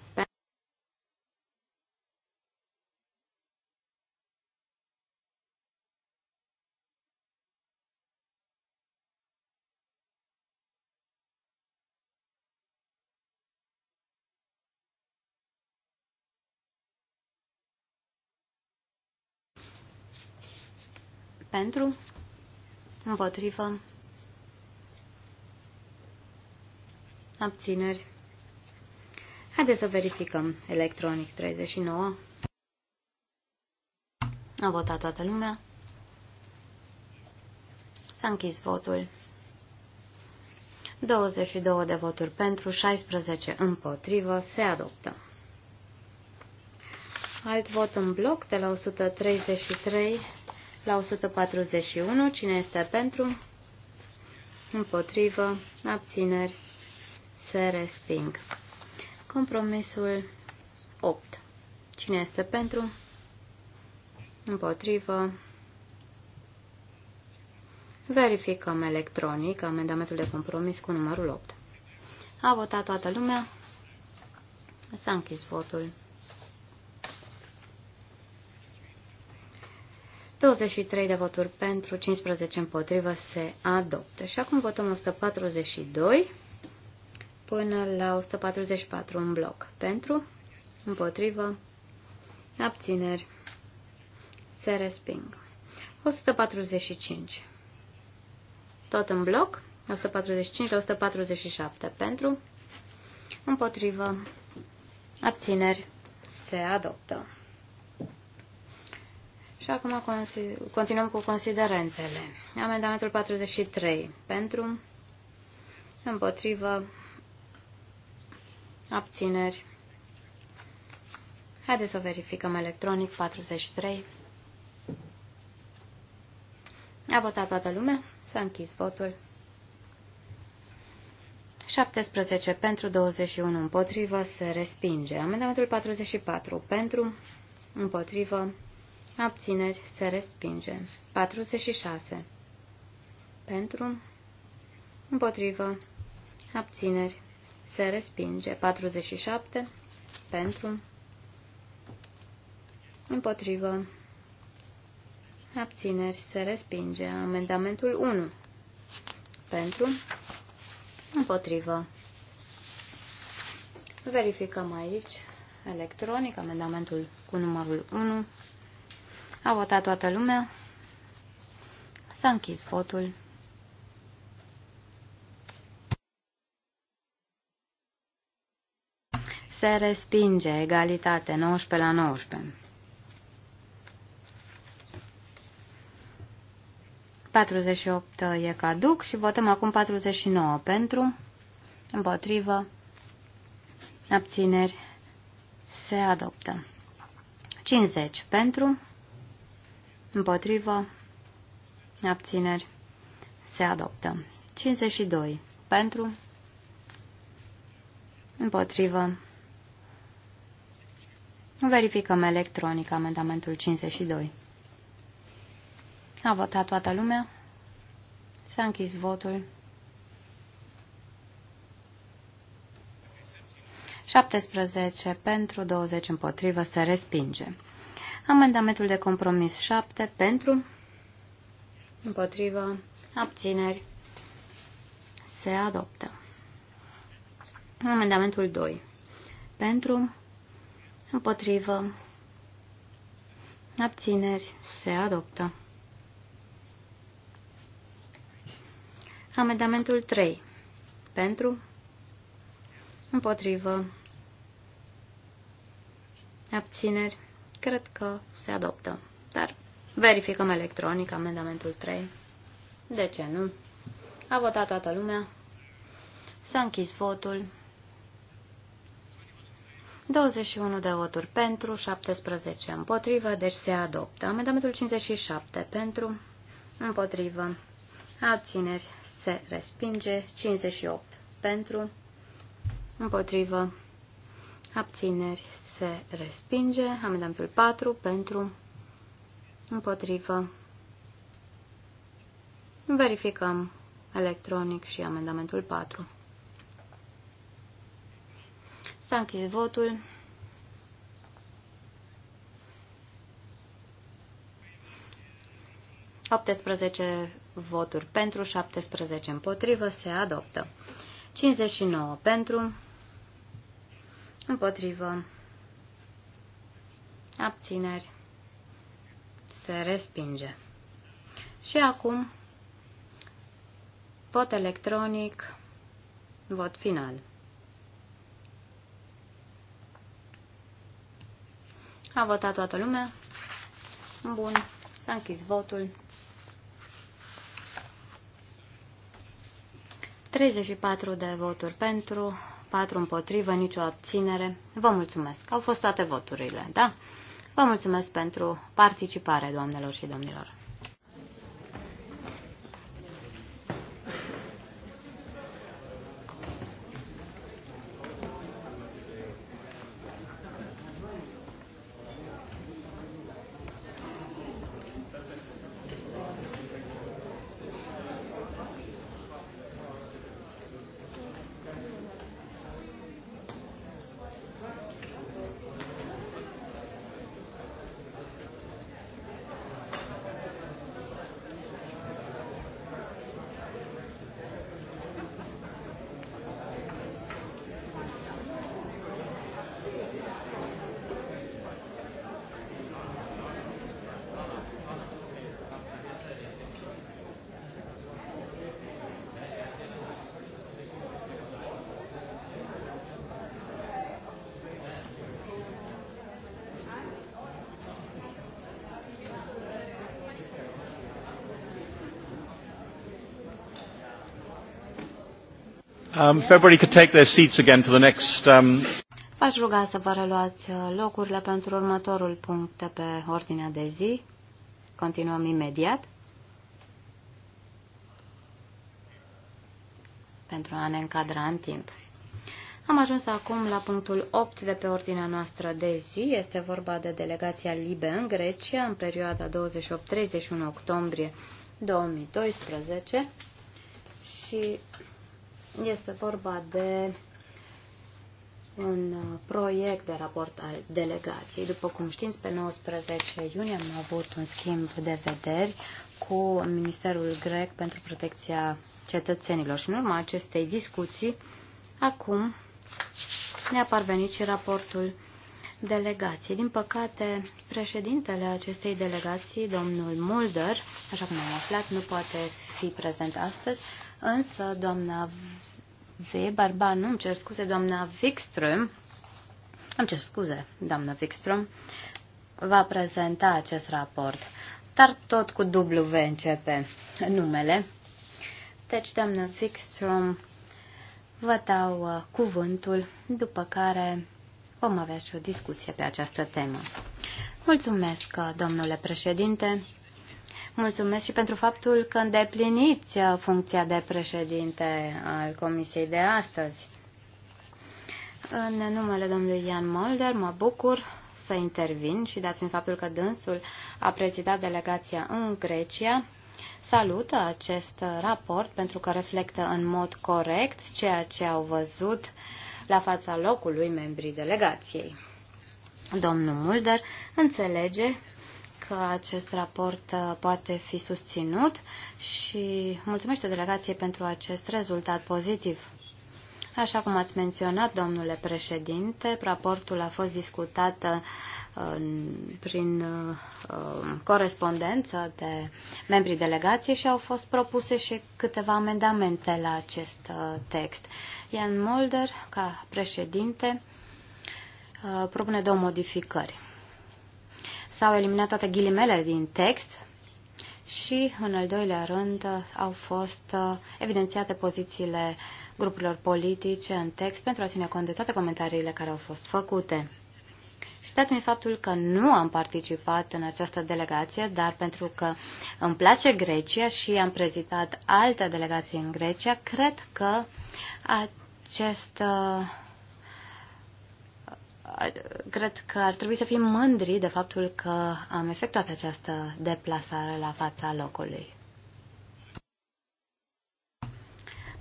Pentru Împotrivă. Abțineri. Haideți să verificăm. Electronic 39. A votat toată lumea. S-a închis votul. 22 de voturi pentru, 16 împotrivă, se adoptă. Alt vot în bloc de la 133 la 141, cine este pentru? Împotrivă, abțineri, se resping. Compromisul 8. Cine este pentru? Împotrivă. Verificăm electronic amendamentul de compromis cu numărul 8. A votat toată lumea. S-a închis votul. 23 de voturi pentru, 15 împotrivă se adoptă. Și acum votăm 142 până la 144 în bloc. Pentru, împotrivă, abțineri, se resping. 145. Tot în bloc, 145 la 147. Pentru, împotrivă, abțineri, se adoptă. Și acum continuăm cu considerentele. Amendamentul 43. Pentru, împotrivă, abțineri. Haideți să verificăm electronic 43. A votat toată lumea? S-a închis votul. 17 pentru, 21 împotrivă, se respinge. Amendamentul 44 pentru, împotrivă, Abțineri se respinge. 46. Pentru. Împotrivă. Abțineri se respinge. 47. Pentru. Împotrivă. Abțineri se respinge. Amendamentul 1. Pentru. Împotrivă. Verificăm aici electronic amendamentul cu numărul 1. A votat toată lumea. S-a închis votul. Se respinge egalitate 19 la 19. 48 e caduc și votăm acum 49 pentru, împotrivă, abțineri, se adoptă. 50 pentru, Împotrivă. Abțineri. Se adoptă. 52. Pentru. Împotrivă. Verificăm electronic amendamentul 52. A votat toată lumea. S-a închis votul. 17 pentru, 20 împotrivă, se respinge. Amendamentul de compromis 7 pentru, împotrivă, abțineri, se adoptă. Amendamentul 2 pentru, împotrivă, abțineri, se adoptă. Amendamentul 3 pentru, împotrivă, abțineri, Cred că se adoptă. Dar verificăm electronic amendamentul 3. De ce nu? A votat toată lumea. S-a închis votul. 21 de voturi pentru, 17 împotrivă, deci se adoptă. Amendamentul 57 pentru, împotrivă, abțineri, se respinge, 58 pentru, împotrivă, abțineri, se respinge. Amendamentul 4 pentru împotrivă. Verificăm electronic și amendamentul 4. S-a închis votul. optesprezece voturi pentru, 17 împotrivă, se adoptă. 59 pentru, împotrivă, abțineri, se respinge. Și acum, vot electronic, vot final. A votat toată lumea. Bun, s-a închis votul. 34 de voturi pentru, 4 împotrivă, nicio abținere. Vă mulțumesc. Au fost toate voturile, da? Vă mulțumesc pentru participare, doamnelor și domnilor. Um, if everybody could take their seats again for the next... Um... V-aș ruga să vă reluați uh, locurile pentru următorul punct de pe ordinea de zi. Continuăm imediat. Pentru a ne încadra în timp. Am ajuns acum la punctul 8 de pe ordinea noastră de zi. Este vorba de delegația Libe în Grecia în perioada 28-31 octombrie 2012 și este vorba de un uh, proiect de raport al delegației. După cum știți, pe 19 iunie am avut un schimb de vederi cu Ministerul Grec pentru Protecția Cetățenilor și în urma acestei discuții, acum ne-a parvenit și raportul delegației. Din păcate, președintele acestei delegații, domnul Mulder, așa cum am aflat, nu poate fi prezent astăzi, Însă, doamna V. Barba, nu, îmi cer scuze, doamna Wikström, îmi cer scuze, doamna Wikström, va prezenta acest raport, dar tot cu W începe numele. Deci, doamna Wikström, vă dau uh, cuvântul, după care vom avea și o discuție pe această temă. Mulțumesc, uh, domnule președinte. Mulțumesc și pentru faptul că îndepliniți uh, funcția de președinte al Comisiei de astăzi. În numele domnului Ian Mulder, mă bucur să intervin și dat fiind faptul că dânsul a prezidat delegația în Grecia, salută acest raport pentru că reflectă în mod corect ceea ce au văzut la fața locului membrii delegației. Domnul Mulder înțelege că acest raport uh, poate fi susținut și mulțumește delegației pentru acest rezultat pozitiv. Așa cum ați menționat, domnule președinte, raportul a fost discutat uh, prin uh, corespondență de membrii delegației și au fost propuse și câteva amendamente la acest text. Ian Mulder, ca președinte, propune două modificări s-au eliminat toate ghilimele din text și, în al doilea rând, au fost uh, evidențiate pozițiile grupurilor politice în text pentru a ține cont de toate comentariile care au fost făcute. Și dat mi faptul că nu am participat în această delegație, dar pentru că îmi place Grecia și am prezitat alte delegații în Grecia, cred că acest uh, cred că ar trebui să fim mândri de faptul că am efectuat această deplasare la fața locului.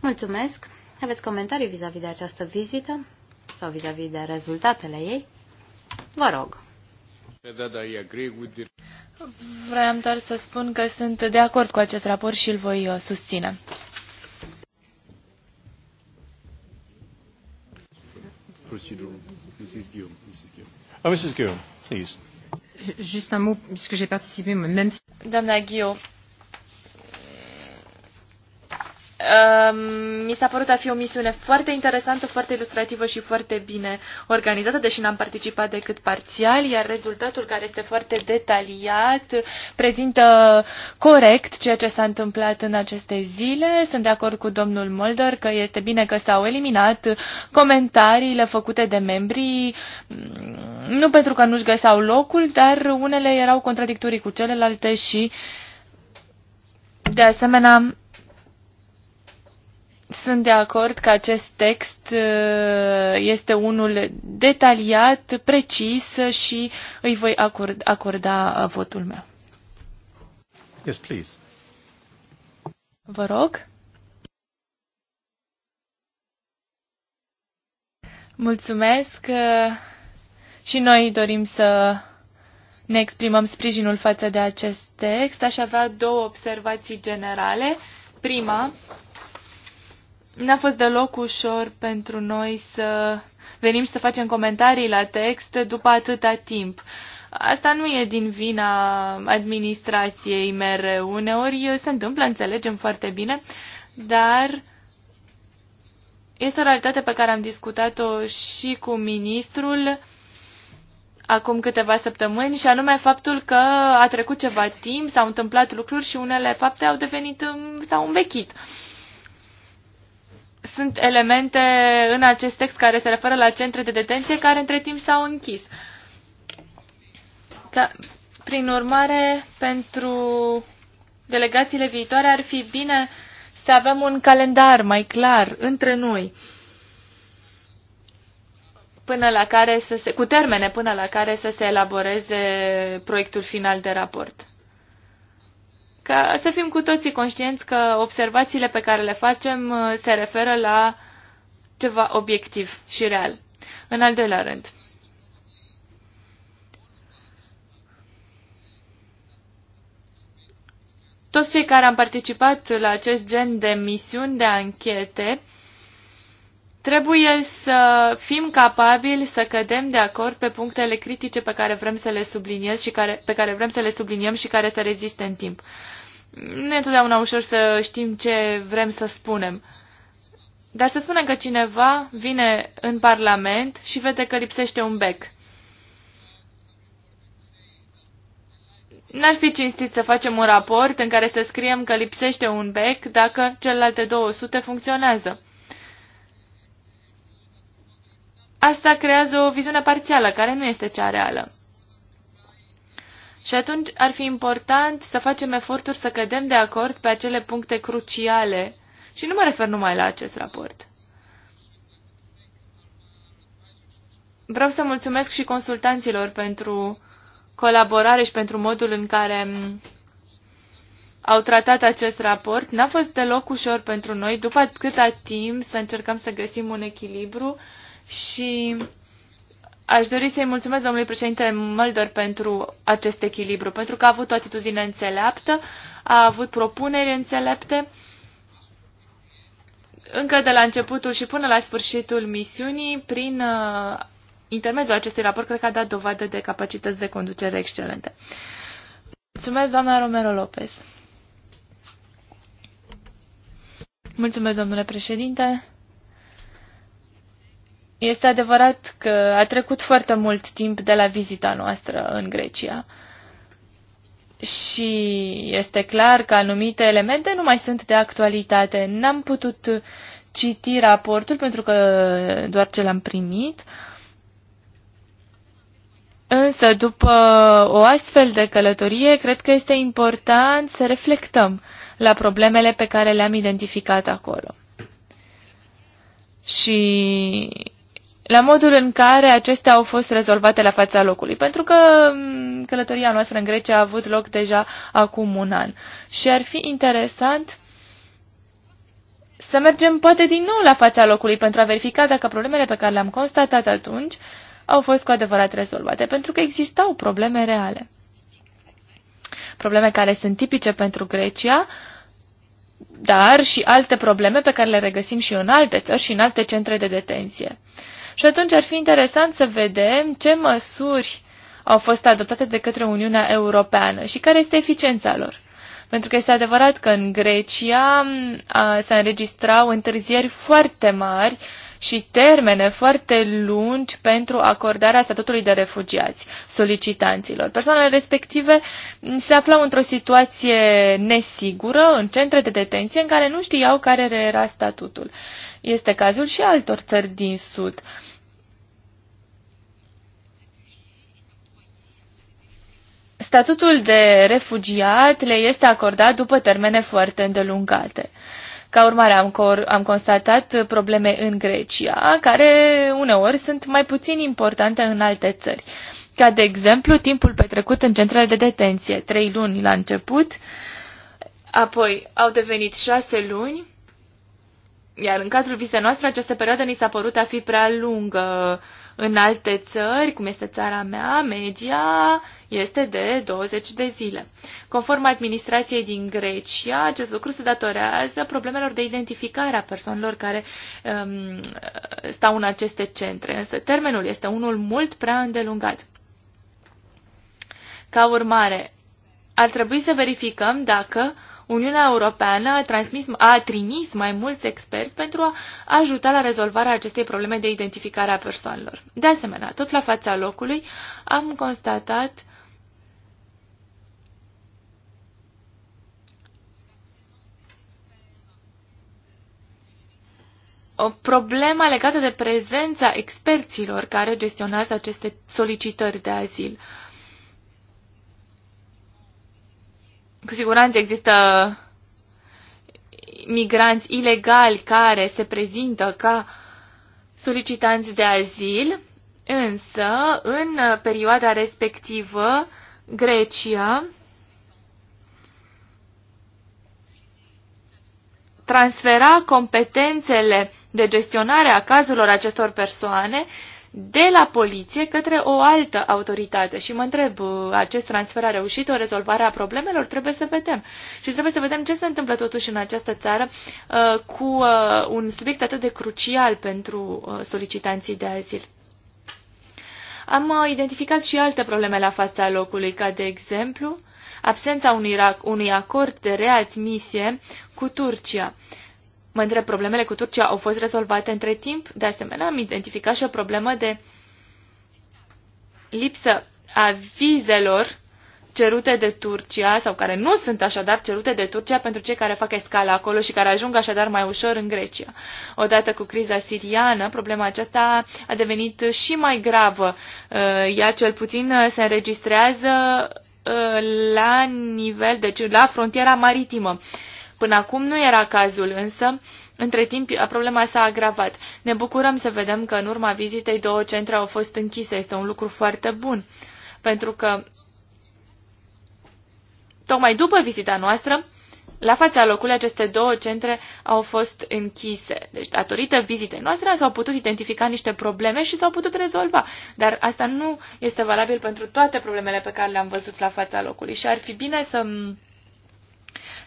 Mulțumesc! Aveți comentarii vis-a-vis -vis de această vizită sau vis-a-vis -vis de rezultatele ei? Vă rog! Vreau doar să spun că sunt de acord cu acest raport și îl voi uh, susține. Doamnă Guillaume. Mrs. Guillaume. Oh, Mrs. Guillaume, please. Just un mot, puisque j'ai participé, même si... Doamna Guillaume, Ehm, mi s-a părut a fi o misiune foarte interesantă, foarte ilustrativă și foarte bine organizată, deși n-am participat decât parțial, iar rezultatul care este foarte detaliat prezintă corect ceea ce s-a întâmplat în aceste zile. Sunt de acord cu domnul Mulder că este bine că s-au eliminat comentariile făcute de membrii, mm, nu pentru că nu-și găseau locul, dar unele erau contradictorii cu celelalte și de asemenea, sunt de acord că acest text uh, este unul detaliat, precis și îi voi acorda, acorda uh, votul meu. Yes, please. Vă rog. Mulțumesc uh, și noi dorim să ne exprimăm sprijinul față de acest text. Aș avea două observații generale. Prima, N-a fost deloc ușor pentru noi să venim și să facem comentarii la text după atâta timp. Asta nu e din vina administrației mereu. Uneori se întâmplă, înțelegem foarte bine, dar este o realitate pe care am discutat-o și cu ministrul acum câteva săptămâni și anume faptul că a trecut ceva timp, s-au întâmplat lucruri și unele fapte au devenit, s-au învechit. Uh, sunt elemente în acest text care se referă la centre de detenție care între timp s-au închis. Ca, prin urmare, pentru delegațiile viitoare ar fi bine să avem un calendar mai clar între noi până la care să se, cu termene până la care să se elaboreze proiectul final de raport. Ca să fim cu toții conștienți că observațiile pe care le facem uh, se referă la ceva obiectiv și real. În al doilea rând, toți cei care am participat la acest gen de misiuni de anchete Trebuie să fim capabili să cădem de acord pe punctele critice pe care vrem să le subliniez și care, pe care vrem să le subliniem și care să reziste în timp. Nu e întotdeauna ușor să știm ce vrem să spunem. Dar să spunem că cineva vine în Parlament și vede că lipsește un bec. N-ar fi cinstit să facem un raport în care să scriem că lipsește un bec dacă celelalte 200 funcționează. asta creează o viziune parțială, care nu este cea reală. Și atunci ar fi important să facem eforturi să cădem de acord pe acele puncte cruciale și nu mă refer numai la acest raport. Vreau să mulțumesc și consultanților pentru colaborare și pentru modul în care au tratat acest raport. N-a fost deloc ușor pentru noi, după atâta timp, să încercăm să găsim un echilibru și aș dori să-i mulțumesc domnului președinte Mulder pentru acest echilibru, pentru că a avut o atitudine înțeleaptă, a avut propuneri înțelepte. Încă de la începutul și până la sfârșitul misiunii, prin uh, intermediul acestui raport, cred că a dat dovadă de capacități de conducere excelente. Mulțumesc, doamna Romero Lopez. Mulțumesc, domnule președinte. Este adevărat că a trecut foarte mult timp de la vizita noastră în Grecia și este clar că anumite elemente nu mai sunt de actualitate. N-am putut citi raportul pentru că doar ce l-am primit. Însă, după o astfel de călătorie, cred că este important să reflectăm la problemele pe care le-am identificat acolo. Și la modul în care acestea au fost rezolvate la fața locului, pentru că mm, călătoria noastră în Grecia a avut loc deja acum un an. Și ar fi interesant să mergem poate din nou la fața locului pentru a verifica dacă problemele pe care le-am constatat atunci au fost cu adevărat rezolvate, pentru că existau probleme reale. Probleme care sunt tipice pentru Grecia, dar și alte probleme pe care le regăsim și în alte țări și în alte centre de detenție. Și atunci ar fi interesant să vedem ce măsuri au fost adoptate de către Uniunea Europeană și care este eficiența lor. Pentru că este adevărat că în Grecia mm, a, se înregistrau întârzieri foarte mari uh, și termene foarte lungi pentru acordarea statutului de refugiați solicitanților. Persoanele respective se aflau într-o situație nesigură în centre de detenție în care nu știau care era statutul. Este cazul și altor țări din Sud. Statutul de refugiat le este acordat după termene foarte îndelungate. Ca urmare, am, cor- am constatat probleme în Grecia, care uneori sunt mai puțin importante în alte țări. Ca de exemplu, timpul petrecut în centrele de detenție, trei luni la început, apoi au devenit șase luni, iar în cadrul visei noastre, această perioadă ni s-a părut a fi prea lungă. În alte țări, cum este țara mea, media este de 20 de zile. Conform administrației din Grecia, acest lucru se datorează problemelor de identificare a persoanelor care um, stau în aceste centre, însă termenul este unul mult prea îndelungat. Ca urmare, ar trebui să verificăm dacă Uniunea Europeană a, transmis, a trimis mai mulți experți pentru a ajuta la rezolvarea acestei probleme de identificare a persoanelor. De asemenea, tot la fața locului am constatat problema legată de prezența experților care gestionează aceste solicitări de azil. Cu siguranță există migranți ilegali care se prezintă ca solicitanți de azil, însă în perioada respectivă Grecia transfera competențele de gestionare a cazurilor acestor persoane de la poliție către o altă autoritate. Și mă întreb, uh, acest transfer a reușit o rezolvare a problemelor? Trebuie să vedem. Și trebuie să vedem ce se întâmplă totuși în această țară uh, cu uh, un subiect atât de crucial pentru solicitanții de azil. Am identificat și alte probleme la fața locului, ca de exemplu absența unui, unui acord de readmisie cu Turcia. Uh, Mă întreb, problemele cu Turcia au fost rezolvate între timp? De asemenea, am identificat și o problemă de lipsă a vizelor cerute de Turcia sau care nu sunt așadar cerute de Turcia pentru cei care fac escala acolo și care ajung așadar mai ușor în Grecia. Odată cu criza siriană, problema aceasta a devenit și mai gravă. Uh, ea cel puțin se înregistrează uh, la nivel, deci la frontiera maritimă. Până acum nu era cazul, însă între timp, problema s-a agravat. Ne bucurăm să vedem că în urma vizitei două centre au fost închise. Este un lucru foarte bun, pentru că tocmai după vizita noastră, la fața locului, aceste două centre au fost închise. Deci, datorită vizitei noastre, s-au putut identifica niște probleme și s-au putut rezolva. Dar asta nu este valabil pentru toate problemele pe care le-am văzut la fața locului și ar fi bine să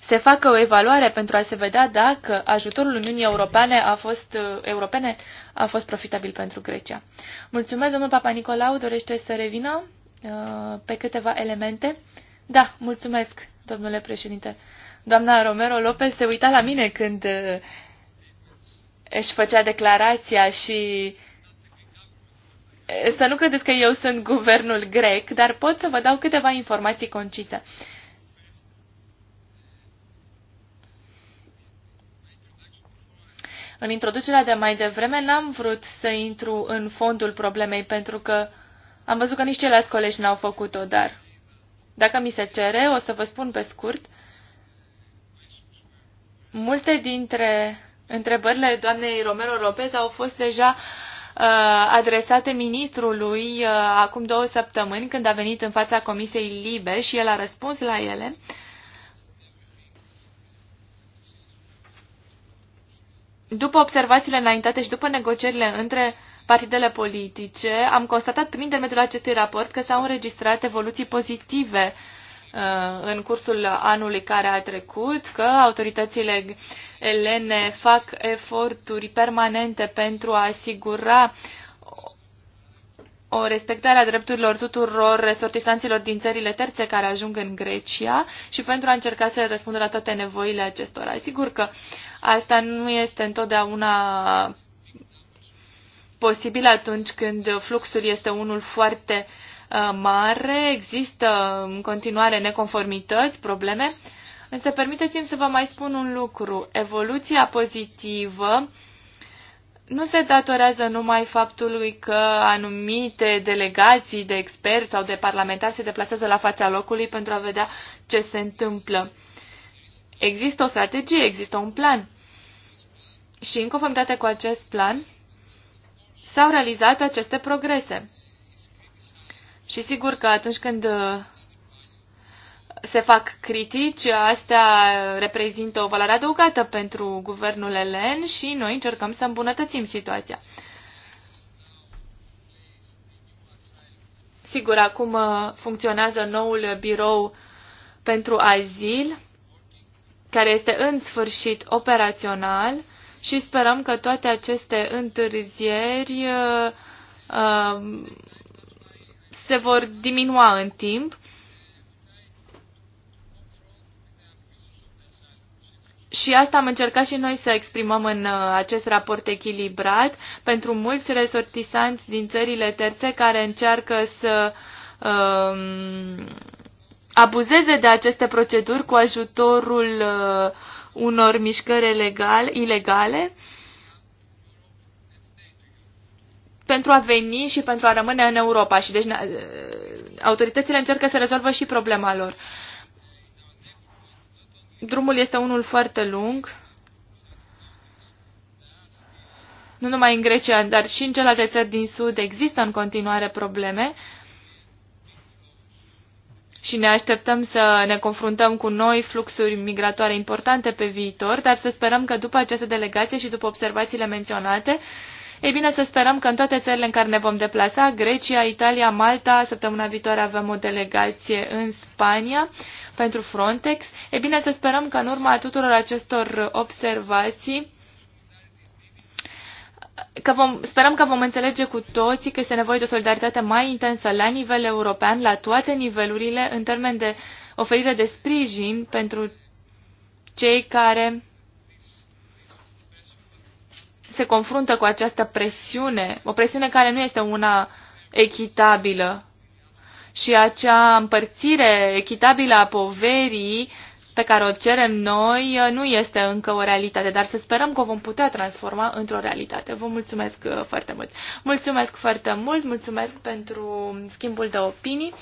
se facă o evaluare pentru a se vedea dacă ajutorul Uniunii Europene a fost, uh, europene a fost profitabil pentru Grecia. Mulțumesc, domnul Papa Nicolau, dorește să revină uh, pe câteva elemente. Da, mulțumesc, domnule președinte. Doamna Romero Lopez se uita la mine când uh, își făcea declarația și să nu credeți că eu sunt guvernul grec, dar pot să vă dau câteva informații concise. Uh, În introducerea de mai devreme n-am vrut să intru în fondul problemei pentru că am văzut că nici ceilalți colegi n-au făcut-o, dar dacă mi se cere, o să vă spun pe scurt, multe dintre întrebările doamnei Romero Lopez au fost deja uh, adresate ministrului uh, acum două săptămâni când a venit în fața Comisiei Libe și el a răspuns la ele. Uh, După observațiile înaintate și după negocierile între partidele politice, am constatat prin intermediul acestui raport că s-au înregistrat evoluții pozitive uh, în cursul anului care a trecut, că autoritățile elene fac eforturi permanente pentru a asigura o respectare a drepturilor tuturor resortisanților din țările terțe care ajung în Grecia și pentru a încerca să răspundă la toate nevoile acestora. Sigur că uh, Asta nu este întotdeauna posibil atunci când fluxul este unul foarte uh, mare, există în continuare neconformități, probleme, însă permiteți-mi să vă mai spun un lucru. Evoluția pozitivă nu se datorează numai faptului că anumite delegații de experți sau de parlamentari se deplasează la fața locului pentru a vedea ce se întâmplă. Există o strategie, există un plan. Și în conformitate cu acest plan s-au realizat aceste progrese. Și sigur că atunci când uh, se fac critici, astea reprezintă o valoare adăugată pentru guvernul elen și noi încercăm să îmbunătățim situația. Sigur, acum uh, funcționează noul birou pentru azil care este în sfârșit operațional și sperăm că toate aceste întârzieri uh, uh, se vor diminua în timp. Și asta am încercat și noi să exprimăm în uh, acest raport echilibrat pentru mulți resortisanți din țările terțe care încearcă să uh, abuzeze de aceste proceduri cu ajutorul uh, unor mișcări legal, ilegale pentru a veni și pentru a rămâne în Europa. Și deci uh, autoritățile încearcă să rezolvă și problema lor. Drumul este unul foarte lung, nu numai în Grecia, dar și în celelalte țări din Sud există în continuare probleme și ne așteptăm să ne confruntăm cu noi fluxuri migratoare importante pe viitor, dar să sperăm că după această delegație și după observațiile menționate, ei bine, să sperăm că în toate țările în care ne vom deplasa, Grecia, Italia, Malta, săptămâna viitoare avem o delegație în Spania pentru Frontex, e bine, să sperăm că în urma tuturor acestor observații, că vom, sperăm că vom înțelege cu toții că este nevoie de o solidaritate mai intensă la nivel european, la toate nivelurile, în termen de oferire de sprijin pentru cei care se confruntă cu această presiune, o presiune care nu este una echitabilă. Și acea împărțire echitabilă a poverii pe care o cerem noi uh, nu este încă o realitate, dar să sperăm că o vom putea transforma într-o realitate. Vă mulțumesc uh, foarte mult! Mulțumesc foarte mult, mulțumesc pentru schimbul de opinii.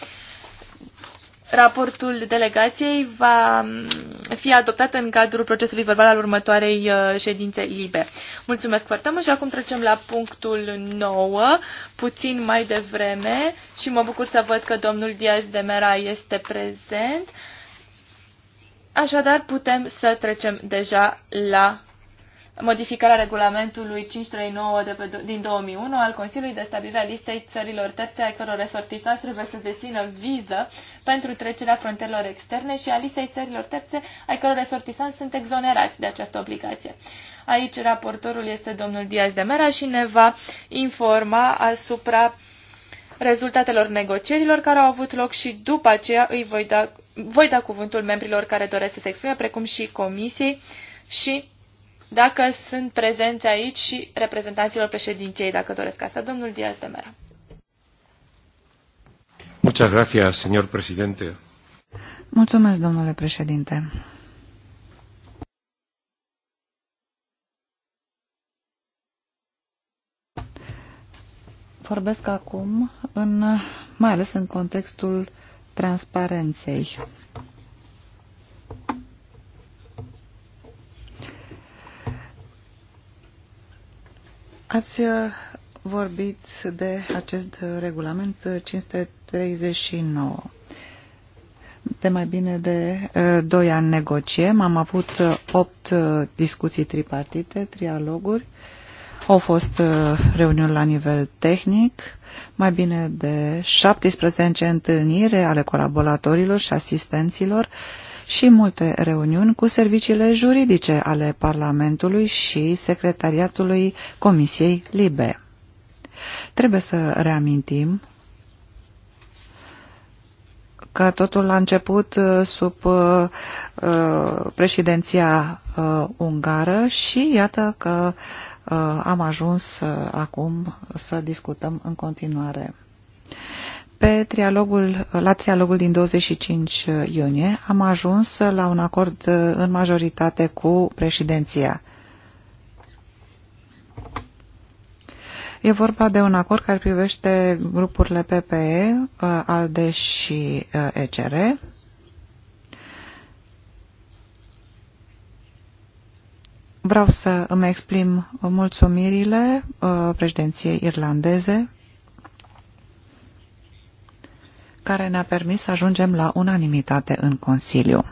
Raportul delegației va mm, fi adoptat în cadrul procesului verbal al următoarei uh, ședințe libe. Mulțumesc foarte mult și acum trecem la punctul 9, puțin mai devreme și mă bucur să văd că domnul Diaz de Mera este prezent. Așadar, putem să trecem deja la modificarea regulamentului 539 de pe, din 2001 al Consiliului de Stabilire a Listei Țărilor Terțe ai căror resortișnați trebuie să dețină viză pentru trecerea frontierelor externe și a listei țărilor terțe ai căror resortișnați sunt exonerați de această obligație. Aici raportorul este domnul Diaz de Mera și ne va informa asupra rezultatelor negocierilor care au avut loc și după aceea îi voi da voi da cuvântul membrilor care doresc să se exprime, precum și comisiei și dacă sunt prezenți aici și reprezentanților președinției, dacă doresc asta. Domnul Diaz de Mera. Muchas gracias, señor presidente. Mulțumesc, domnule președinte. Vorbesc acum, în, mai ales în contextul uh, transparenței. Ați uh, vorbit de acest regulament 539. De mai bine de uh, doi ani negociem, am avut uh, uh discuții tripartite, trialoguri. Uh, au fost uh, reuniuni la nivel tehnic, mai bine de 17 întâlniri ale colaboratorilor și asistenților și multe reuniuni cu serviciile juridice ale Parlamentului și Secretariatului Comisiei Libe. Trebuie să reamintim că totul a început uh, sub uh, președinția ungară și iată că Uh, am ajuns uh, acum să discutăm în continuare. Pe trialogul, uh, la trialogul din 25 iunie am ajuns la un acord în majoritate cu președinția. E vorba de un acord care privește grupurile PPE, ALDE și ECR. Vreau să îmi exprim mulțumirile uh, președinției irlandeze care ne-a permis să ajungem la unanimitate în Consiliu.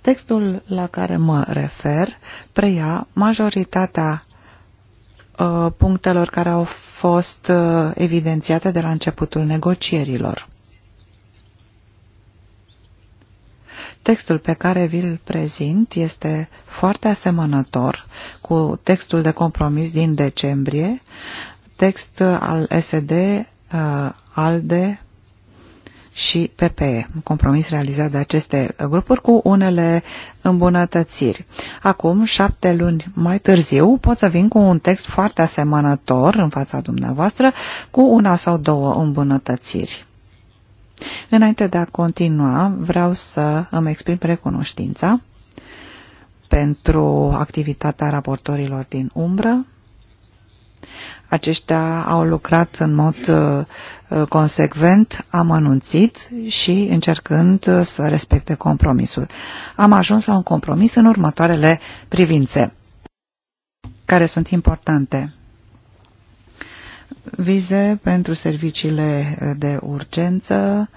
Textul la care mă refer preia majoritatea uh, punctelor care au fost uh, evidențiate de la începutul negocierilor. Textul pe care vi-l prezint este foarte asemănător cu textul de compromis din decembrie, text al SD, uh, ALDE și PPE, compromis realizat de aceste grupuri cu unele îmbunătățiri. Acum, șapte luni mai târziu, pot să vin cu un text foarte asemănător în fața dumneavoastră, cu una sau două îmbunătățiri. Înainte de a continua, vreau să îmi exprim recunoștința pentru activitatea raportorilor din umbră. Aceștia au lucrat în mod uh, consecvent, am anunțit și încercând să respecte compromisul. Am ajuns la un compromis în următoarele privințe, care sunt importante vize pentru serviciile de urgență,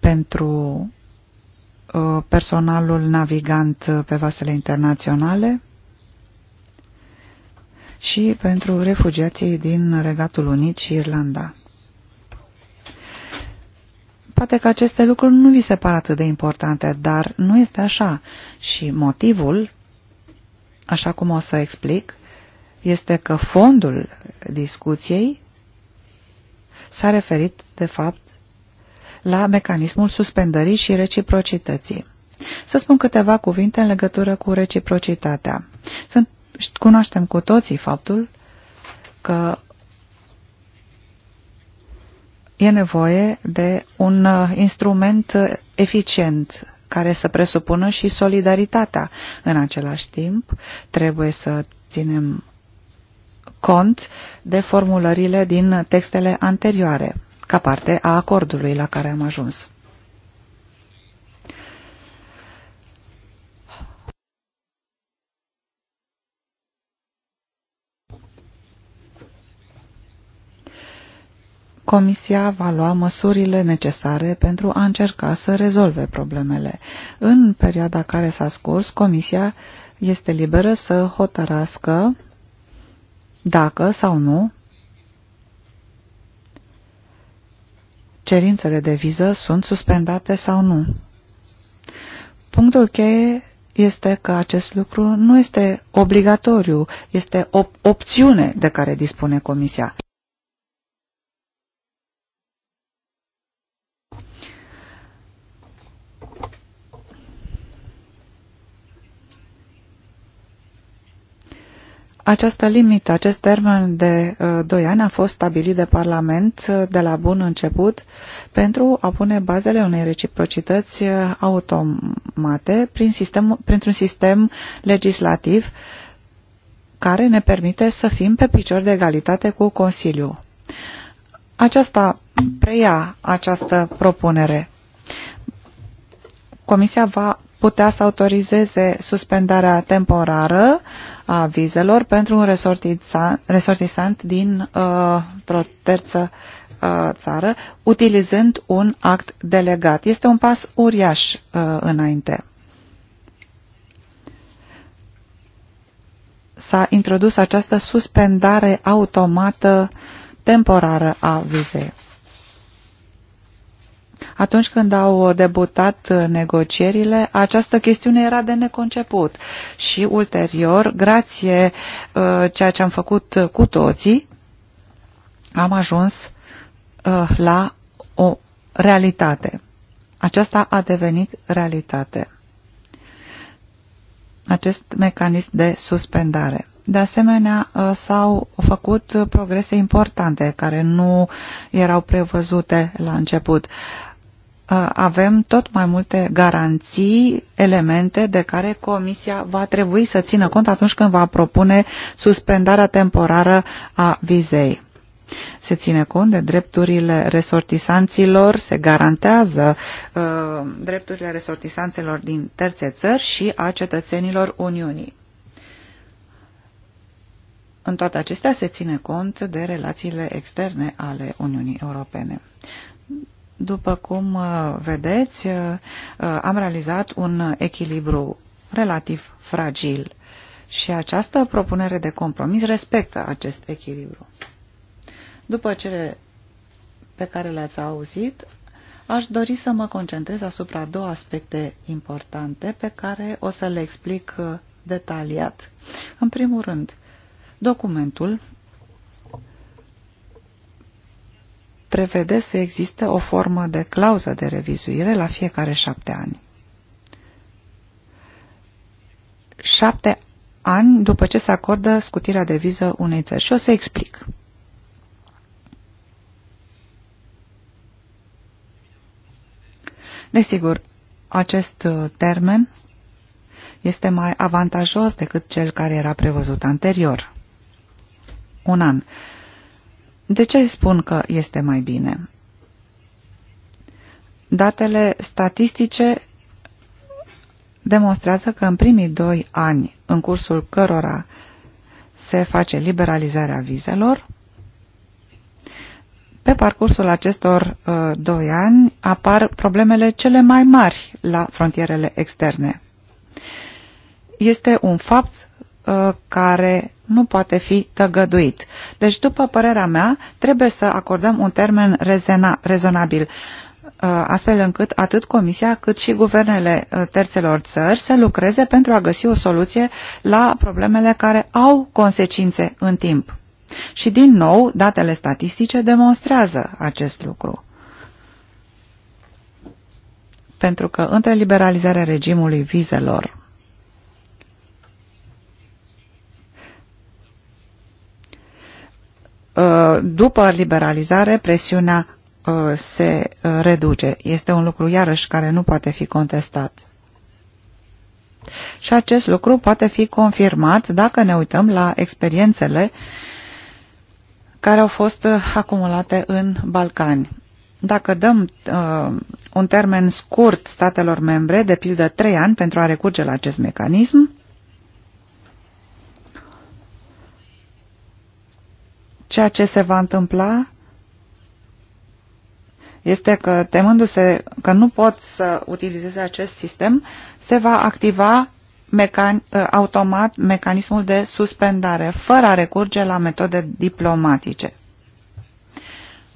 pentru uh, personalul navigant pe vasele internaționale și pentru refugiații din Regatul Unit și Irlanda. Poate că aceste lucruri nu vi se par atât de importante, dar nu este așa. Și motivul, așa cum o să explic, este că fondul discuției s-a referit, de fapt, la mecanismul suspendării și reciprocității. Să spun câteva cuvinte în legătură cu reciprocitatea. Sunt, cunoaștem cu toții faptul că e nevoie de un uh, instrument uh, eficient care să presupună și solidaritatea. În același timp, trebuie să ținem cont de formulările din textele anterioare, ca parte a acordului la care am ajuns. Comisia va lua măsurile necesare pentru a încerca să rezolve problemele. În perioada care s-a scurs, Comisia este liberă să hotărască dacă sau nu cerințele de viză sunt suspendate sau nu. Punctul cheie este că acest lucru nu este obligatoriu, este o opțiune de care dispune Comisia. Această limită, acest termen de 2 uh, ani a fost stabilit de Parlament uh, de la bun început pentru a pune bazele unei reciprocități uh, automate prin sistem, printr-un sistem legislativ care ne permite să fim pe picior de egalitate cu Consiliul. Aceasta preia această propunere. Comisia va putea să autorizeze suspendarea temporară a vizelor pentru un resortisant din uh, o terță uh, țară, utilizând un act delegat. Este un pas uriaș uh, înainte. S-a introdus această suspendare automată temporară a vizei. Atunci când au debutat negocierile, această chestiune era de neconceput și ulterior, grație uh, ceea ce am făcut cu toții, am ajuns uh, la o realitate. Aceasta a devenit realitate. Acest mecanism de suspendare. De asemenea, uh, s-au făcut progrese importante care nu erau prevăzute la început avem tot mai multe garanții, elemente de care Comisia va trebui să țină cont atunci când va propune suspendarea temporară a vizei. Se ține cont de drepturile resortisanților, se garantează uh, drepturile resortisanților din terțe țări și a cetățenilor Uniunii. În toate acestea se ține cont de relațiile externe ale Uniunii Europene. După cum uh, vedeți, uh, uh, am realizat un echilibru relativ fragil și această propunere de compromis respectă acest echilibru. După cele pe care le-ați auzit, aș dori să mă concentrez asupra două aspecte importante pe care o să le explic detaliat. În primul rând, documentul prevede să existe o formă de clauză de revizuire la fiecare șapte ani. Șapte ani după ce se acordă scutirea de viză unei țări. Și o să explic. Desigur, acest uh, termen este mai avantajos decât cel care era prevăzut anterior. Un an. De ce spun că este mai bine? Datele statistice demonstrează că în primii doi ani în cursul cărora se face liberalizarea vizelor, pe parcursul acestor uh, doi ani apar problemele cele mai mari la frontierele externe. Este un fapt Ă, care nu poate fi tăgăduit. Deci, după părerea mea, trebuie să acordăm un termen rezonabil, ă, astfel încât atât Comisia cât și guvernele ă, terțelor țări să lucreze pentru a găsi o soluție la problemele care au consecințe în timp. Și din nou, datele statistice demonstrează acest lucru. Pentru că între liberalizarea regimului vizelor Uh, după liberalizare, presiunea uh, se uh, reduce. Este un lucru, iarăși, care nu poate fi contestat. Și acest lucru poate fi confirmat dacă ne uităm la experiențele care au fost acumulate în Balcani. Dacă dăm uh, un termen scurt statelor membre, de pildă trei ani, pentru a recurge la acest mecanism, Ceea ce se va întâmpla este că, temându-se că nu pot să utilizeze acest sistem, se va activa mecan ă, automat mecanismul de suspendare, fără a recurge la metode diplomatice.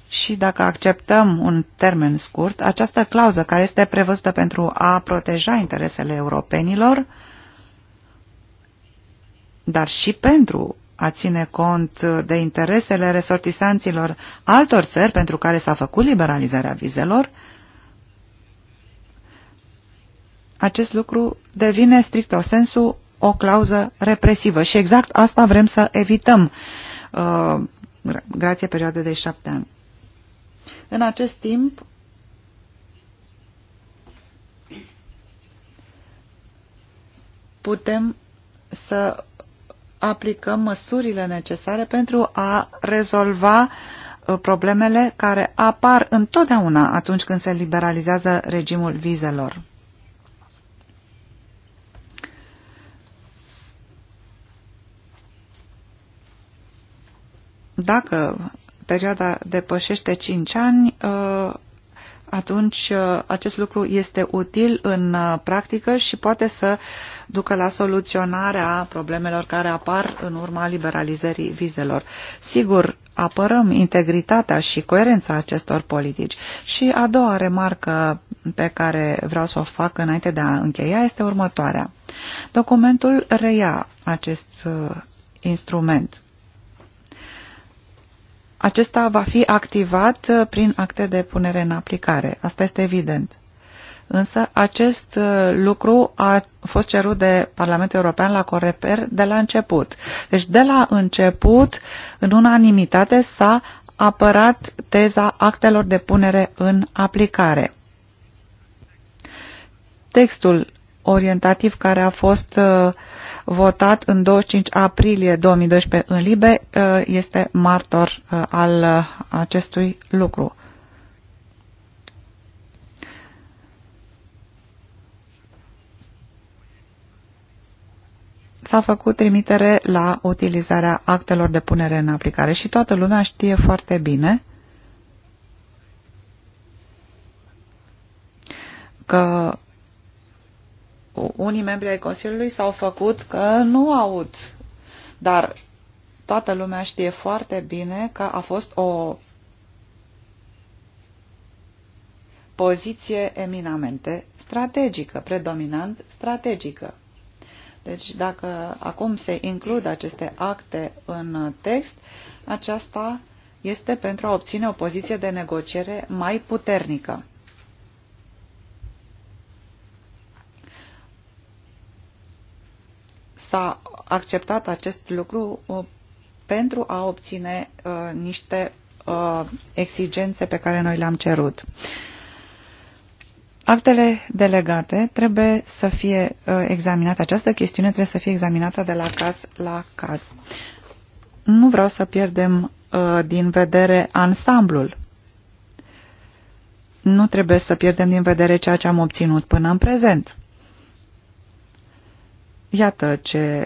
Și dacă acceptăm un termen scurt, această clauză care este prevăzută pentru a proteja interesele europenilor, dar și pentru a ține cont de interesele resortisanților altor țări pentru care s-a făcut liberalizarea vizelor, acest lucru devine strict o sensu o clauză represivă și exact asta vrem să evităm uh, grație perioade de șapte ani. În acest timp, putem să aplicăm măsurile necesare pentru a rezolva uh, problemele care apar întotdeauna atunci când se liberalizează regimul vizelor. Dacă perioada depășește 5 ani, uh, atunci uh, acest lucru este util în practică și poate să uh, ducă la soluționarea problemelor care apar în urma liberalizării vizelor. Sigur, apărăm integritatea și coerența acestor politici. Și a doua remarcă pe care vreau să o fac înainte de a încheia este următoarea. Documentul reia acest uh, instrument. Acesta va fi activat uh, prin acte de punere în aplicare. Asta este evident. Însă acest uh, lucru a fost cerut de Parlamentul European la Coreper de la început. Deci de la început, în unanimitate, s-a apărat teza actelor de punere în aplicare. Textul orientativ care a fost uh, votat în 25 aprilie 2012 în Libe uh, este martor al acestui lucru. s-a făcut trimitere la utilizarea actelor de punere în aplicare și toată lumea știe foarte bine că unii membri ai Consiliului s-au făcut că nu aud, dar toată lumea știe foarte bine că a fost o poziție eminamente strategică, predominant strategică. Deci dacă acum se includ aceste acte în text, aceasta este pentru a obține o poziție de negociere mai puternică. S-a acceptat acest lucru uh, pentru a obține uh, niște uh, exigențe pe care noi le-am cerut. Uh, Actele delegate trebuie să fie uh, examinate, această chestiune trebuie să fie examinată de la caz la caz. Nu vreau să pierdem uh, din vedere ansamblul. Nu trebuie să pierdem din vedere ceea ce am obținut până în prezent. Iată ce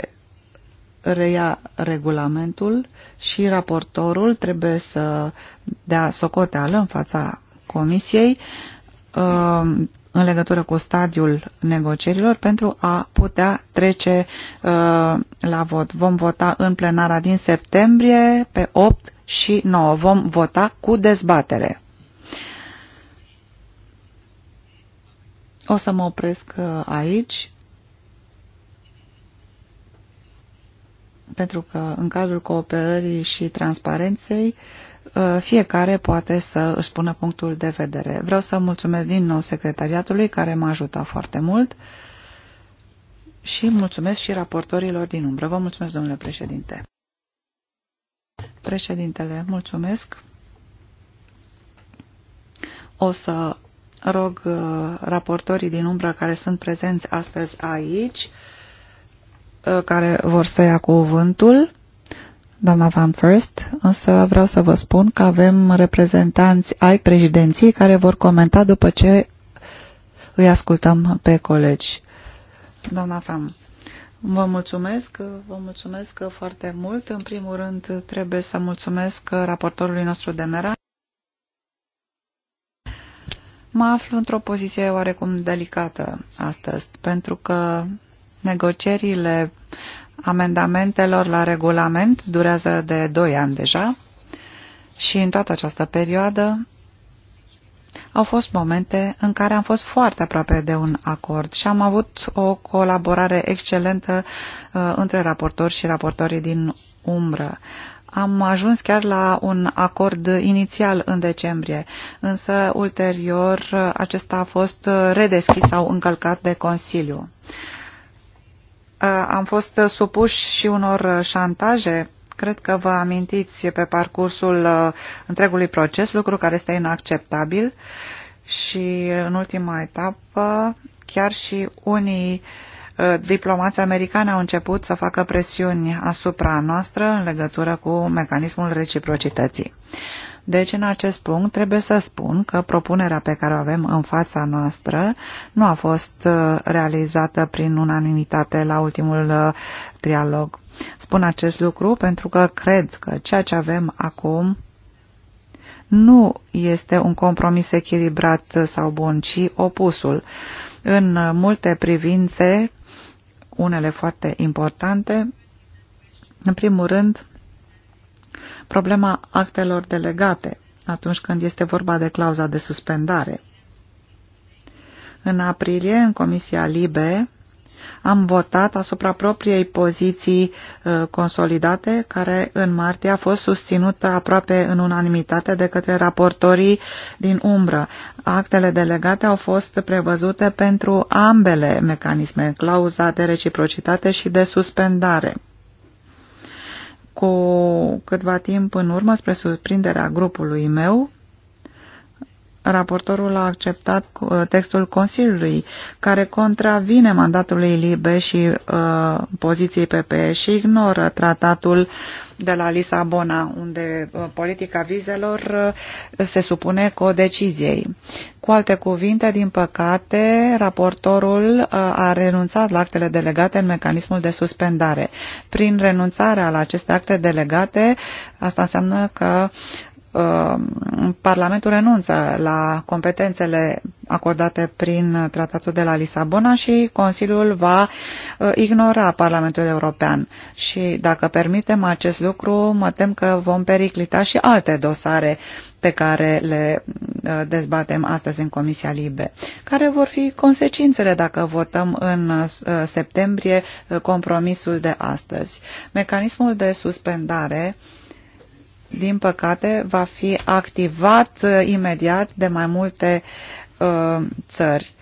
reia regulamentul și raportorul trebuie să dea socoteală în fața comisiei uh, Um, în legătură cu stadiul negocierilor pentru a putea trece uh, la vot. Vom vota în plenara din septembrie pe 8 și 9. Vom vota cu dezbatere. O să mă opresc uh, aici. pentru că în cadrul cooperării și transparenței uh, Uh, fiecare poate să își spună punctul de vedere. Vreau să mulțumesc din nou secretariatului care m-a ajutat foarte mult și mulțumesc și raportorilor din umbră. Vă mulțumesc, domnule președinte. Președintele, mulțumesc. O să rog uh, raportorii din umbră care sunt prezenți astăzi aici, uh, care vor să ia cuvântul, doamna Van First, însă vreau să vă spun că avem reprezentanți ai președinției care vor comenta după ce îi ascultăm pe colegi. Doamna Van, vă mulțumesc, vă mulțumesc foarte mult. În primul rând trebuie să mulțumesc raportorului nostru de mera. Mă aflu într-o poziție oarecum delicată astăzi, pentru că negocierile amendamentelor la regulament durează de 2 ani deja și în toată această perioadă au fost momente în care am fost foarte aproape de un acord și am avut o colaborare excelentă uh, între raportori și raportorii din umbră. Am ajuns chiar la un acord inițial în decembrie, însă ulterior uh, acesta a fost uh, redeschis sau încălcat de Consiliu. Uh, Uh, am fost supuși și unor uh, șantaje. Cred că vă amintiți pe parcursul uh, întregului proces, lucru care este inacceptabil. Și în ultima etapă, chiar și unii diplomați americani au început să facă presiuni asupra noastră în legătură cu mecanismul reciprocității. Deci, în acest punct, trebuie să spun că propunerea pe care o avem în fața noastră nu a fost uh, realizată prin unanimitate la ultimul uh, trialog. Spun acest lucru pentru că cred că ceea ce avem acum nu este un compromis echilibrat sau bun, ci opusul. În multe privințe, unele foarte importante, în primul rând, Problema actelor delegate atunci când este vorba de clauza de suspendare. În aprilie, în Comisia Libe, am votat asupra propriei poziții uh, consolidate, care în martie a fost susținută aproape în unanimitate de către raportorii din umbră. Actele delegate au fost prevăzute pentru ambele mecanisme, clauza de reciprocitate și de suspendare. Cu câtva timp în urmă, spre surprinderea grupului meu, raportorul a acceptat uh, textul Consiliului, care contravine mandatului libe și uh, poziției PP și ignoră tratatul de la Lisabona, unde uh, politica vizelor uh, se supune codeciziei. Cu alte cuvinte, din păcate, raportorul uh, a renunțat la actele delegate în mecanismul de suspendare. Prin renunțarea la aceste acte delegate, asta înseamnă că Um, Parlamentul renunță la competențele acordate prin tratatul de la Lisabona și Consiliul va uh, ignora Parlamentul European. Și dacă permitem acest lucru, mă tem că vom periclita și alte dosare pe care le uh, dezbatem astăzi în Comisia Libe. Care vor fi consecințele dacă votăm în uh, septembrie compromisul de astăzi? Mecanismul de suspendare uh, din păcate, va fi activat uh, imediat de mai multe uh, țări.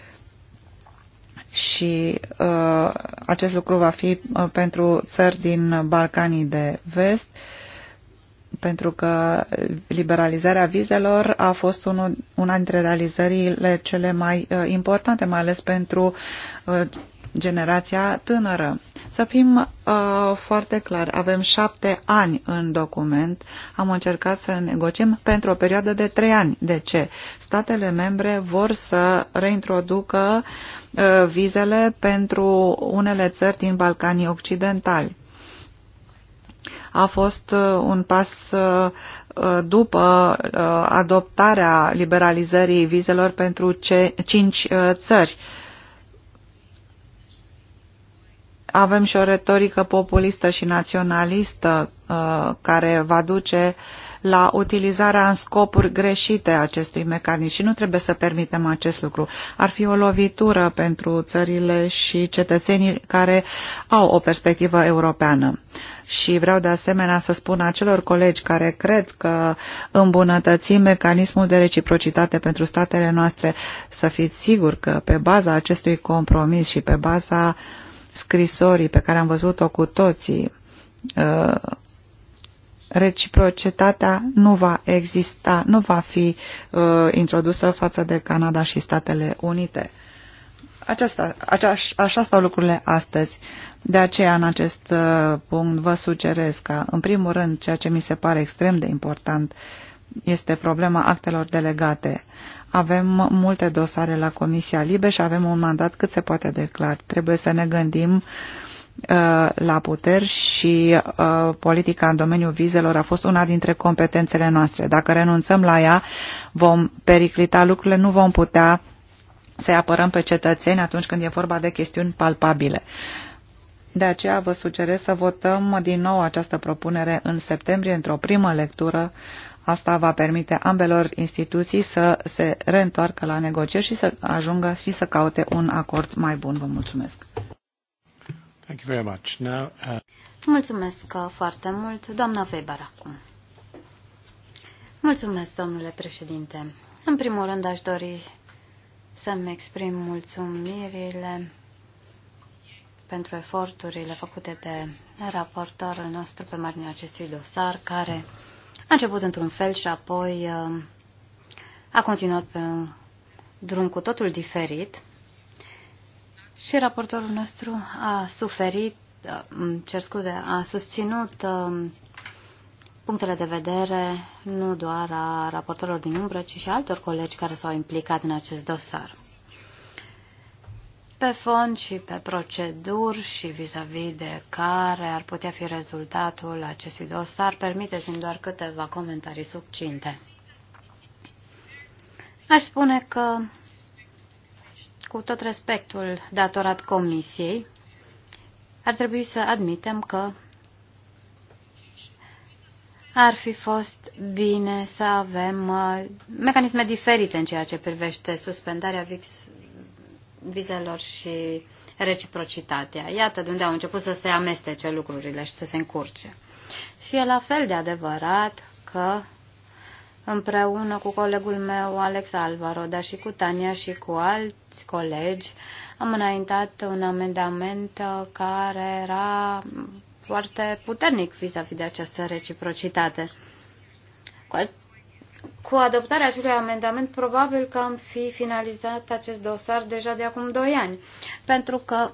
Și uh, acest lucru va fi uh, pentru țări din Balcanii de Vest, pentru că liberalizarea vizelor a fost unul, una dintre realizările cele mai uh, importante, mai ales pentru uh, generația tânără să fim uh, foarte clari, avem șapte ani în document, am încercat să negociem pentru o perioadă de trei ani. De ce? Statele membre vor să reintroducă uh, vizele pentru unele țări din Balcanii Occidentali. A fost uh, un pas uh, uh după uh, adoptarea liberalizării vizelor pentru cinci uh, țări avem și o retorică populistă și naționalistă uh, care va duce la utilizarea în scopuri greșite acestui mecanism și nu trebuie să permitem acest lucru. Ar fi o lovitură pentru țările și cetățenii care au o perspectivă europeană. Și vreau de asemenea să spun acelor colegi care cred că îmbunătățim mecanismul de reciprocitate pentru statele noastre să fiți siguri că pe baza acestui compromis și pe baza uh, scrisorii pe care am văzut-o cu toții, uh, reciprocitatea nu va exista, nu va fi uh, introdusă față de Canada și Statele Unite. Aceasta, așa, așa stau lucrurile astăzi. De aceea, în acest uh, punct, vă sugerez ca, în primul rând, ceea ce mi se pare extrem de important este problema actelor delegate. Avem multe dosare la Comisia Libe și avem un mandat cât se poate de clar. Trebuie să ne gândim uh, la puteri și uh, politica în domeniul vizelor a fost una dintre competențele noastre. Dacă renunțăm la ea, vom periclita lucrurile, nu vom putea să-i apărăm pe cetățeni atunci când e vorba de chestiuni palpabile. De aceea vă sugerez să votăm din nou această propunere în septembrie, într-o primă lectură, uh, Asta va permite ambelor instituții să se reîntoarcă la negocieri și să ajungă și să caute un acord mai bun. Vă mulțumesc! Thank you very much. Now, uh... Mulțumesc foarte mult, doamna Weber, acum. Mulțumesc, domnule președinte. În primul rând aș dori să-mi exprim mulțumirile pentru eforturile făcute de raportorul nostru pe marginea acestui dosar, care a început într-un fel și apoi uh, a continuat pe un drum cu totul diferit și raportorul nostru a suferit, uh, cer scuze, a susținut uh, punctele de vedere nu doar a raportorilor din umbră, ci și altor colegi care s-au implicat în acest dosar pe fond și pe proceduri și vis-a-vis -vis de care ar putea fi rezultatul acestui dosar, permiteți-mi doar câteva comentarii succinte. Aș spune că, cu tot respectul datorat Comisiei, ar trebui să admitem că ar fi fost bine să avem uh, mecanisme diferite în ceea ce privește suspendarea vizelor și reciprocitatea. Iată de unde au început să se amestece lucrurile și să se încurce. Și e la fel de adevărat că împreună cu colegul meu Alex Alvaro, dar și cu Tania și cu alți colegi, am înaintat un amendament care era foarte puternic vis-a-vis -vis de această reciprocitate. Cu cu adoptarea acelui amendament, probabil că am fi finalizat acest dosar deja de acum 2 ani, pentru că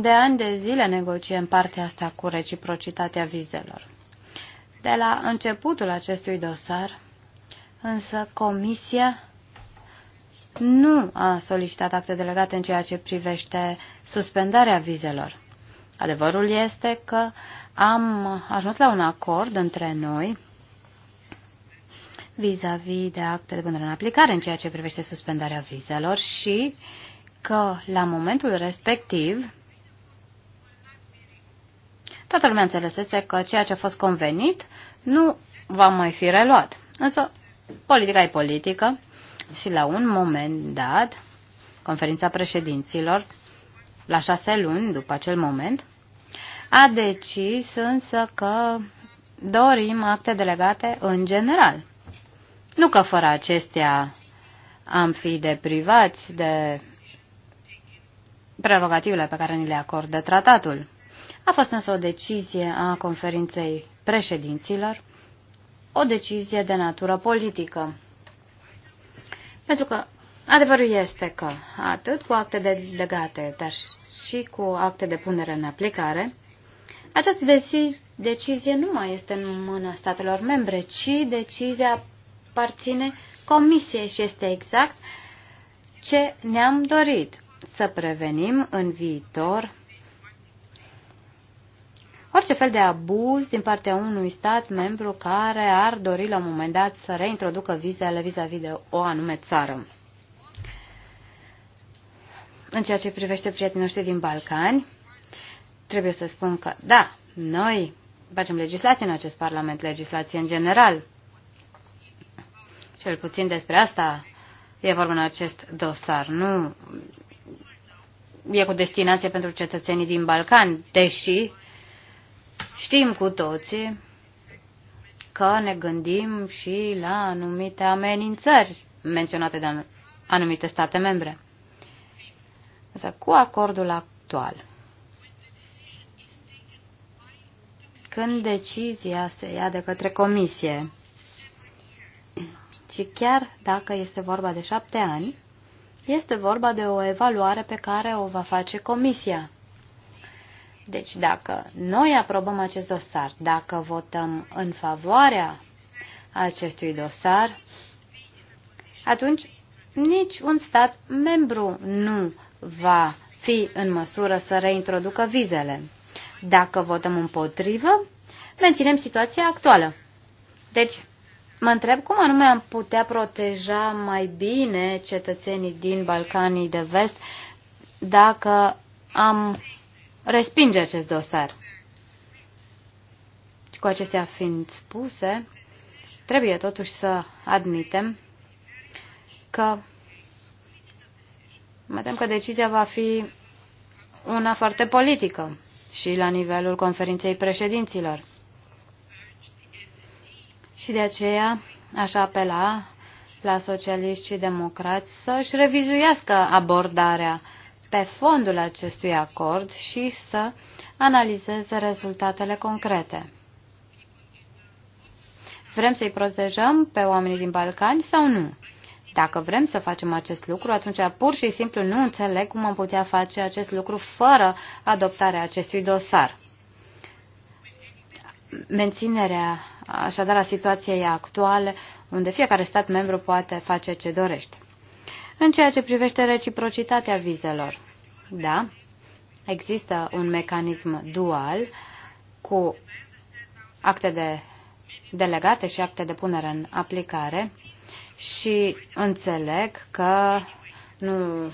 de ani de zile negociem partea asta cu reciprocitatea vizelor. De la începutul acestui dosar, însă Comisia nu a solicitat acte delegate în ceea ce privește suspendarea vizelor. Adevărul este că am ajuns la un acord între noi vis-a-vis -vis de acte de punere în aplicare în ceea ce privește suspendarea vizelor și că la momentul respectiv toată lumea înțelesese că ceea ce a fost convenit nu va mai fi reluat. Însă politica e politică și la un moment dat, conferința președinților, la șase luni după acel moment, a decis însă că dorim acte delegate în general. Nu că fără acestea am fi deprivați de prerogativele pe care ni le acordă tratatul. A fost însă o decizie a conferinței președinților, o decizie de natură politică. Pentru că adevărul este că atât cu acte delegate, dar și cu acte de punere în aplicare, această decizie nu mai este în mâna statelor membre, ci decizia aparține Comisiei și este exact ce ne-am dorit să prevenim în viitor orice fel de abuz din partea unui stat membru care ar dori la un moment dat să reintroducă vizele vis-a-vis -vis de o anume țară. În ceea ce privește prietenii noștri din Balcani, trebuie să spun că, da, noi facem legislație în acest Parlament, legislație în general, cel puțin despre asta e vorba în acest dosar. Nu e cu destinație pentru cetățenii din Balcan, deși știm cu toții că ne gândim și la anumite amenințări menționate de anumite state membre. Însă cu acordul actual, când decizia se ia de către Comisie și chiar dacă este vorba de șapte ani, este vorba de o evaluare pe care o va face Comisia. Deci dacă noi aprobăm acest dosar, dacă votăm în favoarea acestui dosar, atunci nici un stat membru nu va fi în măsură să reintroducă vizele. Dacă votăm împotrivă, menținem situația actuală. Deci, mă întreb cum anume am putea proteja mai bine cetățenii din Balcanii de Vest dacă am respinge acest dosar. Și cu acestea fiind spuse, trebuie totuși să admitem că mă tem că decizia va fi una foarte politică și la nivelul conferinței președinților și de aceea aș apela la socialiști și democrați să-și revizuiască abordarea pe fondul acestui acord și să analizeze rezultatele concrete. Vrem să-i protejăm pe oamenii din Balcani sau nu? Dacă vrem să facem acest lucru, atunci pur și simplu nu înțeleg cum am putea face acest lucru fără adoptarea acestui dosar. Menținerea așadar la situației actuale, unde fiecare stat membru poate face ce dorește. În ceea ce privește reciprocitatea vizelor, da, există un mecanism dual cu acte de delegate și acte de punere în aplicare și înțeleg că nu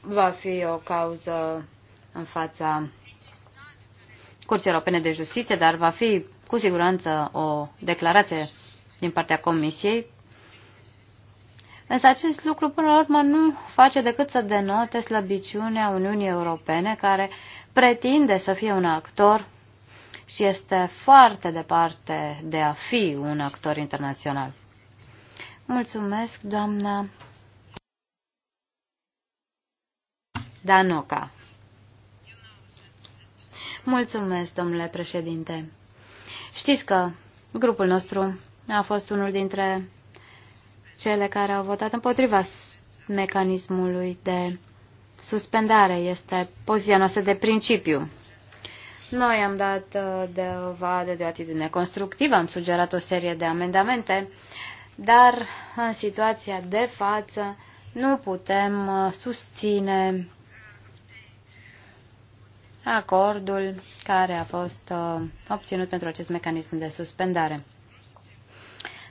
va fi o cauză în fața Curții Europene de Justiție, dar va fi cu siguranță o declarație din partea Comisiei, însă acest lucru până la urmă nu face decât să denote slăbiciunea Uniunii Europene care pretinde să fie un actor și este foarte departe de a fi un actor internațional. Mulțumesc, doamna Danoca. Mulțumesc, domnule președinte. Știți că grupul nostru a fost unul dintre cele care au votat împotriva mecanismului de suspendare. Este poziția noastră de principiu. Noi am dat uh, de o de, de o atitudine constructivă, am sugerat o serie de amendamente, dar în situația de față nu putem uh, susține acordul care a fost uh, obținut pentru acest mecanism de suspendare.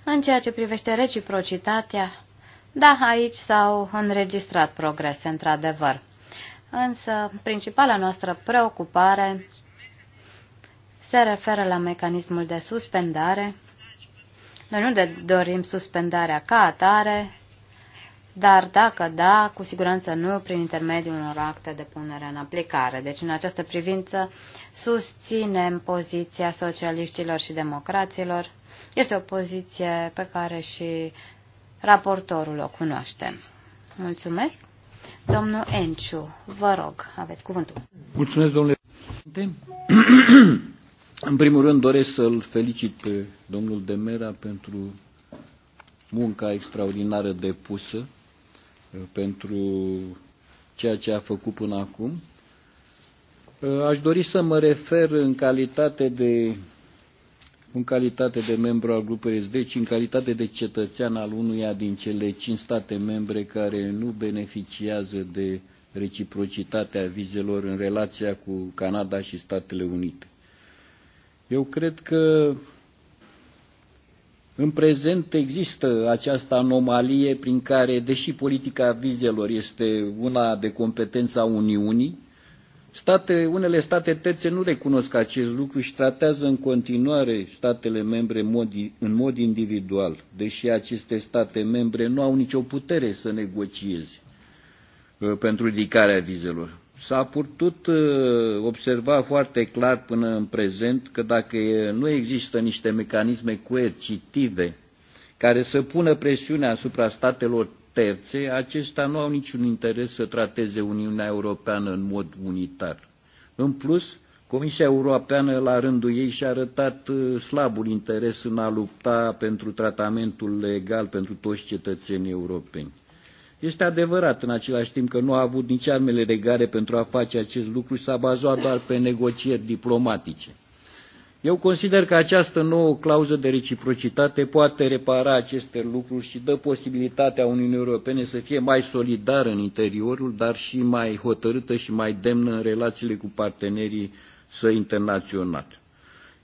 În ceea ce privește reciprocitatea, da, aici s-au înregistrat progrese, într-adevăr. Însă, principala noastră preocupare se referă la mecanismul de suspendare. Noi nu dorim suspendarea ca atare, dar dacă da, cu siguranță nu prin intermediul unor acte de punere în aplicare. Deci, în această privință, susținem poziția socialiștilor și democraților. Este o poziție pe care și raportorul o cunoaște. Mulțumesc. Domnul Enciu, vă rog, aveți cuvântul. Mulțumesc, domnule În primul rând doresc să-l felicit pe domnul Demera pentru munca extraordinară depusă pentru ceea ce a făcut până acum. Uh, aș dori să mă refer în calitate de în calitate de membru al grupului SD, ci în calitate de cetățean al unuia din cele cinci state membre care nu beneficiază de reciprocitatea vizelor în relația cu Canada și Statele Unite. Eu cred că în prezent există această anomalie prin care, deși politica vizelor este una de competența Uniunii, state, unele state terțe nu recunosc acest lucru și tratează în continuare statele membre mod, în mod individual, deși aceste state membre nu au nicio putere să negocieze uh, pentru ridicarea vizelor. S-a putut uh, observa foarte clar până în prezent că dacă nu există niște mecanisme coercitive care să pună presiune asupra statelor terțe, acestea nu au niciun interes să trateze Uniunea Europeană în mod unitar. În plus, Comisia Europeană, la rândul ei, și-a arătat uh, slabul interes în a lupta pentru tratamentul legal pentru toți cetățenii europeni. Este adevărat în același timp că nu a avut nici armele regare pentru a face acest lucru și s-a bazat doar pe negocieri diplomatice. Eu consider că această nouă clauză de reciprocitate poate repara aceste lucruri și dă posibilitatea Uniunii Europene să fie mai solidară în interiorul, dar și mai hotărâtă și mai demnă în relațiile cu partenerii săi internaționali.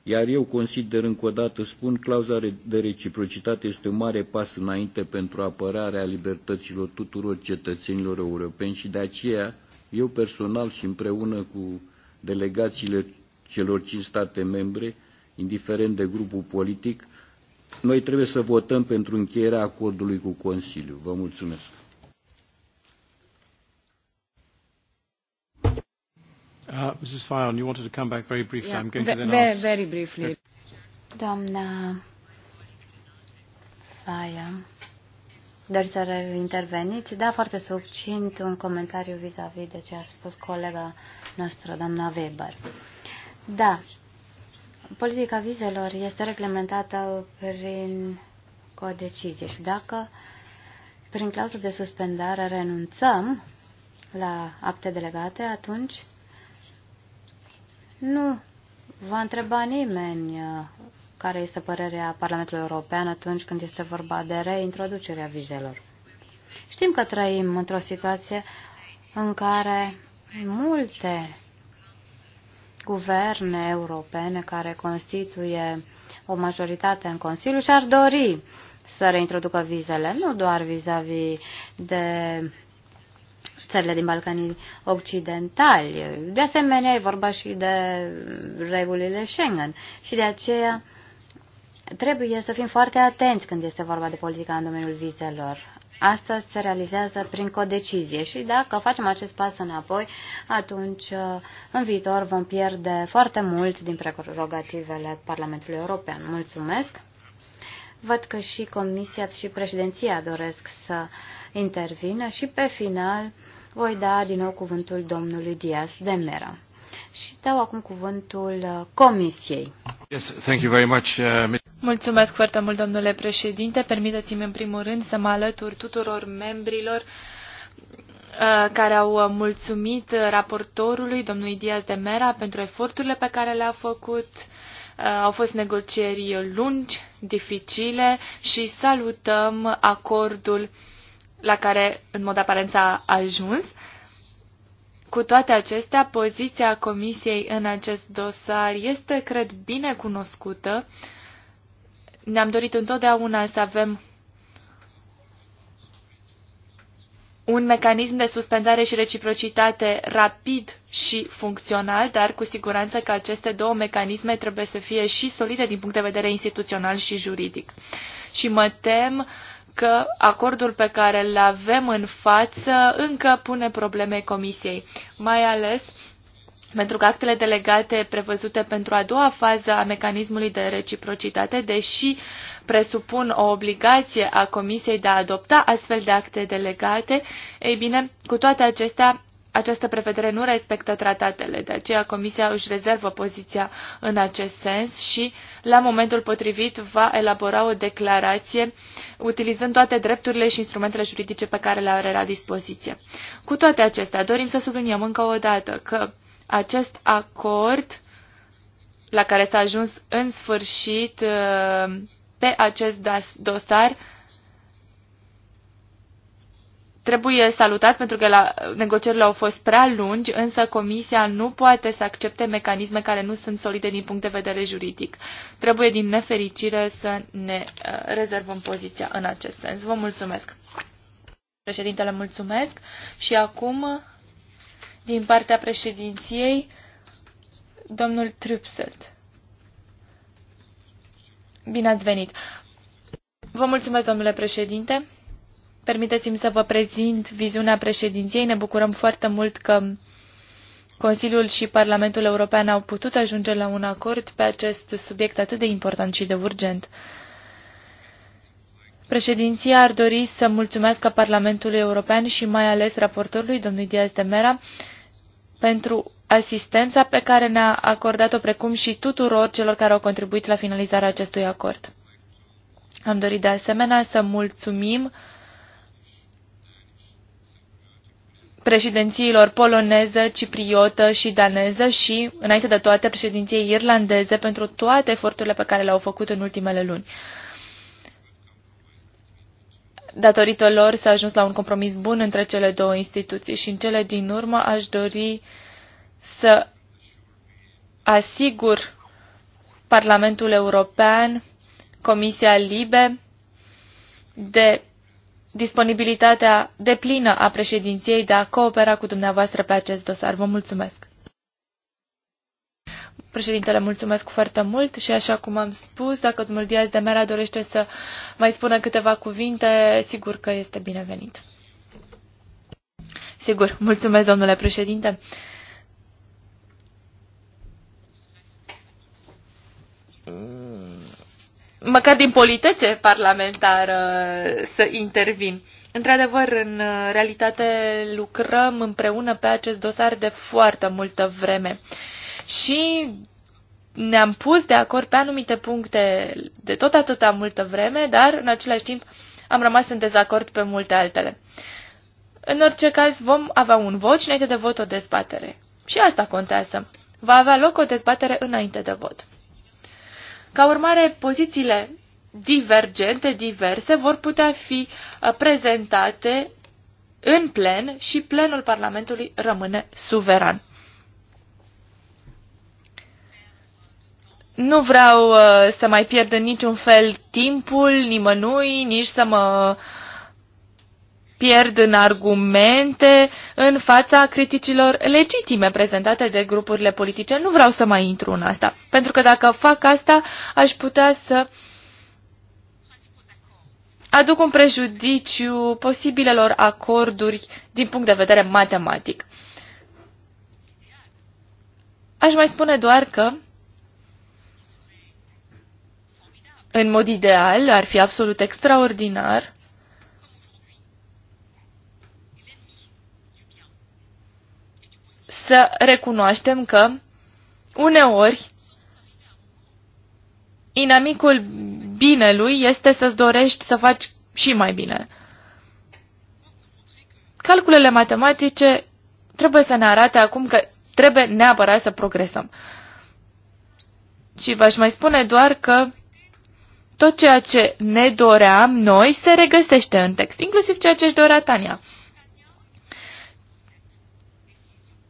Iar eu consider încă o dată, spun, clauza de reciprocitate este un mare pas înainte pentru apărarea libertăților tuturor cetățenilor europeni și de aceea eu personal și împreună cu delegațiile celor cinci state membre, indiferent de grupul politic, noi trebuie să votăm pentru încheierea acordului cu Consiliul. Vă mulțumesc. Uh, Mrs. Fion, you wanted to come back very briefly. Yeah. I'm going v- to then ask... Very briefly. Doamna Faia, dar să interveniți? Da, foarte succint un comentariu vis-a-vis -vis de ce a spus colega noastră, doamna Weber. Da, politica vizelor este reglementată prin o decizie și dacă prin clauză de suspendare renunțăm la acte delegate, atunci nu va întreba nimeni uh, care este părerea Parlamentului European atunci când este vorba de reintroducerea vizelor. Știm că trăim într-o situație în care multe guverne europene care constituie o majoritate în Consiliu și-ar dori să reintroducă vizele, nu doar vis-a-vis -vis de țările din Balcanii Occidentali. De asemenea, e vorba și de regulile Schengen. Și de aceea trebuie să fim foarte atenți când este vorba de politica în domeniul vizelor. Asta se realizează prin codecizie și dacă facem acest pas înapoi, atunci uh, în viitor vom pierde foarte mult din prerogativele Parlamentului European. Mulțumesc! Văd că și Comisia și președinția doresc să intervină și pe final voi da din nou cuvântul domnului Diaz de Mera. Și dau acum cuvântul uh, Comisiei. Yes, thank you very much, uh, Mulțumesc foarte mult, domnule președinte. Permiteți-mi în primul rând să mă alătur tuturor membrilor uh, care au uh, mulțumit raportorului, domnului Diaz de Mera, pentru eforturile pe care le-a făcut. Au fost negocieri lungi, dificile și salutăm acordul la care în mod aparent s-a ajuns. Cu toate acestea, poziția Comisiei în acest dosar este, cred, bine cunoscută. Ne-am dorit întotdeauna să avem un mecanism de suspendare și reciprocitate rapid și funcțional, dar cu siguranță că aceste două mecanisme trebuie să fie și solide din punct de vedere instituțional și juridic. Și mă tem că acordul pe care îl avem în față încă pune probleme Comisiei, mai ales pentru că actele delegate prevăzute pentru a doua fază a mecanismului de reciprocitate, deși presupun o obligație a Comisiei de a adopta astfel de acte delegate, ei bine, cu toate acestea, această prevedere nu respectă tratatele, de aceea Comisia își rezervă poziția în acest sens și la momentul potrivit va elabora o declarație utilizând toate drepturile și instrumentele juridice pe care le are la dispoziție. Cu toate acestea, dorim să subliniem încă o dată că acest acord la care s-a ajuns în sfârșit uh, pe acest dosar trebuie salutat pentru că la, negocierile au fost prea lungi, însă Comisia nu poate să accepte mecanisme care nu sunt solide din punct de vedere juridic. Trebuie din nefericire să ne uh, rezervăm poziția în acest sens. Vă mulțumesc. Președintele, mulțumesc. Și acum, din partea președinției, domnul Trupselt. Bine ați venit! Vă mulțumesc, domnule președinte! Permiteți-mi să vă prezint viziunea președinției. Ne bucurăm foarte mult că Consiliul și Parlamentul European au putut ajunge la un acord pe acest subiect atât de important și de urgent. Președinția ar dori să mulțumesc Parlamentului European și mai ales raportorului, domnul Diaz de Mera, pentru asistența pe care ne-a acordat-o, precum și tuturor celor care au contribuit la finalizarea acestui acord. Am dorit de asemenea să mulțumim președințiilor poloneză, cipriotă și daneză și, înainte de toate, președinției irlandeze pentru toate eforturile pe care le-au făcut în ultimele luni. Datorită lor s-a ajuns la un compromis bun între cele două instituții și în cele din urmă aș dori să asigur Parlamentul European, Comisia Libe, de disponibilitatea deplină a președinției de a coopera cu dumneavoastră pe acest dosar. Vă mulțumesc! Președintele, mulțumesc foarte mult și așa cum am spus, dacă domnul Diaz de Mera dorește să mai spună câteva cuvinte, sigur că este binevenit. Sigur, mulțumesc, domnule președinte măcar din politețe parlamentară, să intervin. Într-adevăr, în realitate lucrăm împreună pe acest dosar de foarte multă vreme și ne-am pus de acord pe anumite puncte de tot atâta multă vreme, dar în același timp am rămas în dezacord pe multe altele. În orice caz, vom avea un vot și înainte de vot o dezbatere. Și asta contează. Va avea loc o dezbatere înainte de vot. Ca urmare, pozițiile divergente, diverse, vor putea fi uh, prezentate în plen și plenul Parlamentului rămâne suveran. Nu vreau uh, să mai pierd în niciun fel timpul nimănui, nici să mă uh, pierd în argumente în fața criticilor legitime prezentate de grupurile politice. Nu vreau să mai intru în asta, pentru că dacă fac asta, aș putea să aduc un prejudiciu posibilelor acorduri din punct de vedere matematic. Aș mai spune doar că în mod ideal, ar fi absolut extraordinar să recunoaștem că uneori inamicul binelui este să-ți dorești să faci și mai bine. Calculele matematice trebuie să ne arate acum că trebuie neapărat să progresăm. Și v-aș mai spune doar că tot ceea ce ne doream noi se regăsește în text, inclusiv ceea ce își dorea Tania.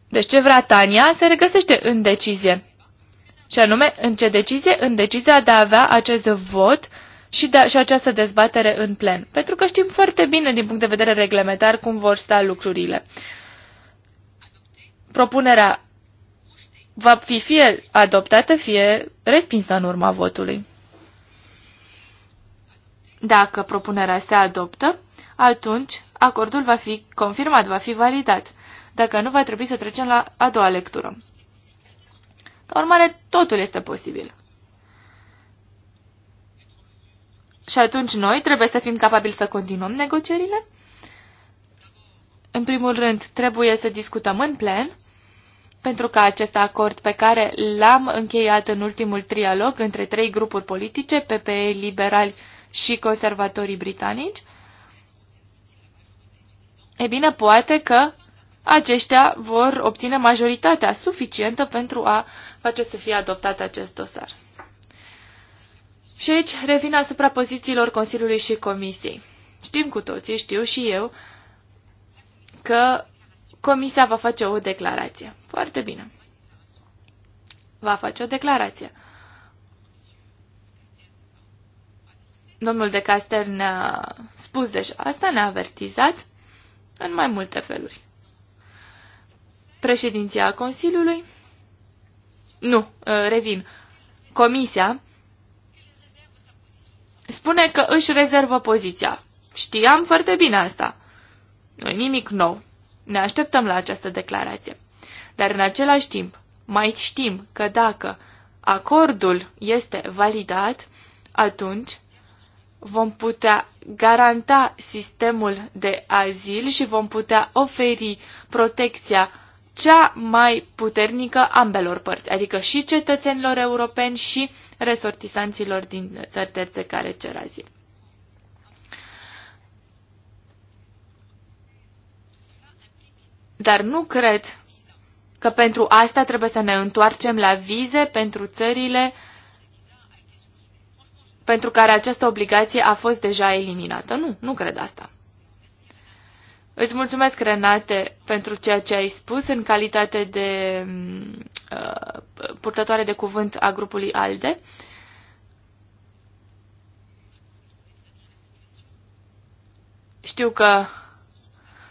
Deci ce vrea Tania se regăsește în decizie. Și anume, în ce decizie? În decizia de a avea acest vot și, de, și această dezbatere în plen. Pentru că știm foarte bine, din punct de vedere reglementar, cum vor sta lucrurile. Propunerea va fi fie adoptată, fie respinsă în urma votului. Dacă propunerea se adoptă, atunci acordul va fi confirmat, va fi validat. Dacă nu, va trebui să trecem la a doua lectură. Ca urmare, totul este posibil. Și atunci noi trebuie să fim capabili să continuăm negocierile? În primul rând, trebuie să discutăm în plen, pentru că acest acord pe care l-am încheiat în ultimul trialog între trei grupuri politice, PPE, liberali și conservatorii britanici, e bine, poate că aceștia vor obține majoritatea suficientă pentru a face să fie adoptat acest dosar. Și aici revin asupra pozițiilor Consiliului și Comisiei. Știm cu toții, știu și eu, că Comisia va face o declarație. Foarte bine. Va face o declarație. Domnul de Caster ne-a spus deja asta, ne-a avertizat în mai multe feluri. Președinția Consiliului? Nu, uh, revin. Comisia spune că își rezervă poziția. Știam foarte bine asta. nu nimic nou. Ne așteptăm la această declarație. Dar în același timp, mai știm că dacă acordul este validat, atunci vom putea garanta sistemul de azil și vom putea oferi protecția cea mai puternică ambelor părți, adică și cetățenilor europeni și resortisanților din țări terțe care cer azil. Dar nu cred că pentru asta trebuie să ne întoarcem la vize pentru țările pentru care această obligație a fost deja eliminată. Nu, nu cred asta. Îți mulțumesc, Renate, pentru ceea ce ai spus în calitate de mm, uh, purtătoare de cuvânt a grupului ALDE. Știu că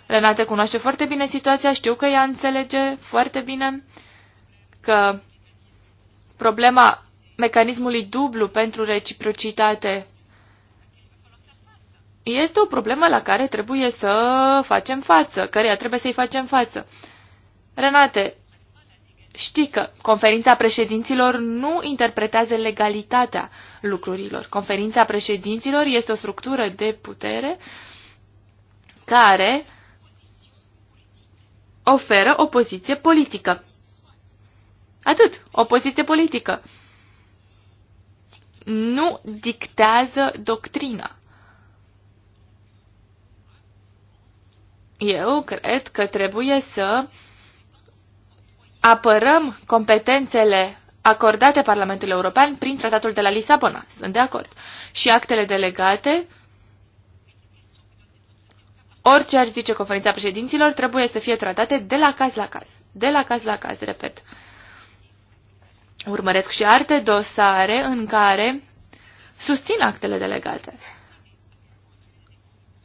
Renate cunoaște foarte bine situația, știu că ea înțelege foarte bine că problema mecanismului dublu pentru reciprocitate este o problemă la care trebuie să facem față, căreia trebuie să-i facem față. Renate, știi că conferința președinților nu interpretează legalitatea lucrurilor. Conferința președinților este o structură de putere care oferă o poziție politică. Atât, o poziție politică. Nu dictează doctrina. eu cred că trebuie să apărăm competențele acordate Parlamentului European prin Tratatul de la Lisabona. Sunt de acord. Și actele delegate, orice ar zice conferința președinților, trebuie să fie tratate de la caz la caz. De la caz la caz, repet. Urmăresc și alte dosare în care susțin actele delegate.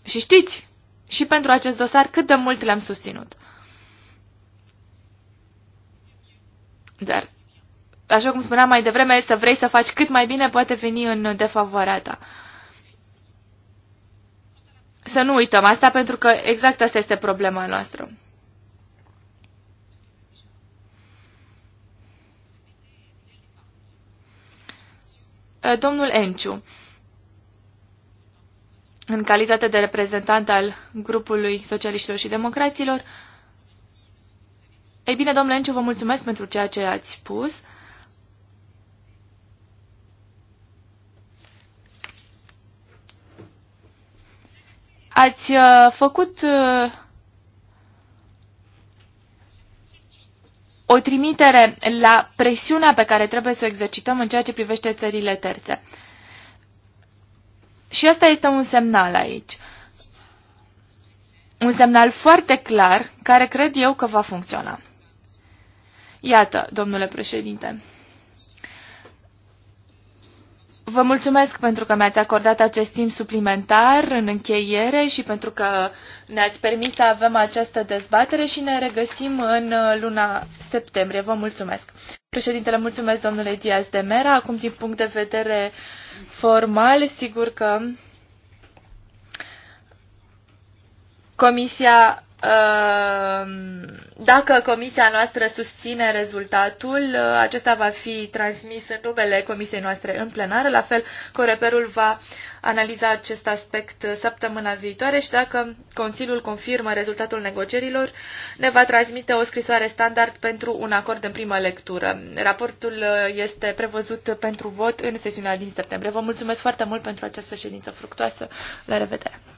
Și știți și pentru acest dosar cât de mult le-am susținut. Dar, așa cum spuneam mai devreme, să vrei să faci cât mai bine poate veni în defavoarea ta. Să nu uităm asta pentru că exact asta este problema noastră. Domnul Enciu, în calitate de reprezentant al grupului socialiștilor și democraților. Ei bine, domnule Enciu, vă mulțumesc pentru ceea ce ați spus. Ați uh, făcut uh, o trimitere la presiunea pe care trebuie să o exercităm în ceea ce privește țările terțe. Uh, și asta este un semnal aici. Un semnal foarte clar care cred eu că va funcționa. Iată, domnule președinte. Vă mulțumesc pentru că mi-ați acordat acest timp suplimentar în încheiere și pentru că ne-ați permis să avem această dezbatere și ne regăsim în luna septembrie. Vă mulțumesc! Președintele, mulțumesc domnule Diaz de Mera. Acum, din punct de vedere formal, sigur că Comisia Ehm, dacă comisia noastră susține rezultatul, acesta va fi transmis în numele comisiei noastre în plenară. La fel, Coreperul va analiza acest aspect săptămâna viitoare și dacă Consiliul confirmă rezultatul negocierilor, ne va transmite o scrisoare standard pentru un acord în primă lectură. Raportul este prevăzut pentru vot în sesiunea din septembrie. Vă mulțumesc foarte mult pentru această ședință fructoasă. La revedere!